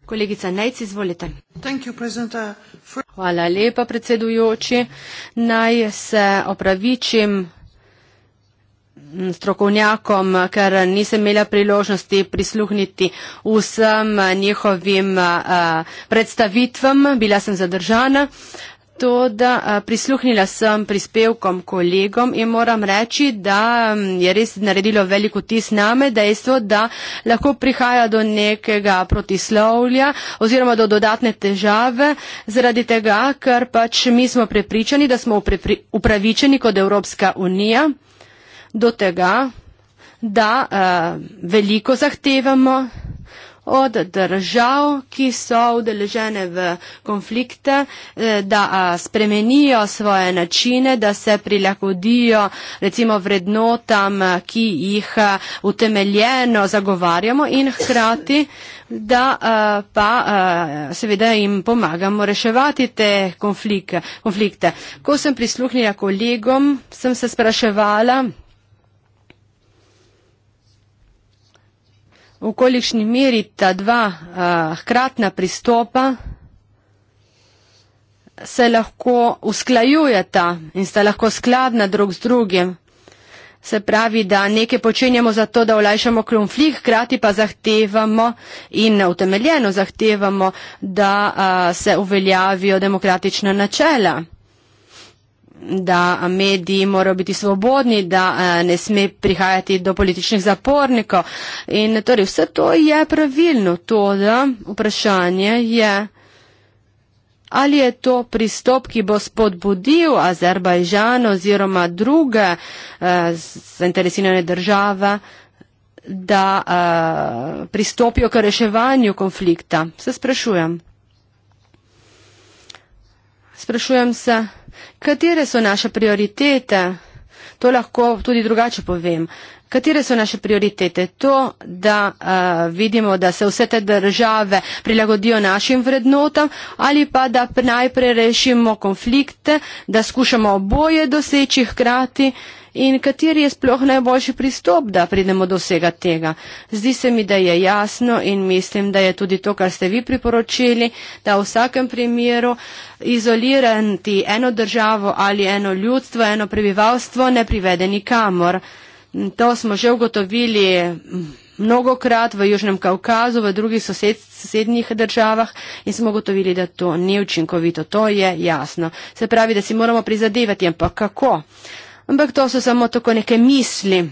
Kolegica Nec, izvolite. Uh, Hvala lepa, predsedujoči. Naj se opravičim strokovnjakom, ker nisem imela priložnosti prisluhniti vsem njihovim uh, predstavitvam, bila sem zadržana to, da prisluhnila sem prispevkom kolegom in moram reči, da je res naredilo veliko tis name dejstvo, da lahko prihaja do nekega protislovlja oziroma do dodatne težave zaradi tega, ker pač mi smo prepričani, da smo upravičeni kot Evropska unija do tega, da uh, veliko zahtevamo od držav, ki so udeležene v konflikte, eh, da spremenijo svoje načine, da se prilagodijo recimo vrednotam, eh, ki jih eh, utemeljeno zagovarjamo in hkrati, da pa seveda jim pomagamo reševati te konflikte. Ko sem prisluhnila kolegom, sem se spraševala, v kolikšni meri ta dva a, hkratna pristopa se lahko usklajujeta in sta lahko skladna drug z drugim. Se pravi, da nekaj počenjamo zato, da olajšamo konflikt, hkrati pa zahtevamo in utemeljeno zahtevamo, da a, se uveljavijo demokratična načela da mediji morajo biti svobodni, da eh, ne sme prihajati do političnih zapornikov. In torej vse to je pravilno, to da vprašanje je, ali je to pristop, ki bo spodbudil Azerbajžan oziroma druge eh, zainteresirane države, da eh, pristopijo k reševanju konflikta. Se sprašujem. Sprašujem se katere so naše prioritete, to lahko tudi drugače povem, katere so naše prioritete, to, da uh, vidimo, da se vse te države prilagodijo našim vrednotam ali pa da najprej rešimo konflikte, da skušamo oboje doseči hkrati. Uh, in kateri je sploh najboljši pristop, da pridemo do vsega tega. Zdi se mi, da je jasno in mislim, da je tudi to, kar ste vi priporočili, da v vsakem primeru izolirati eno državo ali eno ljudstvo, eno prebivalstvo ne privede nikamor. To smo že ugotovili mm, mnogokrat v Južnem Kaukazu, v drugih sosed, sosednjih državah in smo ugotovili, da to ni učinkovito. To je jasno. Se pravi, da si moramo prizadevati, ampak kako? ampak to so samo tako neke misli.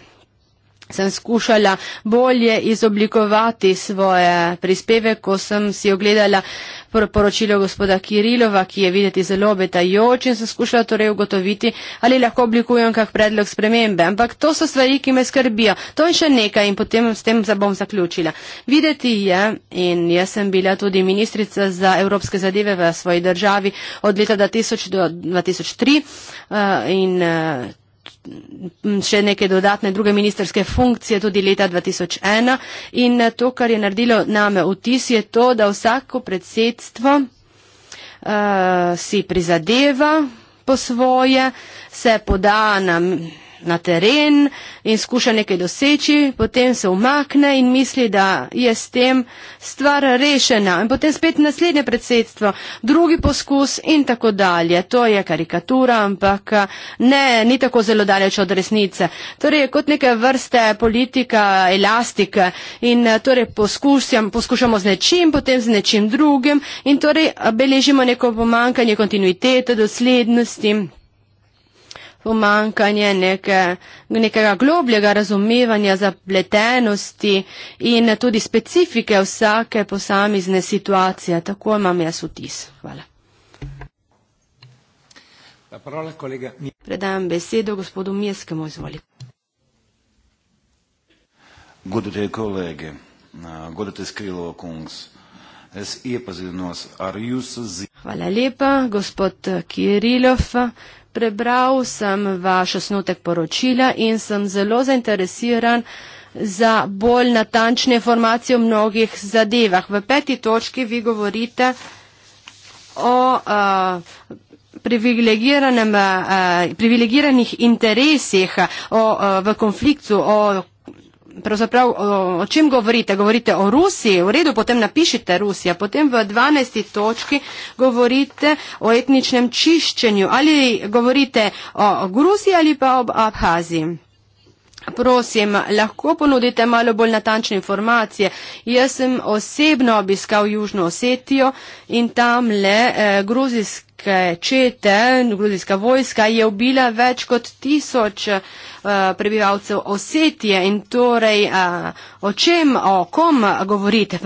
Sem skušala bolje izoblikovati svoje prispeve, ko sem si ogledala poročilo gospoda Kirilova, ki je videti zelo obetajoč in sem skušala torej ugotoviti, ali lahko oblikujem kak predlog spremembe. Ampak to so stvari, ki me skrbijo. To je še nekaj in potem s tem bom zaključila. Videti je, in jaz sem bila tudi ministrica za evropske zadeve v svoji državi od leta 2000 do 2003 uh, eh, in. Uh, še neke dodatne druge ministerske funkcije tudi leta 2001 in eh, to, kar je naredilo name vtis, je to, da vsako predsedstvo uh, si prizadeva po svoje, se poda na na teren in skuša nekaj doseči, potem se umakne in misli, da je s tem stvar rešena. In potem spet naslednje predsedstvo, drugi poskus in tako dalje. To je karikatura, ampak eh, ne, ni tako zelo daleč od resnice. Torej, kot neke vrste politika elastike eh, in eh, torej poskušamo z nečim, potem z nečim drugim in torej beležimo neko pomankanje kontinuitete, doslednosti pomankanje neke, nekega globljega razumevanja zapletenosti in tudi specifike vsake posamezne situacije. Tako imam jaz vtis. Hvala. Predajam besedo gospodu Mijeskemu, izvolite. Godite kolege, godite skrilovo kungs, es iepazinos, ar jūs zi... Hvala lepa, gospod Kirilov, prebral sem vaš osnutek poročila in sem zelo zainteresiran za bolj natančne informacije o mnogih zadevah. V peti točki vi govorite o uh, privilegiranem, uh, privilegiranih interesih, o, uh, v konfliktu, o pravzaprav o, o čem govorite? Govorite o Rusiji, v redu, potem napišite Rusija, potem v 12. točki govorite o etničnem čiščenju ali govorite o Gruziji ali pa o Abhaziji. Prosim, lahko ponudite malo bolj natančne informacije. Jaz sem osebno obiskal Južno Osetijo in tam le eh, gruzijske čete, gruzijska vojska je ubila več kot tisoč eh, Eh, prebivalcev Osetije in torej eh, o čem, o kom govorite,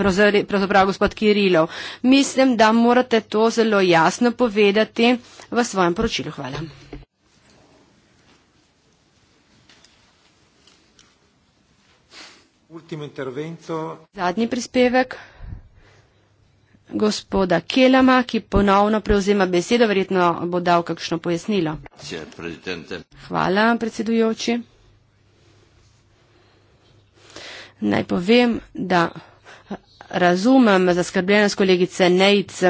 pravzaprav gospod Kirilov. Mislim, da morate to zelo jasno povedati v svojem poročilu. Hvala. Zadnji prispevek gospoda Kelama, ki ponovno prevzema besedo, verjetno bo dal kakšno pojasnilo. Hvala, predsedujoči. Naj povem, da razumem zaskrbljenost kolegice Nejc.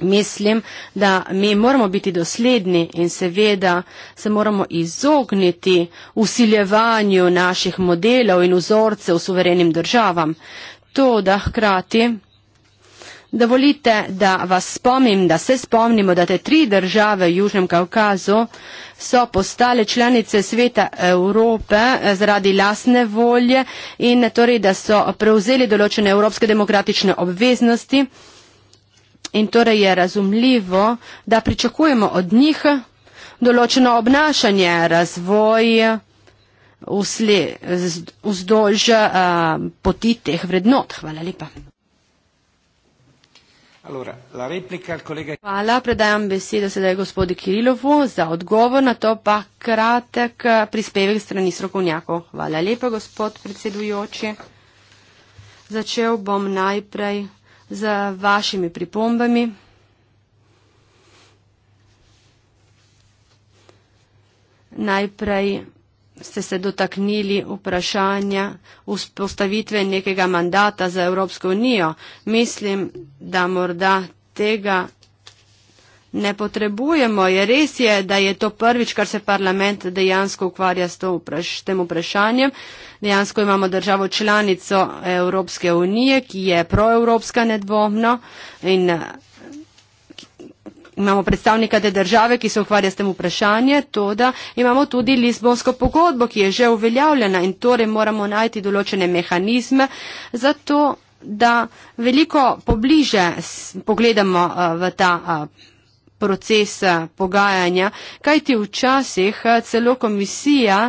Mislim, da mi moramo biti dosledni in seveda se moramo izogniti usiljevanju naših modelov in vzorcev suverenim državam. To, da hkrati Dovolite, da vas spomnim, da se spomnimo, da te tri države v Južnem Kaukazu so postale članice sveta Evrope eh, zaradi lasne volje in eh, torej, da so prevzeli določene evropske demokratične obveznosti. In torej je razumljivo, da pričakujemo od njih določeno obnašanje, razvoj vzdolž eh, poti teh vrednot. Hvala lepa. Allora, la replica al collega... Hvala, predajam besedo sedaj gospodi Kirilovu za odgovor, na to pa kratek eh, prispevek strani strokovnjakov. Hvala lepa, gospod predsedujoči. Začel bom najprej z vašimi pripombami. Najprej ste se dotaknili vprašanja vzpostavitve nekega mandata za Evropsko unijo. Mislim, da morda tega ne potrebujemo. Je res je, da je to prvič, kar se parlament dejansko ukvarja s vpraš tem vprašanjem. Dejansko imamo državo članico Evropske unije, ki je proevropska nedvomno in imamo predstavnika te države, ki se ukvarja s tem vprašanje, to da imamo tudi Lizbonsko pogodbo, ki je že uveljavljena in torej moramo najti določene mehanizme za to, da veliko pobliže pogledamo eh, v ta eh, proces eh, pogajanja, kajti včasih celo komisija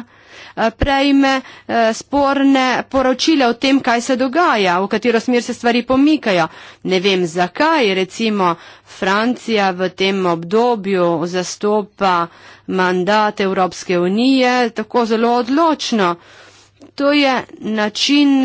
Eh, prejme eh, sporne poročile o tem, kaj se dogaja, v katero smer se stvari pomikajo. Ne vem zakaj, recimo Francija v tem obdobju zastopa mandat Evropske unije tako zelo odločno. To je način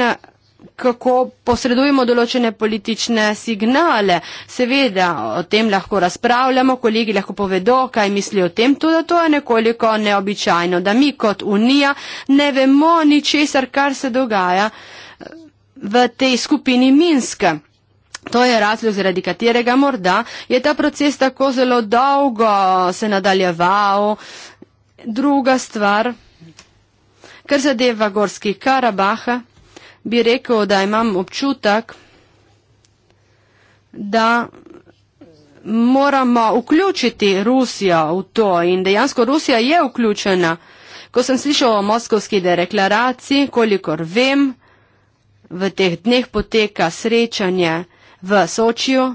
kako posredujemo določene politične signale. Seveda, o tem lahko razpravljamo, kolegi lahko povedo, kaj mislijo o tem, tudi to je nekoliko neobičajno, da mi kot Unija ne vemo ničesar, kar se dogaja eh, v tej skupini Minske. To je razlog, zaradi katerega morda je ta proces tako zelo dolgo se nadaljeval. Druga stvar, kar zadeva Gorski Karabaha bi rekel, da imam občutek, da moramo vključiti Rusijo v to in dejansko Rusija je vključena. Ko sem slišal o moskovski deklaraciji, kolikor vem, v teh dneh poteka srečanje v Sočiju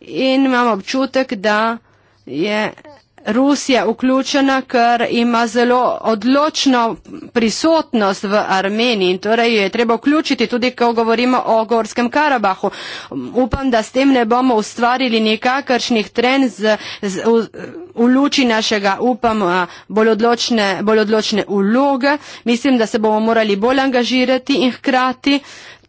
in imam občutek, da je Rusija vključena, ker ima zelo odločno prisotnost v Armeniji in torej jo je treba vključiti tudi, ko govorimo o Gorskem Karabahu. Upam, da s tem ne bomo ustvarili nekakršnih tren z, z, v, v luči našega, upam, bolj odločne, bolj odločne uloge. Mislim, da se bomo morali bolj angažirati in hkrati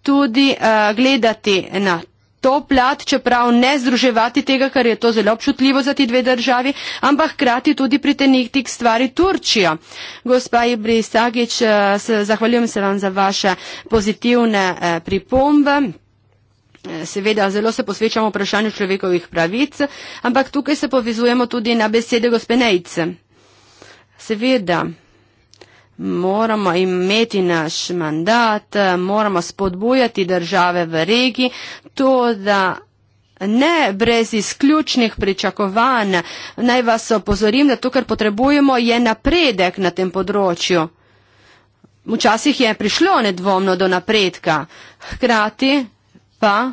tudi uh, gledati na to plat, čeprav ne združevati tega, kar je to zelo občutljivo za ti dve državi, ampak krati tudi pritenihti k stvari Turčijo. Gospa Ibri Sagič, eh, zahvaljujem se vam za vaše pozitivne eh, pripombe. Eh, seveda, zelo se posvečamo vprašanju človekovih pravic, ampak tukaj se povezujemo tudi na besede gospe Nejce. Seveda moramo imeti naš mandat, moramo spodbujati države v regiji, to da ne brez izključnih pričakovanj. Naj vas opozorim, da to, kar potrebujemo, je napredek na tem področju. Včasih je prišlo nedvomno do napredka, hkrati pa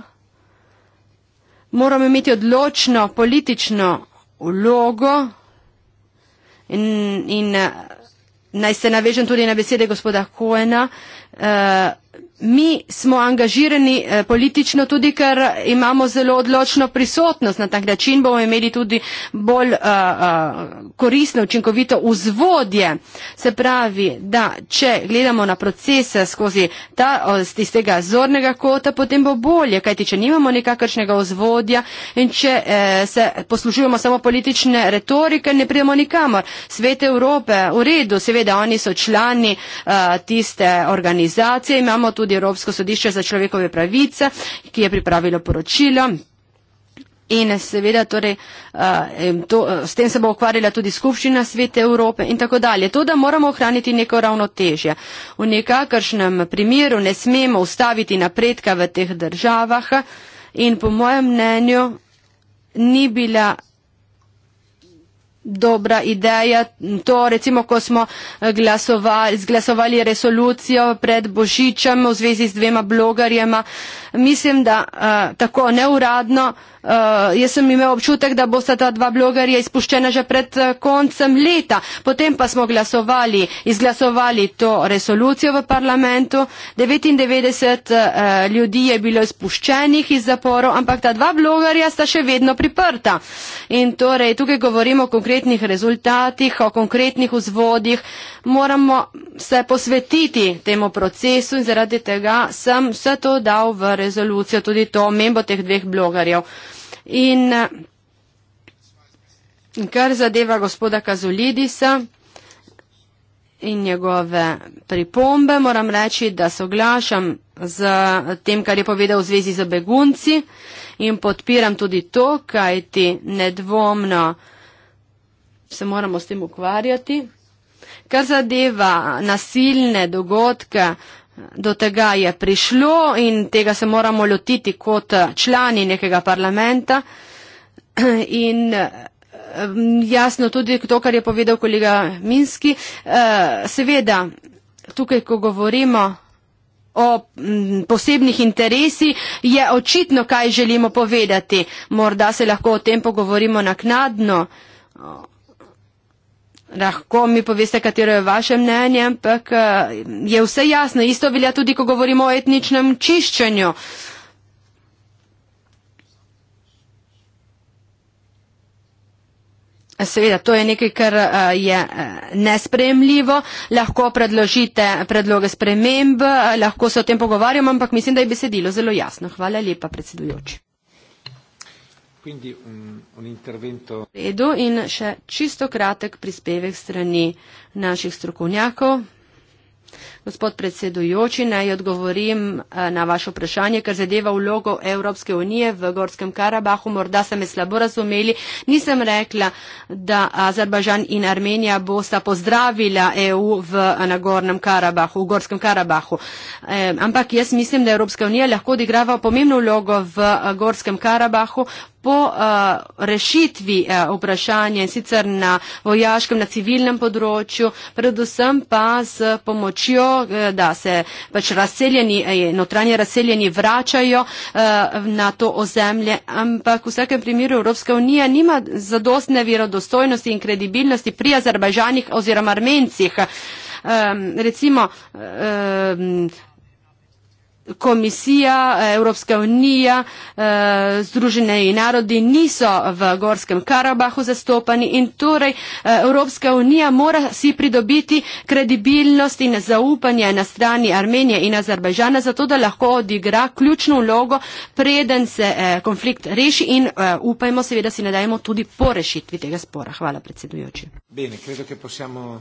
moramo imeti odločno politično vlogo in, in Naj se navežem tudi na besede gospoda Koena. Uh, eh, Mi smo angažirani eh, politično tudi, ker imamo zelo odločno prisotnost. Na tak način bomo imeli tudi bolj uh, uh, koristno, učinkovito vzvodje. Se pravi, da če gledamo na procese skozi ta, iz tega zornega kota, potem bo bolje, kajti če nimamo nekakršnega vzvodja in če eh, se poslužujemo samo politične retorike, ne pridemo nikamor. Svet Evrope, v redu, seveda oni so člani uh, tiste organizacije, imamo tudi tudi Evropsko sodišče za človekove pravice, ki je pripravilo poročilo. In seveda, torej, to, s tem se bo ukvarjala tudi skupščina svete Evrope in tako dalje. To, da moramo ohraniti neko ravnotežje. V nekakršnem primeru ne smemo ustaviti napredka v teh državah in po mojem mnenju ni bila dobra ideja, to recimo, ko smo eh, glasovali, zglasovali resolucijo pred Božičem v zvezi z dvema blogarjema, mislim, da uh, tako neuradno. Eh, jaz sem imel občutek, da bosta ta dva blogerja izpuščena že pred eh, koncem leta. Potem pa smo glasovali, izglasovali to resolucijo v parlamentu. 99 eh, ljudi je bilo izpuščenih iz zaporov, ampak ta dva blogerja sta še vedno priprta. In torej tukaj govorimo o konkretnih rezultatih, o konkretnih vzvodih. Moramo se posvetiti temu procesu in zaradi tega sem vse to dal v rezolucijo, tudi to omembo teh dveh blogerjev. In eh, kar zadeva gospoda Kazulidisa in njegove pripombe, moram reči, da soglašam z tem, kar je povedal v zvezi z begunci in podpiram tudi to, kajti nedvomno se moramo s tem ukvarjati. Kar zadeva nasilne dogodke Do tega je prišlo in tega se moramo lotiti kot člani nekega parlamenta. In eh, jasno tudi to, kar je povedal kolega Minski. Eh, seveda, tukaj, ko govorimo o mm, posebnih interesih, je očitno, kaj želimo povedati. Morda se lahko o tem pogovorimo naknadno. Lahko mi poveste, katero je vaše mnenje, ampak eh, je vse jasno. Isto velja tudi, ko govorimo o etničnem čiščenju. Seveda, to je nekaj, kar eh, je eh, nespremljivo. Lahko predložite predloge sprememb, lahko se o tem pogovarjamo, ampak mislim, da je besedilo zelo jasno. Hvala lepa, predsedujoči. Quindi un, un intervento. Edo in še čisto kratek prispevek strani naših strokovnjakov. Gospod predsedujoči, naj odgovorim eh, na vaše vprašanje, kar zadeva vlogo Evropske unije v Gorskem Karabahu. Morda ste me slabo razumeli. Nisem rekla, da Azerbajžan in Armenija bosta pozdravila EU v Nagornem Karabahu, v Gorskem Karabahu. E, ampak jaz mislim, da Evropska unija lahko odigrava pomembno vlogo v eh, Gorskem Karabahu, po uh, rešitvi uh, vprašanja in sicer na vojaškem, na civilnem področju, predvsem pa s pomočjo, uh, da se pač razseljeni, uh, notranje razseljeni vračajo uh, na to ozemlje. Ampak v vsakem primeru Evropska unija nima zadostne verodostojnosti in kredibilnosti pri Azerbajžanih oziroma Armencih. Um, recimo, um, komisija, Evropska unija, eh, Združene narodi niso v Gorskem Karabahu zastopani in torej eh, Evropska unija mora si pridobiti kredibilnost in zaupanje na strani Armenije in Azerbajžana, zato da lahko odigra ključno vlogo, preden se eh, konflikt reši in upajmo seveda si nadajemo tudi po rešitvi tega spora. Hvala predsedujoči. Bene, credo che possiamo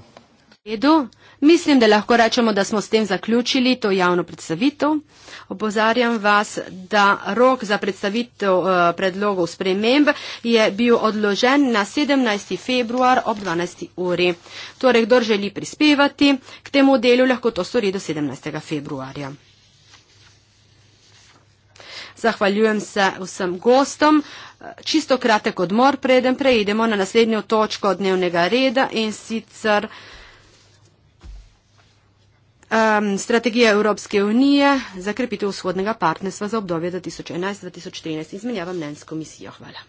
redu. Mislim, da lahko rečemo, da smo s tem zaključili to javno predstavitev. Opozarjam vas, da rok za predstavitev eh, predlogov sprememb je bil odložen na 17. februar ob 12. uri. Torej, kdo želi prispevati k temu delu, lahko to stori do 17. februarja. Zahvaljujem se vsem gostom. Čisto kratek odmor, preden preidemo na naslednjo točko dnevnega reda in sicer um, strategija Evropske unije za krepitev vzhodnega partnerstva za obdobje 2011-2013 izmenjava mnen s komisijo. Hvala.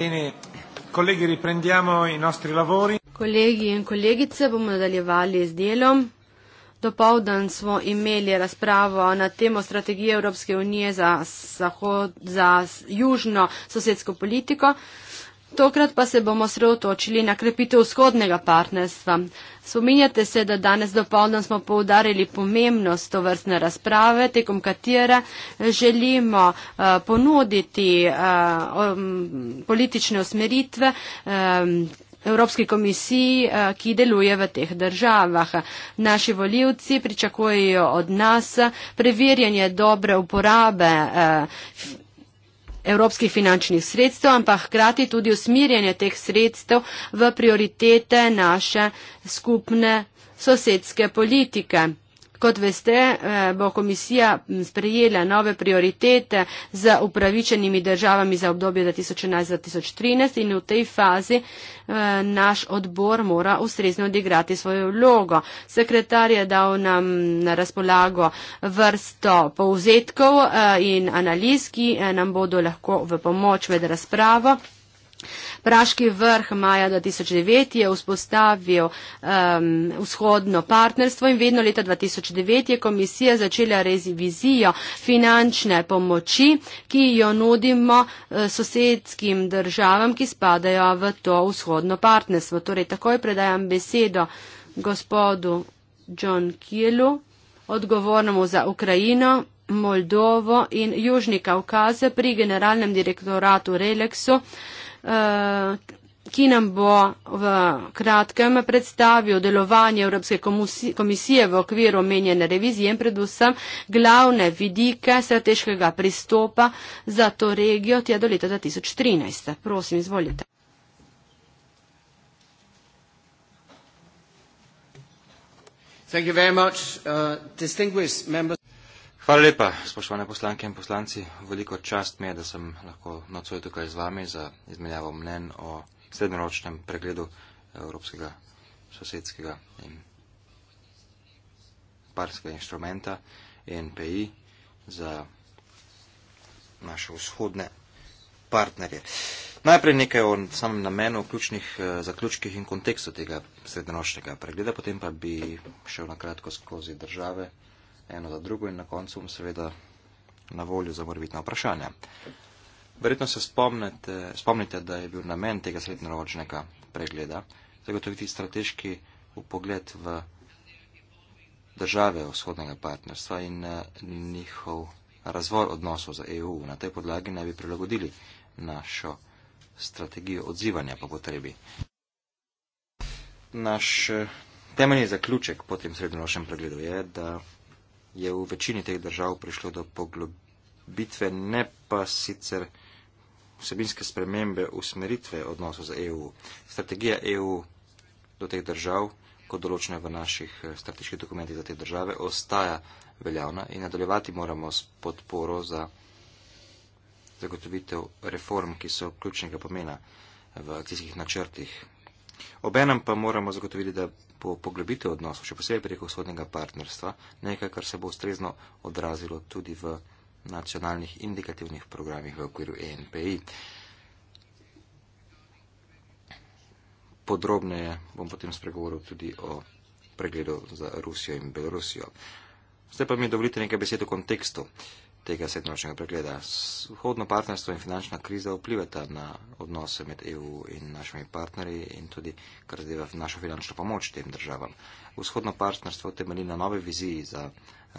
Bene, colleghi, riprendiamo i nostri lavori. Colleghi in kolegice, bomo nadaljevali z delom. Dopoldan smo imeli razpravo na temo strategije Evropske unije za, zahod, za južno sosedsko politiko. Tokrat pa se bomo sredotočili na krepitev vzhodnega partnerstva. Spominjate se, da danes dopolnjen smo povdarili pomembnost to vrstne razprave, tekom katere želimo uh, ponuditi uh, um, politične usmeritve. Um, Evropski komisiji, eh, ki deluje v teh državah. Naši voljivci pričakujejo od nas preverjanje dobre uporabe evropskih finančnih sredstev, ampak hkrati tudi usmirjanje teh sredstev v prioritete naše skupne sosedske politike. Kot veste, eh, bo komisija sprejela nove prioritete z upravičenimi državami za obdobje 2011-2013 in v tej fazi eh, naš odbor mora ustrezno odigrati svojo vlogo. Sekretar je dal nam na razpolago vrsto povzetkov eh, in analiz, ki nam bodo lahko v pomoč med razpravo. Praški vrh maja 2009 je vzpostavil um, vzhodno partnerstvo in vedno leta 2009 je komisija začela revizijo finančne pomoči, ki jo nudimo uh, sosedskim državam, ki spadajo v to vzhodno partnerstvo. Torej, takoj predajam besedo gospodu John Kielu, odgovornemu za Ukrajino. Moldovo in Južni Kaukaze pri generalnem direktoratu Relexu. Uh, Eh, ki nam bo v kratkem predstavil delovanje Evropske komisije v okviru omenjene revizije in predvsem glavne vidike strateškega pristopa za to regijo tja do leta 2013. Prosim, izvolite. Thank you very much, uh, distinguished members. Hvala lepa, spoštovane poslanke in poslanci. Veliko čast mi je, da sem lahko nocoj tukaj z vami za izmenjavo mnen o srednjeročnem pregledu evropskega sosedskega in parskega inštrumenta e NPI za naše vzhodne partnerje. Najprej nekaj o samem namenu, ključnih eh, zaključkih in kontekstu tega srednjeročnega pregleda, potem pa bi šel na kratko skozi države eno za drugo in na koncu bom seveda na voljo za morbitna vprašanja. Verjetno se spomnite, spomnite, da je bil namen tega srednjeročnega pregleda zagotoviti strateški upogled v države vzhodnega partnerstva in eh, njihov razvoj odnosov za EU. Na tej podlagi naj bi prilagodili našo strategijo odzivanja po potrebi. Naš eh, temeljni zaključek po tem srednjeročnem pregledu je, da je v večini teh držav prišlo do poglobitve, ne pa sicer vsebinske spremembe usmeritve odnosov z EU. Strategija EU do teh držav, kot določena v naših eh, strateških dokumentih za te države, ostaja veljavna in nadaljevati moramo s podporo za zagotovitev reform, ki so ključnega pomena v akcijskih načrtih. Obenem pa moramo zagotoviti, da bo poglobitev odnosov, še posebej preko vzhodnega partnerstva, nekaj, kar se bo ustrezno odrazilo tudi v nacionalnih indikativnih programih v okviru ENPI. Podrobneje bom potem spregovoril tudi o pregledu za Rusijo in Belorusijo. Zdaj pa mi dovolite nekaj besed o kontekstu tega sedmočnega pregleda. Vhodno partnerstvo in finančna kriza vplivata na odnose med EU in našimi partnerji in tudi, kar zadeva našo finančno pomoč tem državam. Vzhodno partnerstvo temelji na nove viziji za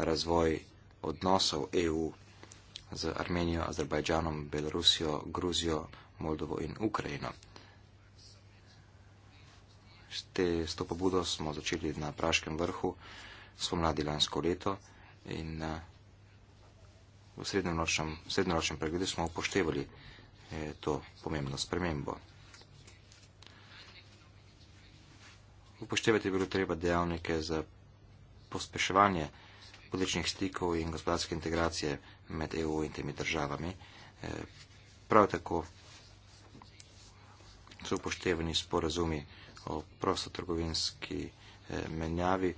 razvoj odnosov EU z Armenijo, Azerbajdžanom, Belorusijo, Gruzijo, Moldovo in Ukrajino. Te, s to pobudo smo začeli na Praškem vrhu spomladi lansko leto in eh, v srednjeročnem pregledu smo upoštevali eh, to pomembno spremembo. Upoštevati je bilo treba dejavnike za pospeševanje političnih stikov in gospodarske integracije med EU in temi državami. Eh, prav tako so upoštevani sporazumi o prostotrgovinski menjavi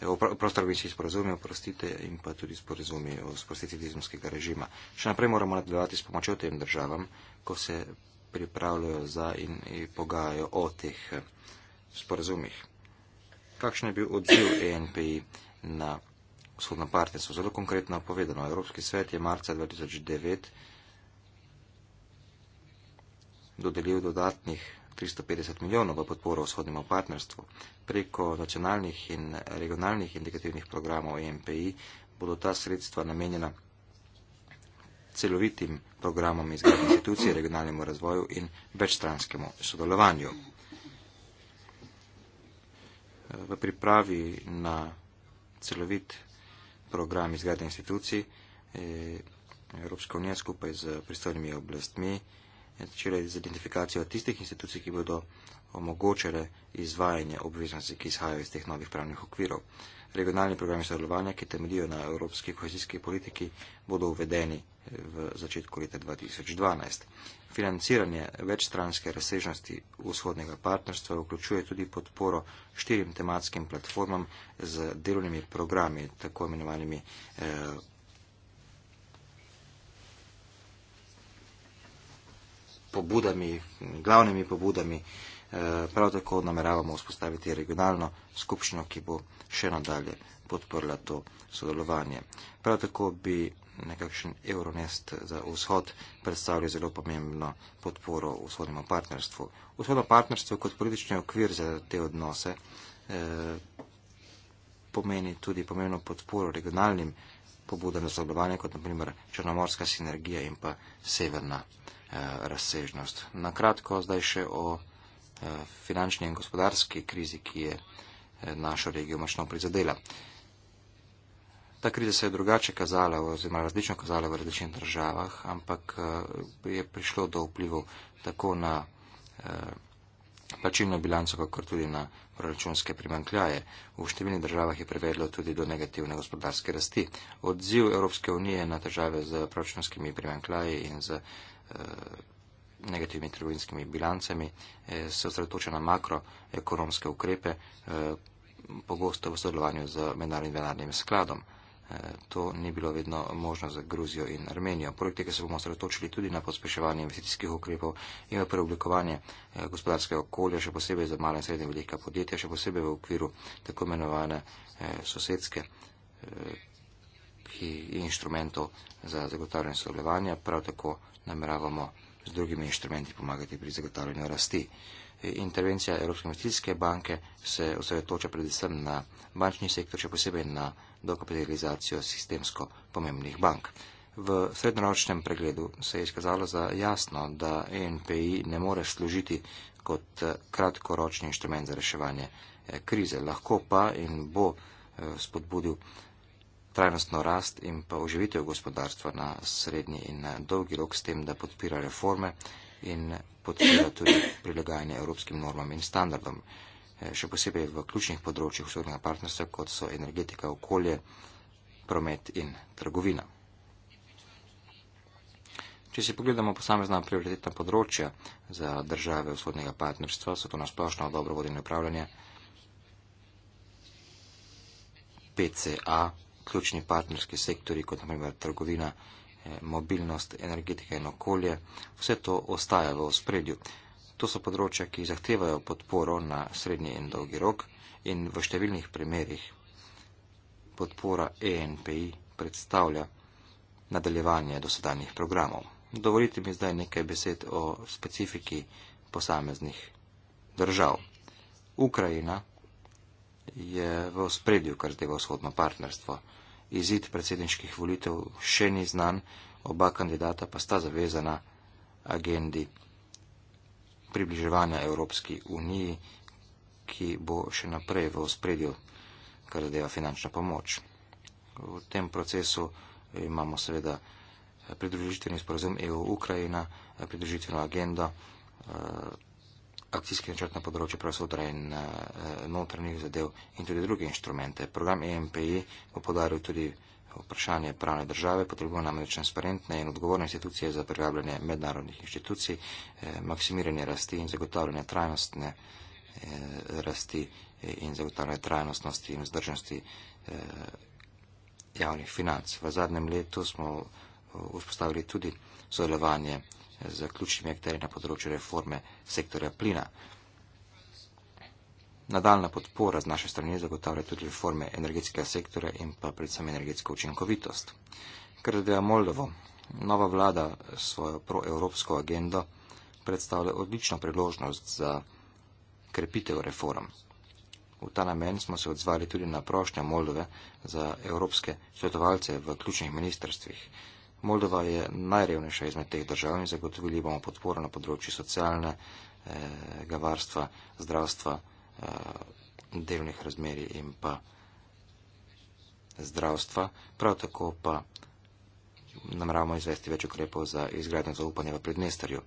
Evo, prostor bi se izporazumil, oprostite in pa tudi sporazumi o sprostiti vizumskega režima. Še naprej moramo nadaljevati s pomočjo tem državam, ko se pripravljajo za in, in pogajajo o teh eh, sporazumih. Kakšen je bil odziv ENPI na vzhodno partnerstvo? Zelo konkretno povedano, Evropski svet je marca 2009 dodelil dodatnih 350 milijonov v podporo vzhodnemu partnerstvu. Preko nacionalnih in regionalnih indikativnih programov EMPI bodo ta sredstva namenjena celovitim programom izgradnje institucije, regionalnemu razvoju in večstranskemu sodelovanju. V pripravi na celovit program izgradnje institucij eh, Evropska unija skupaj z pristojnimi oblastmi včeraj z identifikacijo tistih institucij, ki bodo omogočile izvajanje obveznosti, ki izhajajo iz teh novih pravnih okvirov. Regionalni programi sodelovanja, ki temeljijo na evropski kohezijski politiki, bodo uvedeni eh, v začetku leta 2012. Financiranje večstranske razsežnosti vzhodnega partnerstva vključuje tudi podporo štirim tematskim platformam z delovnimi programi, tako imenovanimi. Eh, pobudami, glavnimi pobudami. Eh, prav tako nameravamo vzpostaviti regionalno skupščino, ki bo še nadalje podprla to sodelovanje. Prav tako bi nekakšen Euronest za vzhod predstavljal zelo pomembno podporo vzhodnemu partnerstvu. Vzhodno partnerstvo kot politični okvir za te odnose eh, pomeni tudi pomembno podporo regionalnim pobudam za sodelovanje, kot naprimer Črnomorska sinergija in pa Severna razsežnost. Na kratko zdaj še o eh, finančni in gospodarski krizi, ki je eh, našo regijo močno prizadela. Ta kriza se je drugače kazala oziroma različno kazala v različnih državah, ampak eh, je prišlo do vplivov tako na plačilno bilanco, kakor tudi na proračunske primankljaje. V številnih državah je privedlo tudi do negativne gospodarske rasti. Odziv Evropske unije na države z proračunskimi primankljaje in z uh, Eh, negativnimi trgovinskimi bilancami, eh, se osredotoča na makroekonomske ukrepe, eh, pogosto v sodelovanju z mednarodnim denarnim skladom. To ni bilo vedno možno za Gruzijo in Armenijo. Poleg tega se bomo osredotočili tudi na pospeševanje investicijskih ukrepov in preoblikovanje gospodarskega okolja, še posebej za mala in srednja velika podjetja, še posebej v okviru tako imenovane sosedske ki, in inštrumentov za zagotavljanje sodelovanja, prav tako nameravamo z drugimi inštrumenti pomagati pri zagotavljanju rasti. Intervencija Evropske investicijske banke se osredotoča predvsem na bančni sektor, še posebej na dokapitalizacijo sistemsko pomembnih bank. V srednjeročnem pregledu se je izkazalo za jasno, da ENPI ne more služiti kot eh, kratkoročni inštrument za reševanje eh, krize, lahko pa in bo eh, spodbudil trajnostno rast in pa oživitev gospodarstva na srednji in na dolgi rok s tem, da podpira reforme in podpira tudi prilagajanje evropskim normam in standardom, eh, še posebej v ključnih področjih vzhodnega partnerstva, kot so energetika, okolje, promet in trgovina. Če si pogledamo posamezna prioritetna področja za države vzhodnega partnerstva, so to na splošno dobro vodene upravljanje, PCA, ključni partnerski sektori, kot naprimer trgovina, eh, mobilnost, energetika in okolje, vse to ostaja v spredju. To so področja, ki zahtevajo podporo na srednji in dolgi rok in v številnih primerjih podpora ENPI predstavlja nadaljevanje dosedanjih programov. Dovolite mi zdaj nekaj besed o specifiki posameznih držav. Ukrajina je v ospredju, kar zdaj v vzhodno partnerstvo. Izid predsedniških volitev še ni znan, oba kandidata pa sta zavezana agendi približevanja Evropski uniji, ki bo še naprej v ospredju, kar zadeva finančna pomoč. V tem procesu imamo seveda pridružitveni sporozum EU-Ukrajina, pridružitveno agendo, eh, akcijski načrt na področju pravosodra in uh, notranjih zadev in tudi druge inštrumente. Program EMPI bo podaril tudi vprašanje pravne države, potrebujemo namreč transparentne in odgovorne institucije za privabljanje mednarodnih inštitucij, eh, maksimiranje rasti in zagotavljanje trajnostne eh, rasti eh, in zagotavljanje trajnostnosti in vzdržnosti eh, javnih financ. V zadnjem letu smo uh, vzpostavili tudi sodelovanje za ključnimi akteri na področju reforme sektorja plina. Nadaljna podpora z naše strani zagotavlja tudi reforme energetskega sektora in pa predvsem energetsko učinkovitost. Ker zadeva Moldovo, nova vlada svojo proevropsko agendo predstavlja odlično priložnost za krepitev reform. V ta namen smo se odzvali tudi na prošnje Moldove za evropske svetovalce v ključnih ministrstvih. Moldova je najrevnejša izmed teh držav in zagotovili bomo podporo na področju socialnega eh, varstva, zdravstva, eh, delnih razmeri in pa zdravstva. Prav tako pa namravamo izvesti več ukrepov za izgradnjo zaupanja v Prednestarju.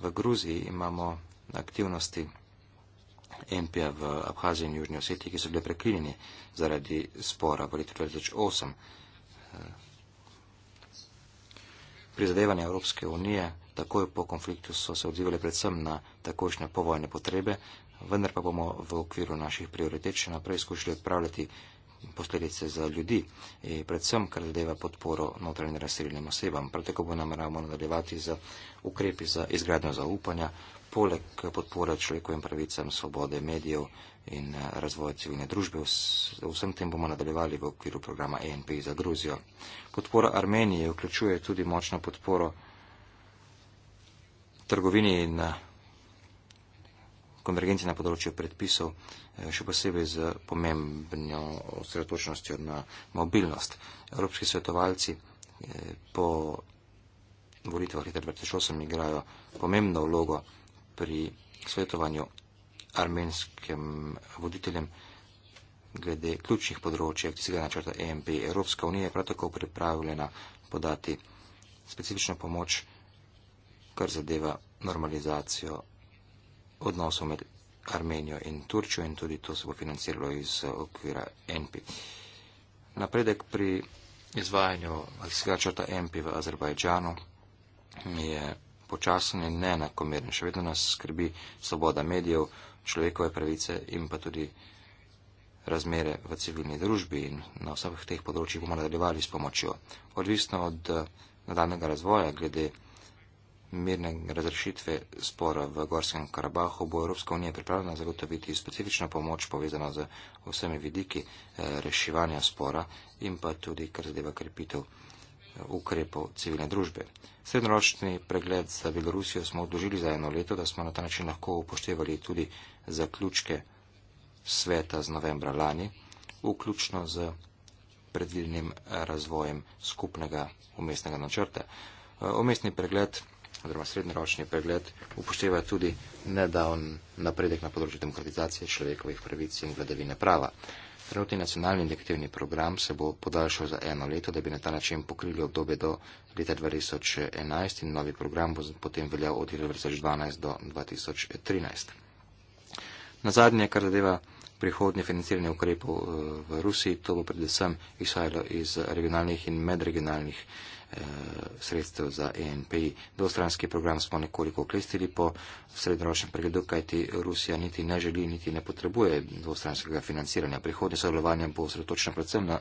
V Gruziji imamo aktivnosti MPA v Abhaziji in Južni Osetiji, ki so bile prekinjeni zaradi spora v letu 2008. Prizadevanja Evropske unije takoj po konfliktu so se odzivali predvsem na takošnje povojne potrebe, vendar pa bomo v okviru naših prioritet še naprej skušali odpravljati posledice za ljudi, e, predvsem kar zadeva podporo notranjim razsiljenim osebam. Prav tako bo nameravamo nadaljevati za ukrepi za izgradnjo zaupanja, poleg podpore človekovim pravicam, svobode medijev, in eh, razvoj civilne družbe. Vsem tem bomo nadaljevali v okviru programa ENP za Gruzijo. Podpora Armenije vključuje tudi močno podporo trgovini in eh, konvergenci na področju predpisov, eh, še posebej z pomembno osredotočnostjo na mobilnost. Evropski svetovalci po volitvah leta 2008 igrajo pomembno vlogo pri svetovanju armenskim voditeljem glede ključnih področij akcijskega načrta EMP. Evropska unija je prav tako pripravljena podati specifično pomoč, kar zadeva normalizacijo odnosov med Armenijo in Turčijo in tudi to se bo financiralo iz okvira NP. E Napredek pri izvajanju akcijskega načrta EMP v Azerbajdžanu je počasen in neenakomeren. Še vedno nas skrbi svoboda medijev, človekove pravice in pa tudi razmere v civilni družbi in na vseh teh področjih bomo nadaljevali s pomočjo. Odvisno od eh, nadaljnega razvoja glede mirne razrešitve spora v Gorskem Karabahu bo Evropska unija pripravljena zagotoviti specifično pomoč povezano z vsemi vidiki eh, reševanja spora in pa tudi kar zadeva krepitev eh, ukrepov civilne družbe. Srednjeročni pregled za Belorusijo smo odložili za eno leto, da smo na ta način lahko upoštevali tudi zaključke sveta z novembra lani, vključno z predvidenim razvojem skupnega umestnega načrta. Eh, umestni pregled oziroma srednjeročni pregled upošteva tudi nedavn napredek na področju demokratizacije človekovih pravic in vladavine prava. Trenutni nacionalni indikativni program se bo podaljšal za eno leto, da bi na ta način pokrili obdobje do leta 2011 in novi program bo potem veljal od 2012 do 2013. Na zadnje, kar zadeva prihodnje financiranje ukrepov eh, v Rusiji, to bo predvsem izhajalo iz regionalnih in medregionalnih eh, sredstev za ENPI. Dostranski program smo nekoliko oklestili po srednjeročnem pregledu, kajti Rusija niti ne želi, niti ne potrebuje dostranskega financiranja. Prihodnje sodelovanje bo osredotočeno predvsem na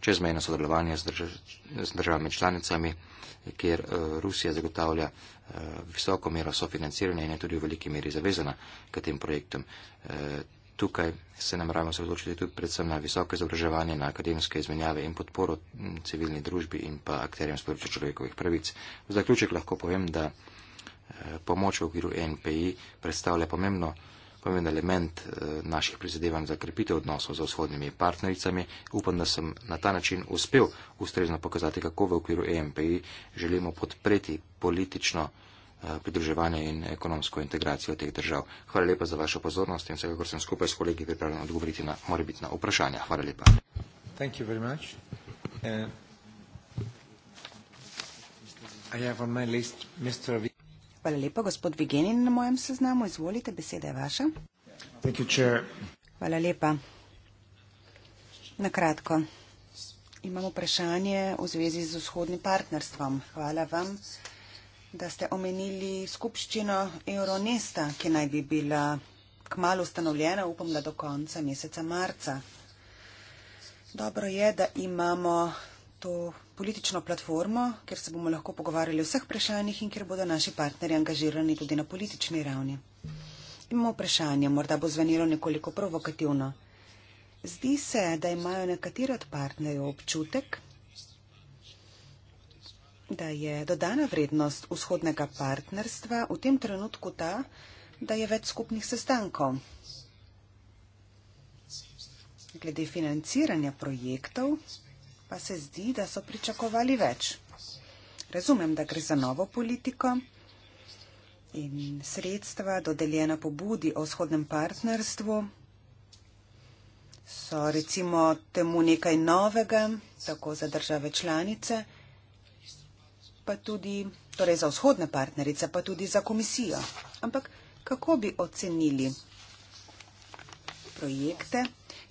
čezmejno sodelovanje z, drž z državami članicami kjer eh, Rusija zagotavlja eh, visoko mero sofinanciranja in je tudi v veliki meri zavezana k tem projektom. Eh, tukaj se nam ravno sredočiti tudi predvsem na visoke izobraževanje, na akademske izmenjave in podporo civilni družbi in pa akterjem spodoče človekovih pravic. V zaključek lahko povem, da pomoč v okviru NPI predstavlja pomembno pomemben element eh, naših prizadevanj za krepitev odnosov z vzhodnimi partnericami. Upam, da sem na ta način uspel ustrezno pokazati, kako v okviru EMPI želimo podpreti politično eh, pridruževanje in ekonomsko integracijo teh držav. Hvala lepa za vašo pozornost in vsekakor sem skupaj s kolegi pripravljen odgovoriti na morebitna vprašanja. Hvala lepa. Thank you very much. Uh, I have on my list Mr. Hvala lepa, gospod Vigenin na mojem seznamu. Izvolite, beseda je vaša. You, Hvala lepa. Nakratko. Imamo vprašanje v zvezi z vzhodnim partnerstvom. Hvala vam, da ste omenili skupščino Euronesta, ki naj bi bila kmalo ustanovljena, upam, da do konca meseca marca. Dobro je, da imamo to politično platformo, kjer se bomo lahko pogovarjali o vseh vprašanjih in kjer bodo naši partnerji angažirani tudi na politični ravni. Imamo vprašanje, morda bo zvenelo nekoliko provokativno. Zdi se, da imajo nekateri od partnerjev občutek, da je dodana vrednost vzhodnega partnerstva v tem trenutku ta, da je več skupnih sestankov. Glede financiranja projektov pa se zdi, da so pričakovali več. Razumem, da gre za novo politiko in sredstva dodeljena pobudi o vzhodnem partnerstvu so recimo temu nekaj novega, tako za države članice, pa tudi, torej za vzhodne partnerice, pa tudi za komisijo. Ampak kako bi ocenili projekte?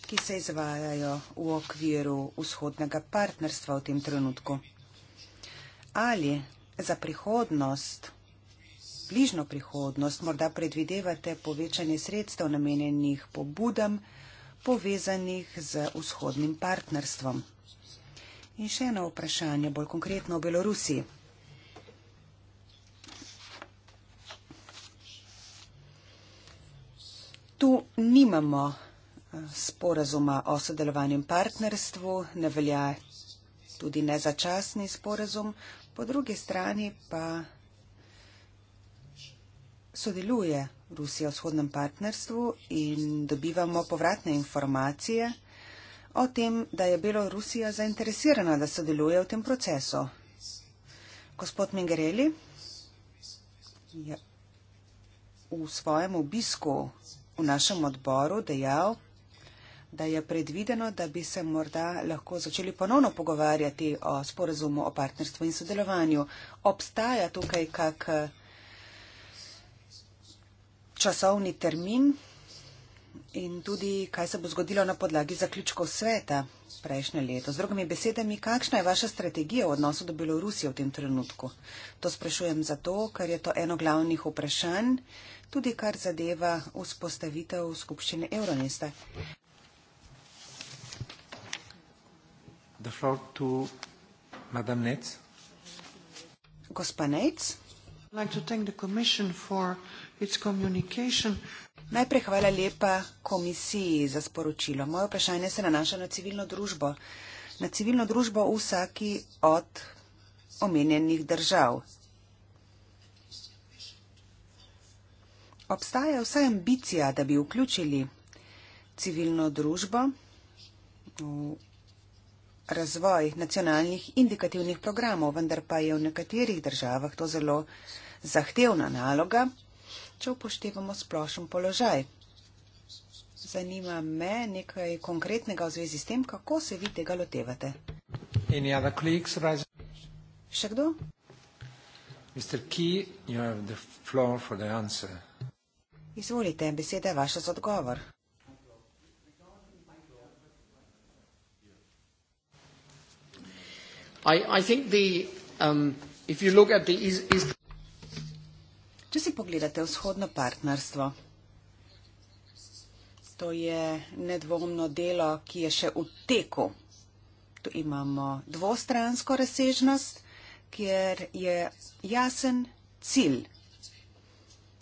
ki se izvajajo v okviru vzhodnega partnerstva v tem trenutku. Ali za prihodnost, bližno prihodnost, morda predvidevate povečanje sredstev namenjenih pobudam povezanih z vzhodnim partnerstvom? In še eno vprašanje, bolj konkretno v Belorusiji. Tu nimamo sporazuma o sodelovanju in partnerstvu, ne velja tudi nezačasni sporazum, po drugi strani pa sodeluje Rusija v shodnem partnerstvu in dobivamo povratne informacije o tem, da je Belorusija zainteresirana, da sodeluje v tem procesu. Gospod Mingereli je v svojem obisku v našem odboru dejal, da je predvideno, da bi se morda lahko začeli ponovno pogovarjati o sporazumu o partnerstvu in sodelovanju. Obstaja tukaj kak eh, časovni termin in tudi kaj se bo zgodilo na podlagi zaključkov sveta prejšnje leto. Z drugimi besedami, kakšna je vaša strategija v odnosu do Belorusije v tem trenutku? To sprašujem zato, ker je to eno glavnih vprašanj, tudi kar zadeva vzpostavitev skupščine Euronesta. The floor to Madame Netz. Gospa Netz. Najprej hvala lepa komisiji za sporočilo. Moje vprašanje se nanaša na civilno družbo. Na civilno družbo v vsaki od omenjenih držav. Obstaja vsa ambicija, da bi vključili civilno družbo v razvoj nacionalnih indikativnih programov, vendar pa je v nekaterih državah to zelo zahtevna naloga, če upoštevamo splošen položaj. Zanima me nekaj konkretnega v zvezi s tem, kako se vi tega lotevate. Še kdo? Key, Izvolite, beseda je vaša za odgovor. Um, Če si pogledate vzhodno partnerstvo, to je nedvomno delo, ki je še v teku. Tu imamo dvostransko razsežnost, kjer je jasen cilj.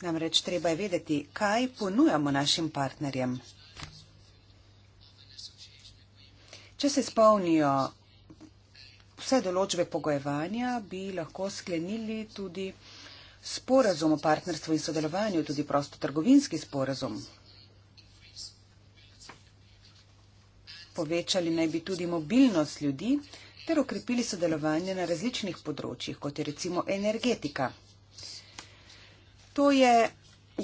Namreč treba je vedeti, kaj ponujamo našim partnerjem. Če se spomnijo vse določbe pogojevanja bi lahko sklenili tudi sporazum o partnerstvu in sodelovanju, tudi prosto trgovinski sporazum. Povečali naj bi tudi mobilnost ljudi ter okrepili sodelovanje na različnih področjih, kot je recimo energetika. To je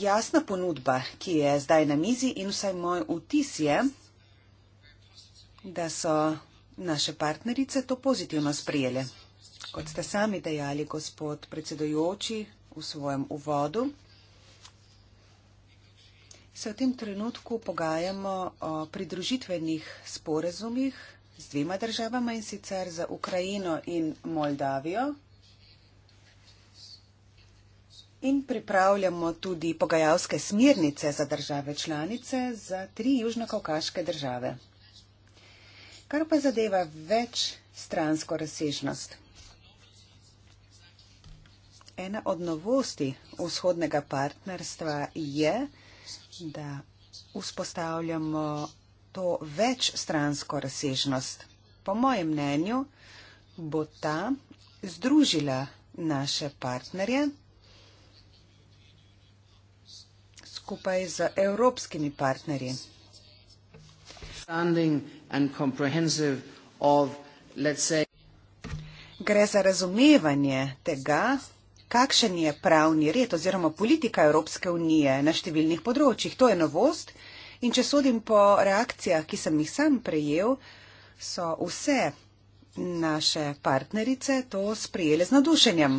jasna ponudba, ki je zdaj na mizi in vsaj moj vtis je, da so naše partnerice to pozitivno sprijele. Kot ste sami dejali, gospod predsedojoči, v svojem uvodu, se v tem trenutku pogajamo o pridružitvenih sporezumih z dvema državama in sicer za Ukrajino in Moldavijo. In pripravljamo tudi pogajalske smirnice za države članice za tri južnokavkaške države kar pa zadeva več stransko razsežnost. Ena od novosti vzhodnega partnerstva je, da vzpostavljamo to več stransko razsežnost. Po mojem mnenju bo ta združila naše partnerje skupaj z evropskimi partnerji and comprehensive of, let's say, Gre za razumevanje tega, kakšen je pravni red oziroma politika Evropske unije na številnih področjih. To je novost in če sodim po reakcijah, ki sem jih sam prejel, so vse naše partnerice to sprejele z nadušenjem.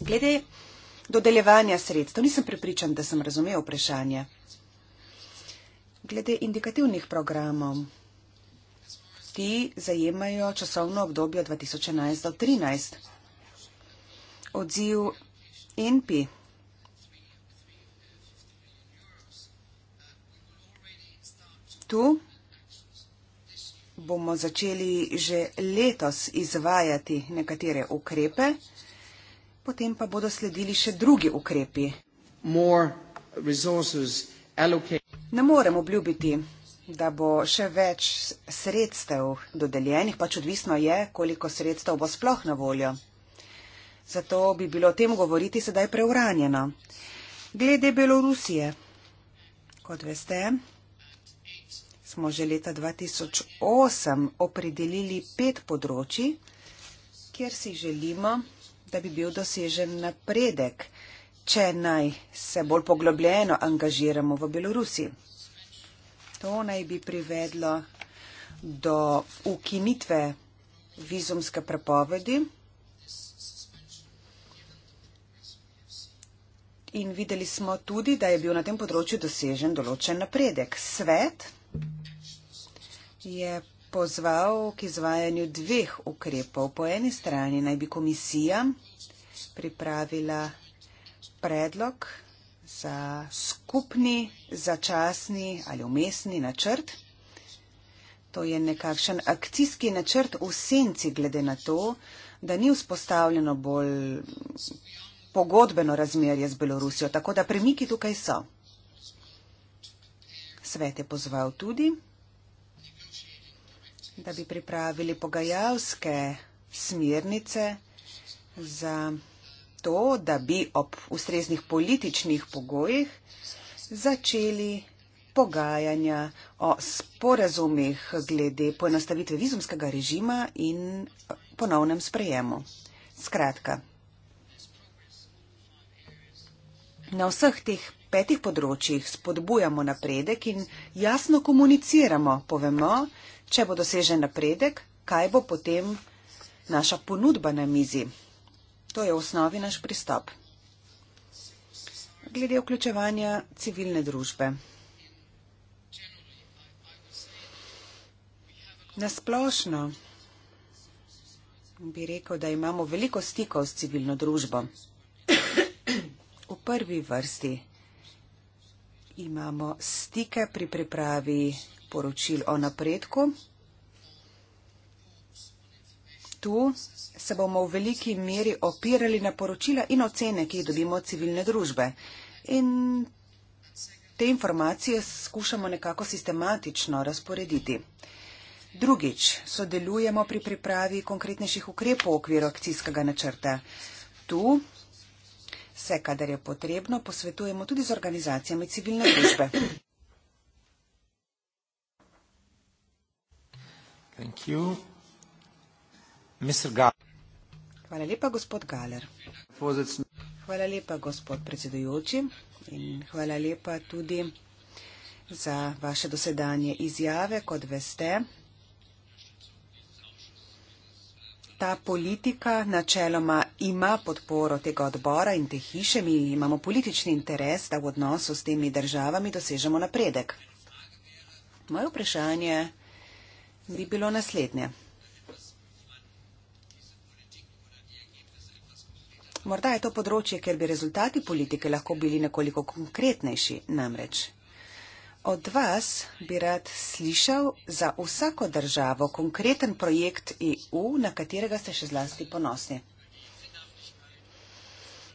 Glede dodeljevanja sredstev, nisem prepričan, da sem razumel vprašanje. Glede indikativnih programov, ti zajemajo časovno obdobje 2011 do 2013. Odziv ENPI tu bomo začeli že letos izvajati nekatere ukrepe, potem pa bodo sledili še drugi ukrepi. More resources allocate. Ne morem obljubiti, da bo še več sredstev dodeljenih, pač odvisno je, koliko sredstev bo sploh na voljo. Zato bi bilo o tem govoriti sedaj preuranjeno. Glede Belorusije, kot veste, smo že leta 2008 opredelili pet področji, kjer si želimo, da bi bil dosežen napredek če naj se bolj poglobljeno angažiramo v Belorusi. To naj bi privedlo do ukinitve vizumske prepovedi in videli smo tudi, da je bil na tem področju dosežen določen napredek. Svet je pozval k izvajanju dveh ukrepov. Po eni strani naj bi komisija pripravila predlog za skupni, začasni ali umestni načrt. To je nekakšen akcijski načrt v senci, glede na to, da ni vzpostavljeno bolj pogodbeno razmerje z Belorusijo, tako da premiki tukaj so. Svet je pozval tudi, da bi pripravili pogajalske smernice za to, da bi ob ustreznih političnih pogojih začeli pogajanja o sporazumih glede poenostavitve vizumskega režima in ponovnem sprejemu. Skratka, na vseh teh petih področjih spodbujamo napredek in jasno komuniciramo, povemo, če bo dosežen napredek, kaj bo potem naša ponudba na mizi. To je v osnovi naš pristop. Glede vključevanja civilne družbe. Nasplošno bi rekel, da imamo veliko stikov s civilno družbo. V prvi vrsti imamo stike pri pripravi poročil o napredku tu se bomo v veliki meri opirali na poročila in ocene, ki jih dobimo od civilne družbe. In te informacije skušamo nekako sistematično razporediti. Drugič, sodelujemo pri pripravi konkretnejših ukrepov v okviru akcijskega načrta. Tu se, kadar je potrebno, posvetujemo tudi z organizacijami civilne družbe. Thank you. Hvala lepa, gospod Galer. Hvala lepa, gospod predsedujoči in hvala lepa tudi za vaše dosedanje izjave. Kot veste, ta politika načeloma ima podporo tega odbora in te hiše. Mi imamo politični interes, da v odnosu s temi državami dosežemo napredek. Moje vprašanje bi bilo naslednje. Morda je to področje, kjer bi rezultati politike lahko bili nekoliko konkretnejši. Namreč od vas bi rad slišal za vsako državo konkreten projekt EU, na katerega ste še zlasti ponosni.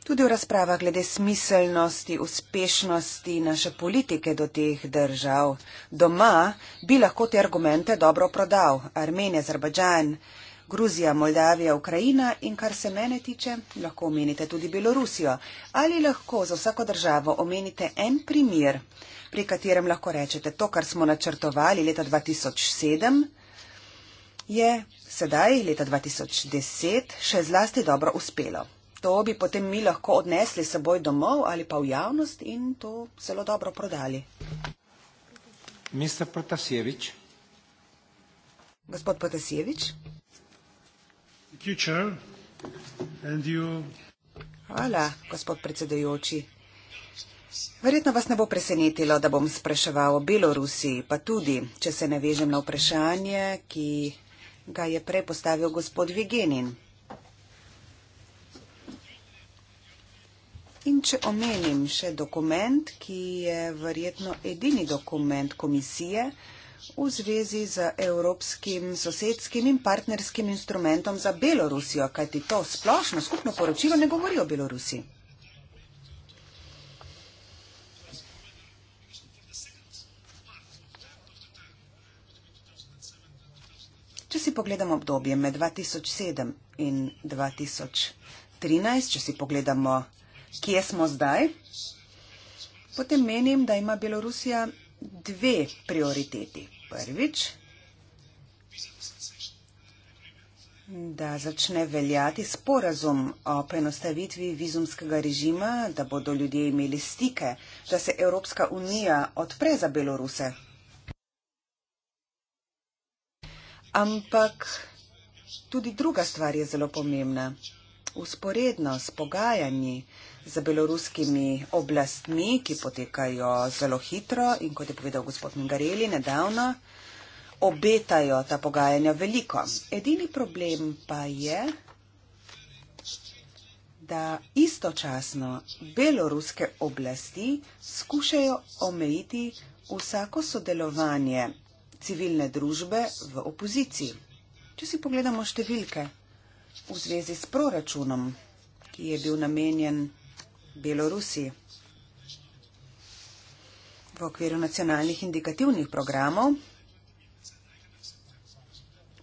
Tudi v razpravah glede smiselnosti, uspešnosti naše politike do teh držav doma bi lahko te argumente dobro prodal. Armenija, Azerbajdžan, Gruzija, Moldavija, Ukrajina in kar se mene tiče, lahko omenite tudi Belorusijo. Ali lahko za vsako državo omenite en primer, pri katerem lahko rečete to, kar smo načrtovali leta 2007, je sedaj, leta 2010, še zlasti dobro uspelo. To bi potem mi lahko odnesli seboj domov ali pa v javnost in to zelo dobro prodali. Gospod Potasjevič. Hvala, gospod predsedajoči. Verjetno vas ne bo presenetilo, da bom spraševal o Belorusiji, pa tudi, če se ne vežem na vprašanje, ki ga je prej postavil gospod Vigenin. In če omenim še dokument, ki je verjetno edini dokument komisije, v zvezi z evropskim sosedskim in partnerskim instrumentom za Belorusijo, kajti to splošno skupno poročilo ne govori o Belorusi. Če si pogledamo obdobje med 2007 in 2013, če si pogledamo, kje smo zdaj, potem menim, da ima Belorusija dve prioriteti. Prvič, da začne veljati sporazum o prenostavitvi vizumskega režima, da bodo ljudje imeli stike, da se Evropska unija odpre za Beloruse. Ampak tudi druga stvar je zelo pomembna. Usporedno s pogajanji, z beloruskimi oblastmi, ki potekajo zelo hitro in, kot je povedal gospod Mingareli, nedavno obetajo ta pogajanja veliko. Edini problem pa je, da istočasno beloruske oblasti skušajo omejiti vsako sodelovanje civilne družbe v opoziciji. Če si pogledamo številke v zvezi s proračunom, ki je bil namenjen Belorusi. V okviru nacionalnih indikativnih programov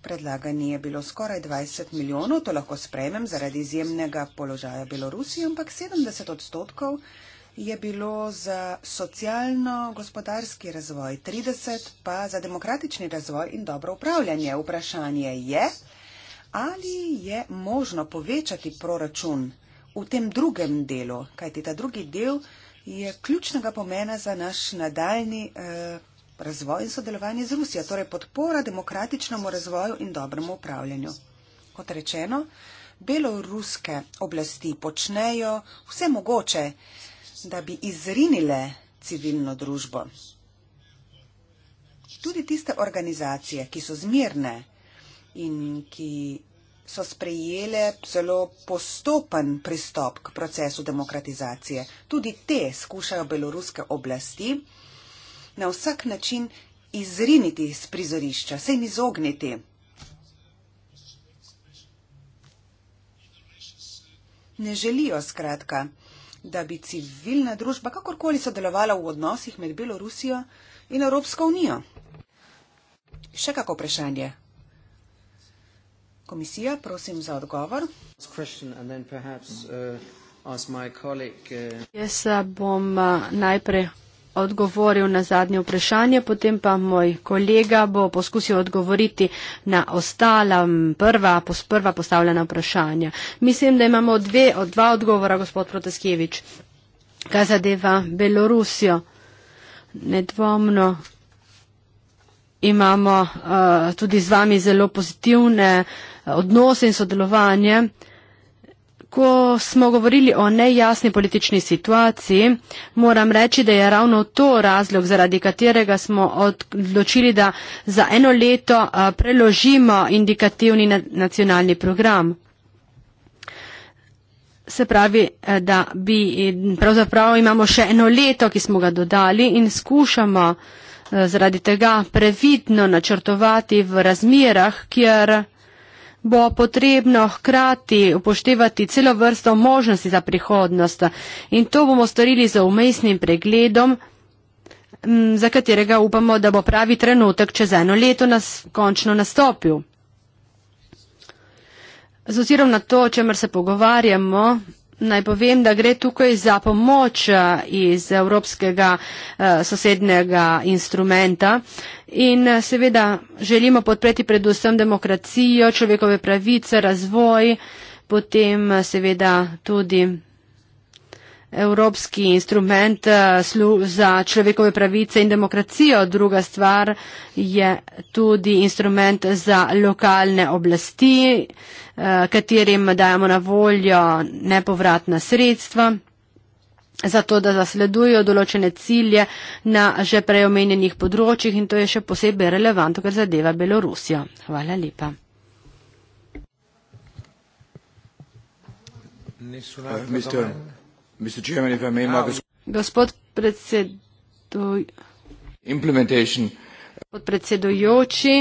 predlagani je bilo skoraj 20 milijonov, to lahko sprejmem zaradi izjemnega položaja Belorusije, ampak 70 odstotkov je bilo za socialno-gospodarski razvoj, 30 pa za demokratični razvoj in dobro upravljanje. Vprašanje je, ali je možno povečati proračun v tem drugem delu, kajti ta drugi del je ključnega pomena za naš nadaljni eh, razvoj in sodelovanje z Rusijo, torej podpora demokratičnemu razvoju in dobremu upravljanju. Kot rečeno, beloruske oblasti počnejo vse mogoče, da bi izrinile civilno družbo. Tudi tiste organizacije, ki so zmirne in ki so sprejele celo postopen pristop k procesu demokratizacije. Tudi te skušajo beloruske oblasti na vsak način izriniti z prizorišča, se jim izogniti. Ne želijo skratka, da bi civilna družba kakorkoli sodelovala v odnosih med Belorusijo in Evropsko unijo. Še kako vprašanje? Komisija, prosim za odgovor. Uh, uh, Jaz uh, bom najprej odgovoril na zadnje vprašanje, potem pa moj kolega bo poskusil odgovoriti na ostala prva, prva postavljena vprašanja. Mislim, da imamo dve, dva odgovora, gospod Proteskevič. Kaj zadeva Belorusijo? Nedvomno imamo uh, tudi z vami zelo pozitivne uh, odnose in sodelovanje. Ko smo govorili o nejasni politični situaciji, moram reči, da je ravno to razlog, zaradi katerega smo odločili, da za eno leto preložimo indikativni nacionalni program. Se pravi, da bi, pravzaprav imamo še eno leto, ki smo ga dodali in skušamo zaradi tega previdno načrtovati v razmerah, kjer bo potrebno hkrati upoštevati celo vrsto možnosti za prihodnost in to bomo storili z umestnim pregledom, za katerega upamo, da bo pravi trenutek čez eno leto nas končno nastopil. Z ozirom na to, o čemer se pogovarjamo, Naj povem, da gre tukaj za pomoč eh, iz evropskega eh, sosednega instrumenta in eh, seveda želimo podpreti predvsem demokracijo, človekove pravice, razvoj, potem seveda tudi evropski instrument eh, za človekove pravice in demokracijo, druga stvar je tudi instrument za lokalne oblasti, eh, katerim dajemo na voljo nepovratna sredstva zato da zasledujo določene cilje na že prej omenjenih področjih in to je še posebej relevantno, kar zadeva Belorusijo. Hvala lepa. Uh, Gospod predsedo... predsedujoči,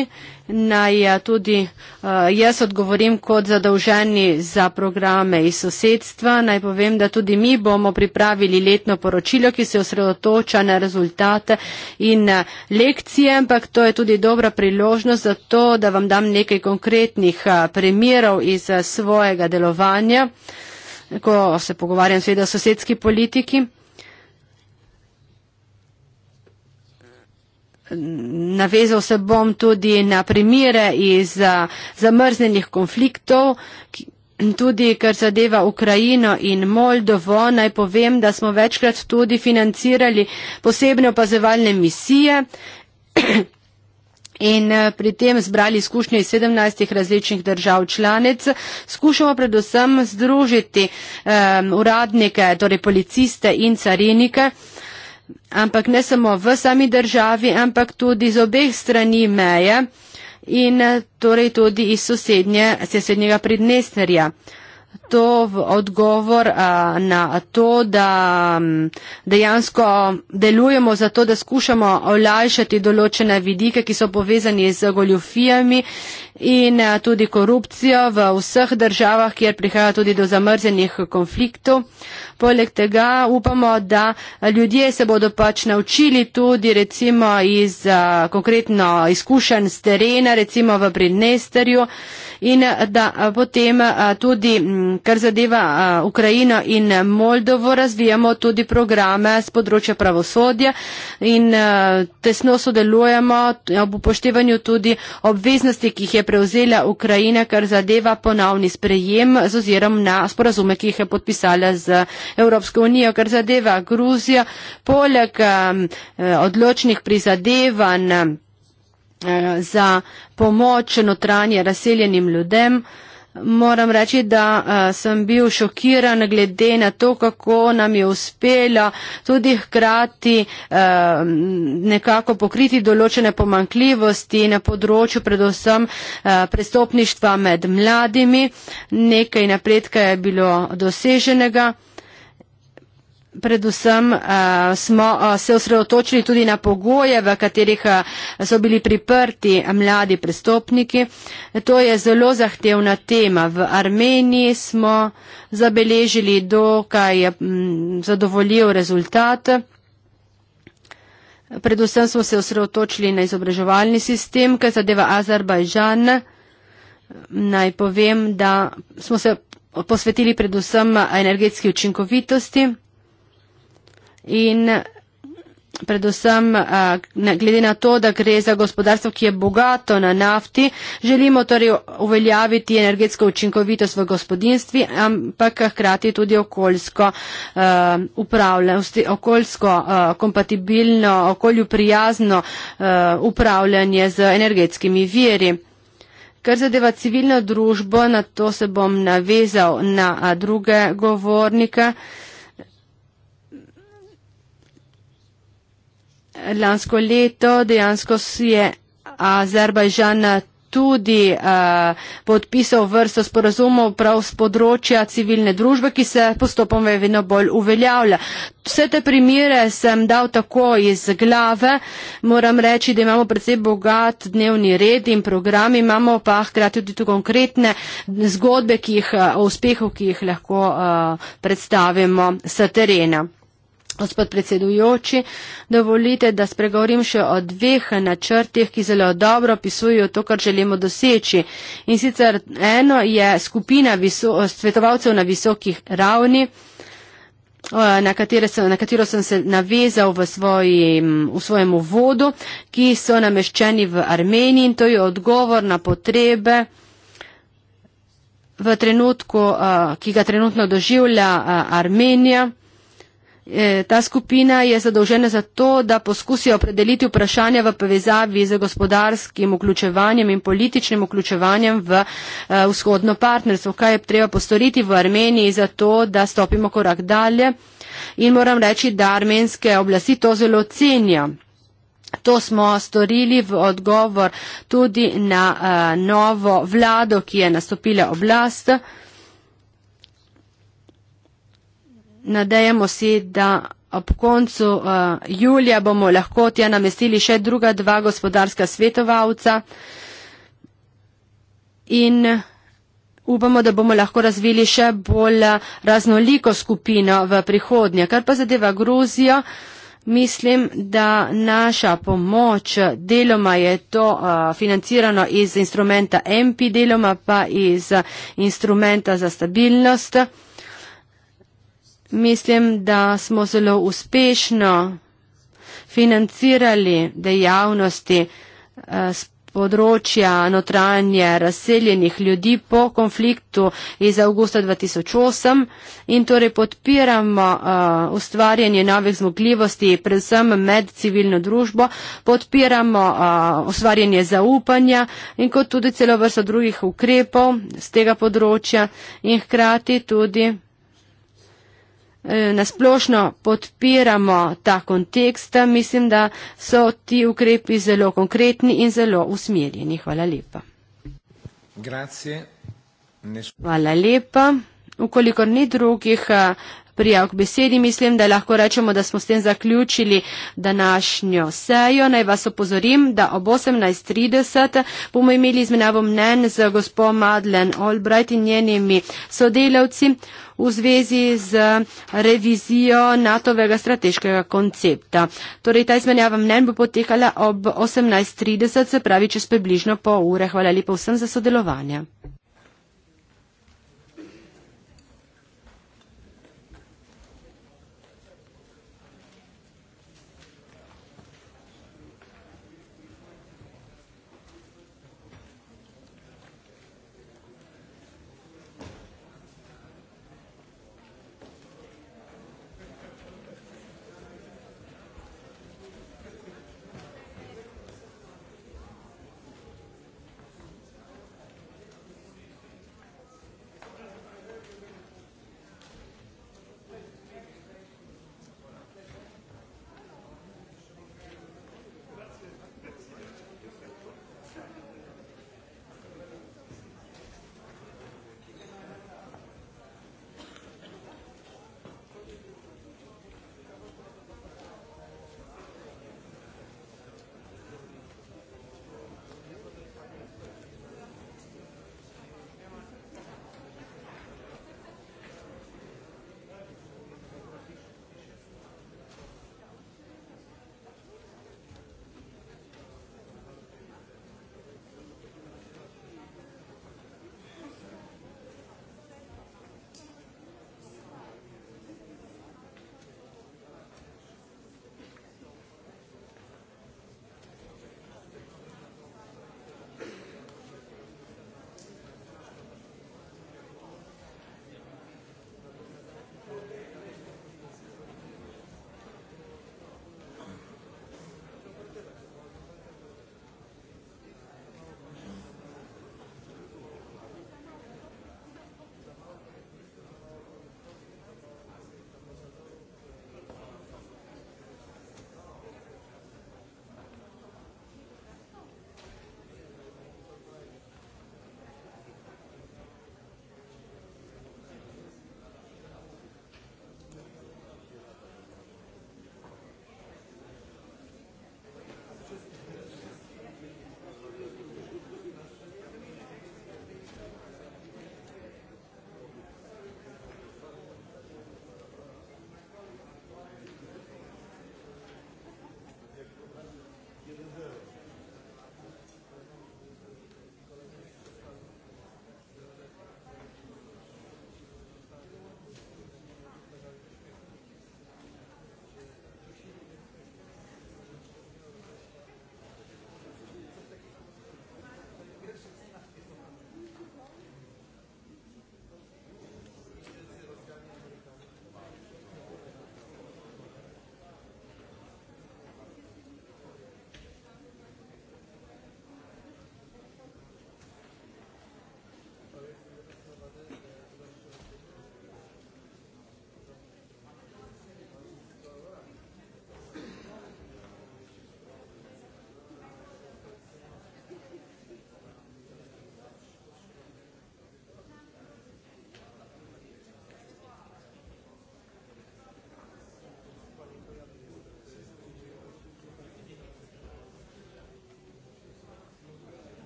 naj eh, tudi uh, jaz odgovorim kot zadolženi za programe iz sosedstva. Naj povem, da tudi mi bomo pripravili letno poročilo, ki se osredotoča na rezultate in lekcije, ampak to je tudi dobra priložnost za to, da vam dam nekaj konkretnih eh, primerov iz svojega delovanja. Uh, ko se pogovarjam seveda s sosedski politiki. Navezal se bom tudi na primere iz zamrznenih konfliktov, tudi kar zadeva Ukrajino in Moldovo. Naj povem, da smo večkrat tudi financirali posebne opazovalne misije in eh, pri tem zbrali izkušnje iz 17 različnih držav članic. Skušamo predvsem združiti um, uradnike, torej policiste in carinike, ampak ne samo v sami državi, ampak tudi z obeh strani meje in eh, torej tudi iz sosednje, sosednjega prednesterja to v odgovor a, na to, da dejansko delujemo za to, da skušamo olajšati določene vidike, ki so povezani z goljofijami in a, tudi korupcijo v vseh državah, kjer prihaja tudi do zamrznjenih konfliktov. Poleg tega upamo, da ljudje se bodo pač naučili tudi recimo iz eh, konkretno izkušenj z terena, recimo v Brinesterju in da eh, potem eh, tudi, mm, kar zadeva Ukrajino in Moldovo, razvijamo tudi programe z področja pravosodja in tesno sodelujemo ob upoštevanju tudi obveznosti, ki jih je prevzela Ukrajina, kar zadeva ponovni sprejem z ozirom na sporazume, ki jih je podpisala z Ukrajino. Evropske unije, kar zadeva Gruzijo, poleg um, eh, odločnih prizadevanj um, eh, za pomoč notranje razseljenim ljudem. Moram reči, da uh, sem bil šokiran glede na to, kako nam je uspelo tudi hkrati uh, nekako pokriti določene pomankljivosti na področju predvsem uh, prestopništva med mladimi. Nekaj napredka je bilo doseženega predvsem eh, smo eh, se osredotočili tudi na pogoje, v katerih eh, so bili priprti mladi prestopniki. To je zelo zahtevna tema. V Armeniji smo zabeležili dokaj mm, zadovoljiv rezultat. Predvsem smo se osredotočili na izobraževalni sistem, kar zadeva Azerbajžan. Naj povem, da smo se posvetili predvsem energetski učinkovitosti in predvsem eh, glede na to, da gre za gospodarstvo, ki je bogato na nafti, želimo torej uveljaviti energetsko učinkovitost v gospodinstvi, ampak hkrati tudi okoljsko eh, upravljanje, okoljsko eh, kompatibilno, okolju prijazno upravljanje z energetskimi viri. Kar zadeva civilno družbo, na to se bom navezal na druge govornike. lansko leto dejansko si je Azerbajžan tudi uh, podpisal vrsto sporazumov prav z področja civilne družbe, ki se postopoma vedno bolj uveljavlja. Vse te primere sem dal tako iz glave. Moram reči, da imamo predvsej bogat dnevni red in program, imamo pa hkrati tudi tu konkretne zgodbe, ki jih, eh, o uspehu, ki jih lahko uh, predstavimo sa terena. Gospod predsedujoči, dovolite, da spregovorim še o dveh načrtih, ki zelo dobro opisujejo to, kar želimo doseči. In sicer eno je skupina viso, svetovalcev na visokih ravni, na, sem, na katero sem se navezal v, svoji, v svojem uvodu, ki so nameščeni v Armeniji in to je odgovor na potrebe v trenutku, ki ga trenutno doživlja Armenija. E, ta skupina je zadolžena za to, da poskusijo opredeliti vprašanja v povezavi z gospodarskim vključevanjem in političnim vključevanjem v e, vzhodno partnerstvo. Kaj je treba postoriti v Armeniji za to, da stopimo korak dalje? In moram reči, da armenske oblasti to zelo cenijo. To smo storili v odgovor tudi na uh, novo vlado, ki je nastopila oblast. Uh, Nadejamo si, da ob koncu uh, julija bomo lahko tja namestili še druga dva gospodarska svetovalca in upamo, da bomo lahko razvili še bolj eh, raznoliko skupino v prihodnje. Kar pa zadeva Gruzijo, mislim, da naša pomoč deloma je to uh, financirano iz instrumenta MP, deloma pa iz instrumenta za stabilnost. Mislim, da smo zelo uspešno financirali dejavnosti z eh, področja notranje razseljenih ljudi po konfliktu iz avgusta 2008 in torej podpiramo uh, ustvarjanje novih zmogljivosti, predvsem med civilno družbo, podpiramo uh, ustvarjanje zaupanja in kot tudi celo vrsto drugih ukrepov z tega področja in hkrati tudi Eh, nasplošno podpiramo ta kontekst, mislim, da so ti ukrepi zelo konkretni in zelo usmerjeni. Hvala lepa. Hvala lepa. Ukolikor ni drugih eh, prijav k besedi. Mislim, da lahko rečemo, da smo s tem zaključili današnjo sejo. Naj vas opozorim, da ob 18.30 bomo imeli izmenjavo mnen z gospod Madlen Albright in njenimi sodelavci v zvezi z revizijo NATO-vega strateškega koncepta. Torej, ta izmenjava mnen bo potekala ob 18.30, se pravi čez približno pol ure. Hvala lepa vsem za sodelovanje.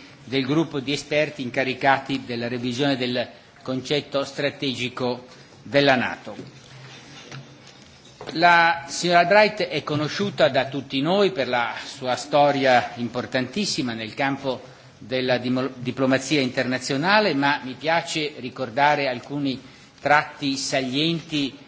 della del gruppo di esperti incaricati della revisione del concetto strategico della Nato. La signora Bright è conosciuta da tutti noi per la sua storia importantissima nel campo della diplomazia internazionale, ma mi piace ricordare alcuni tratti salienti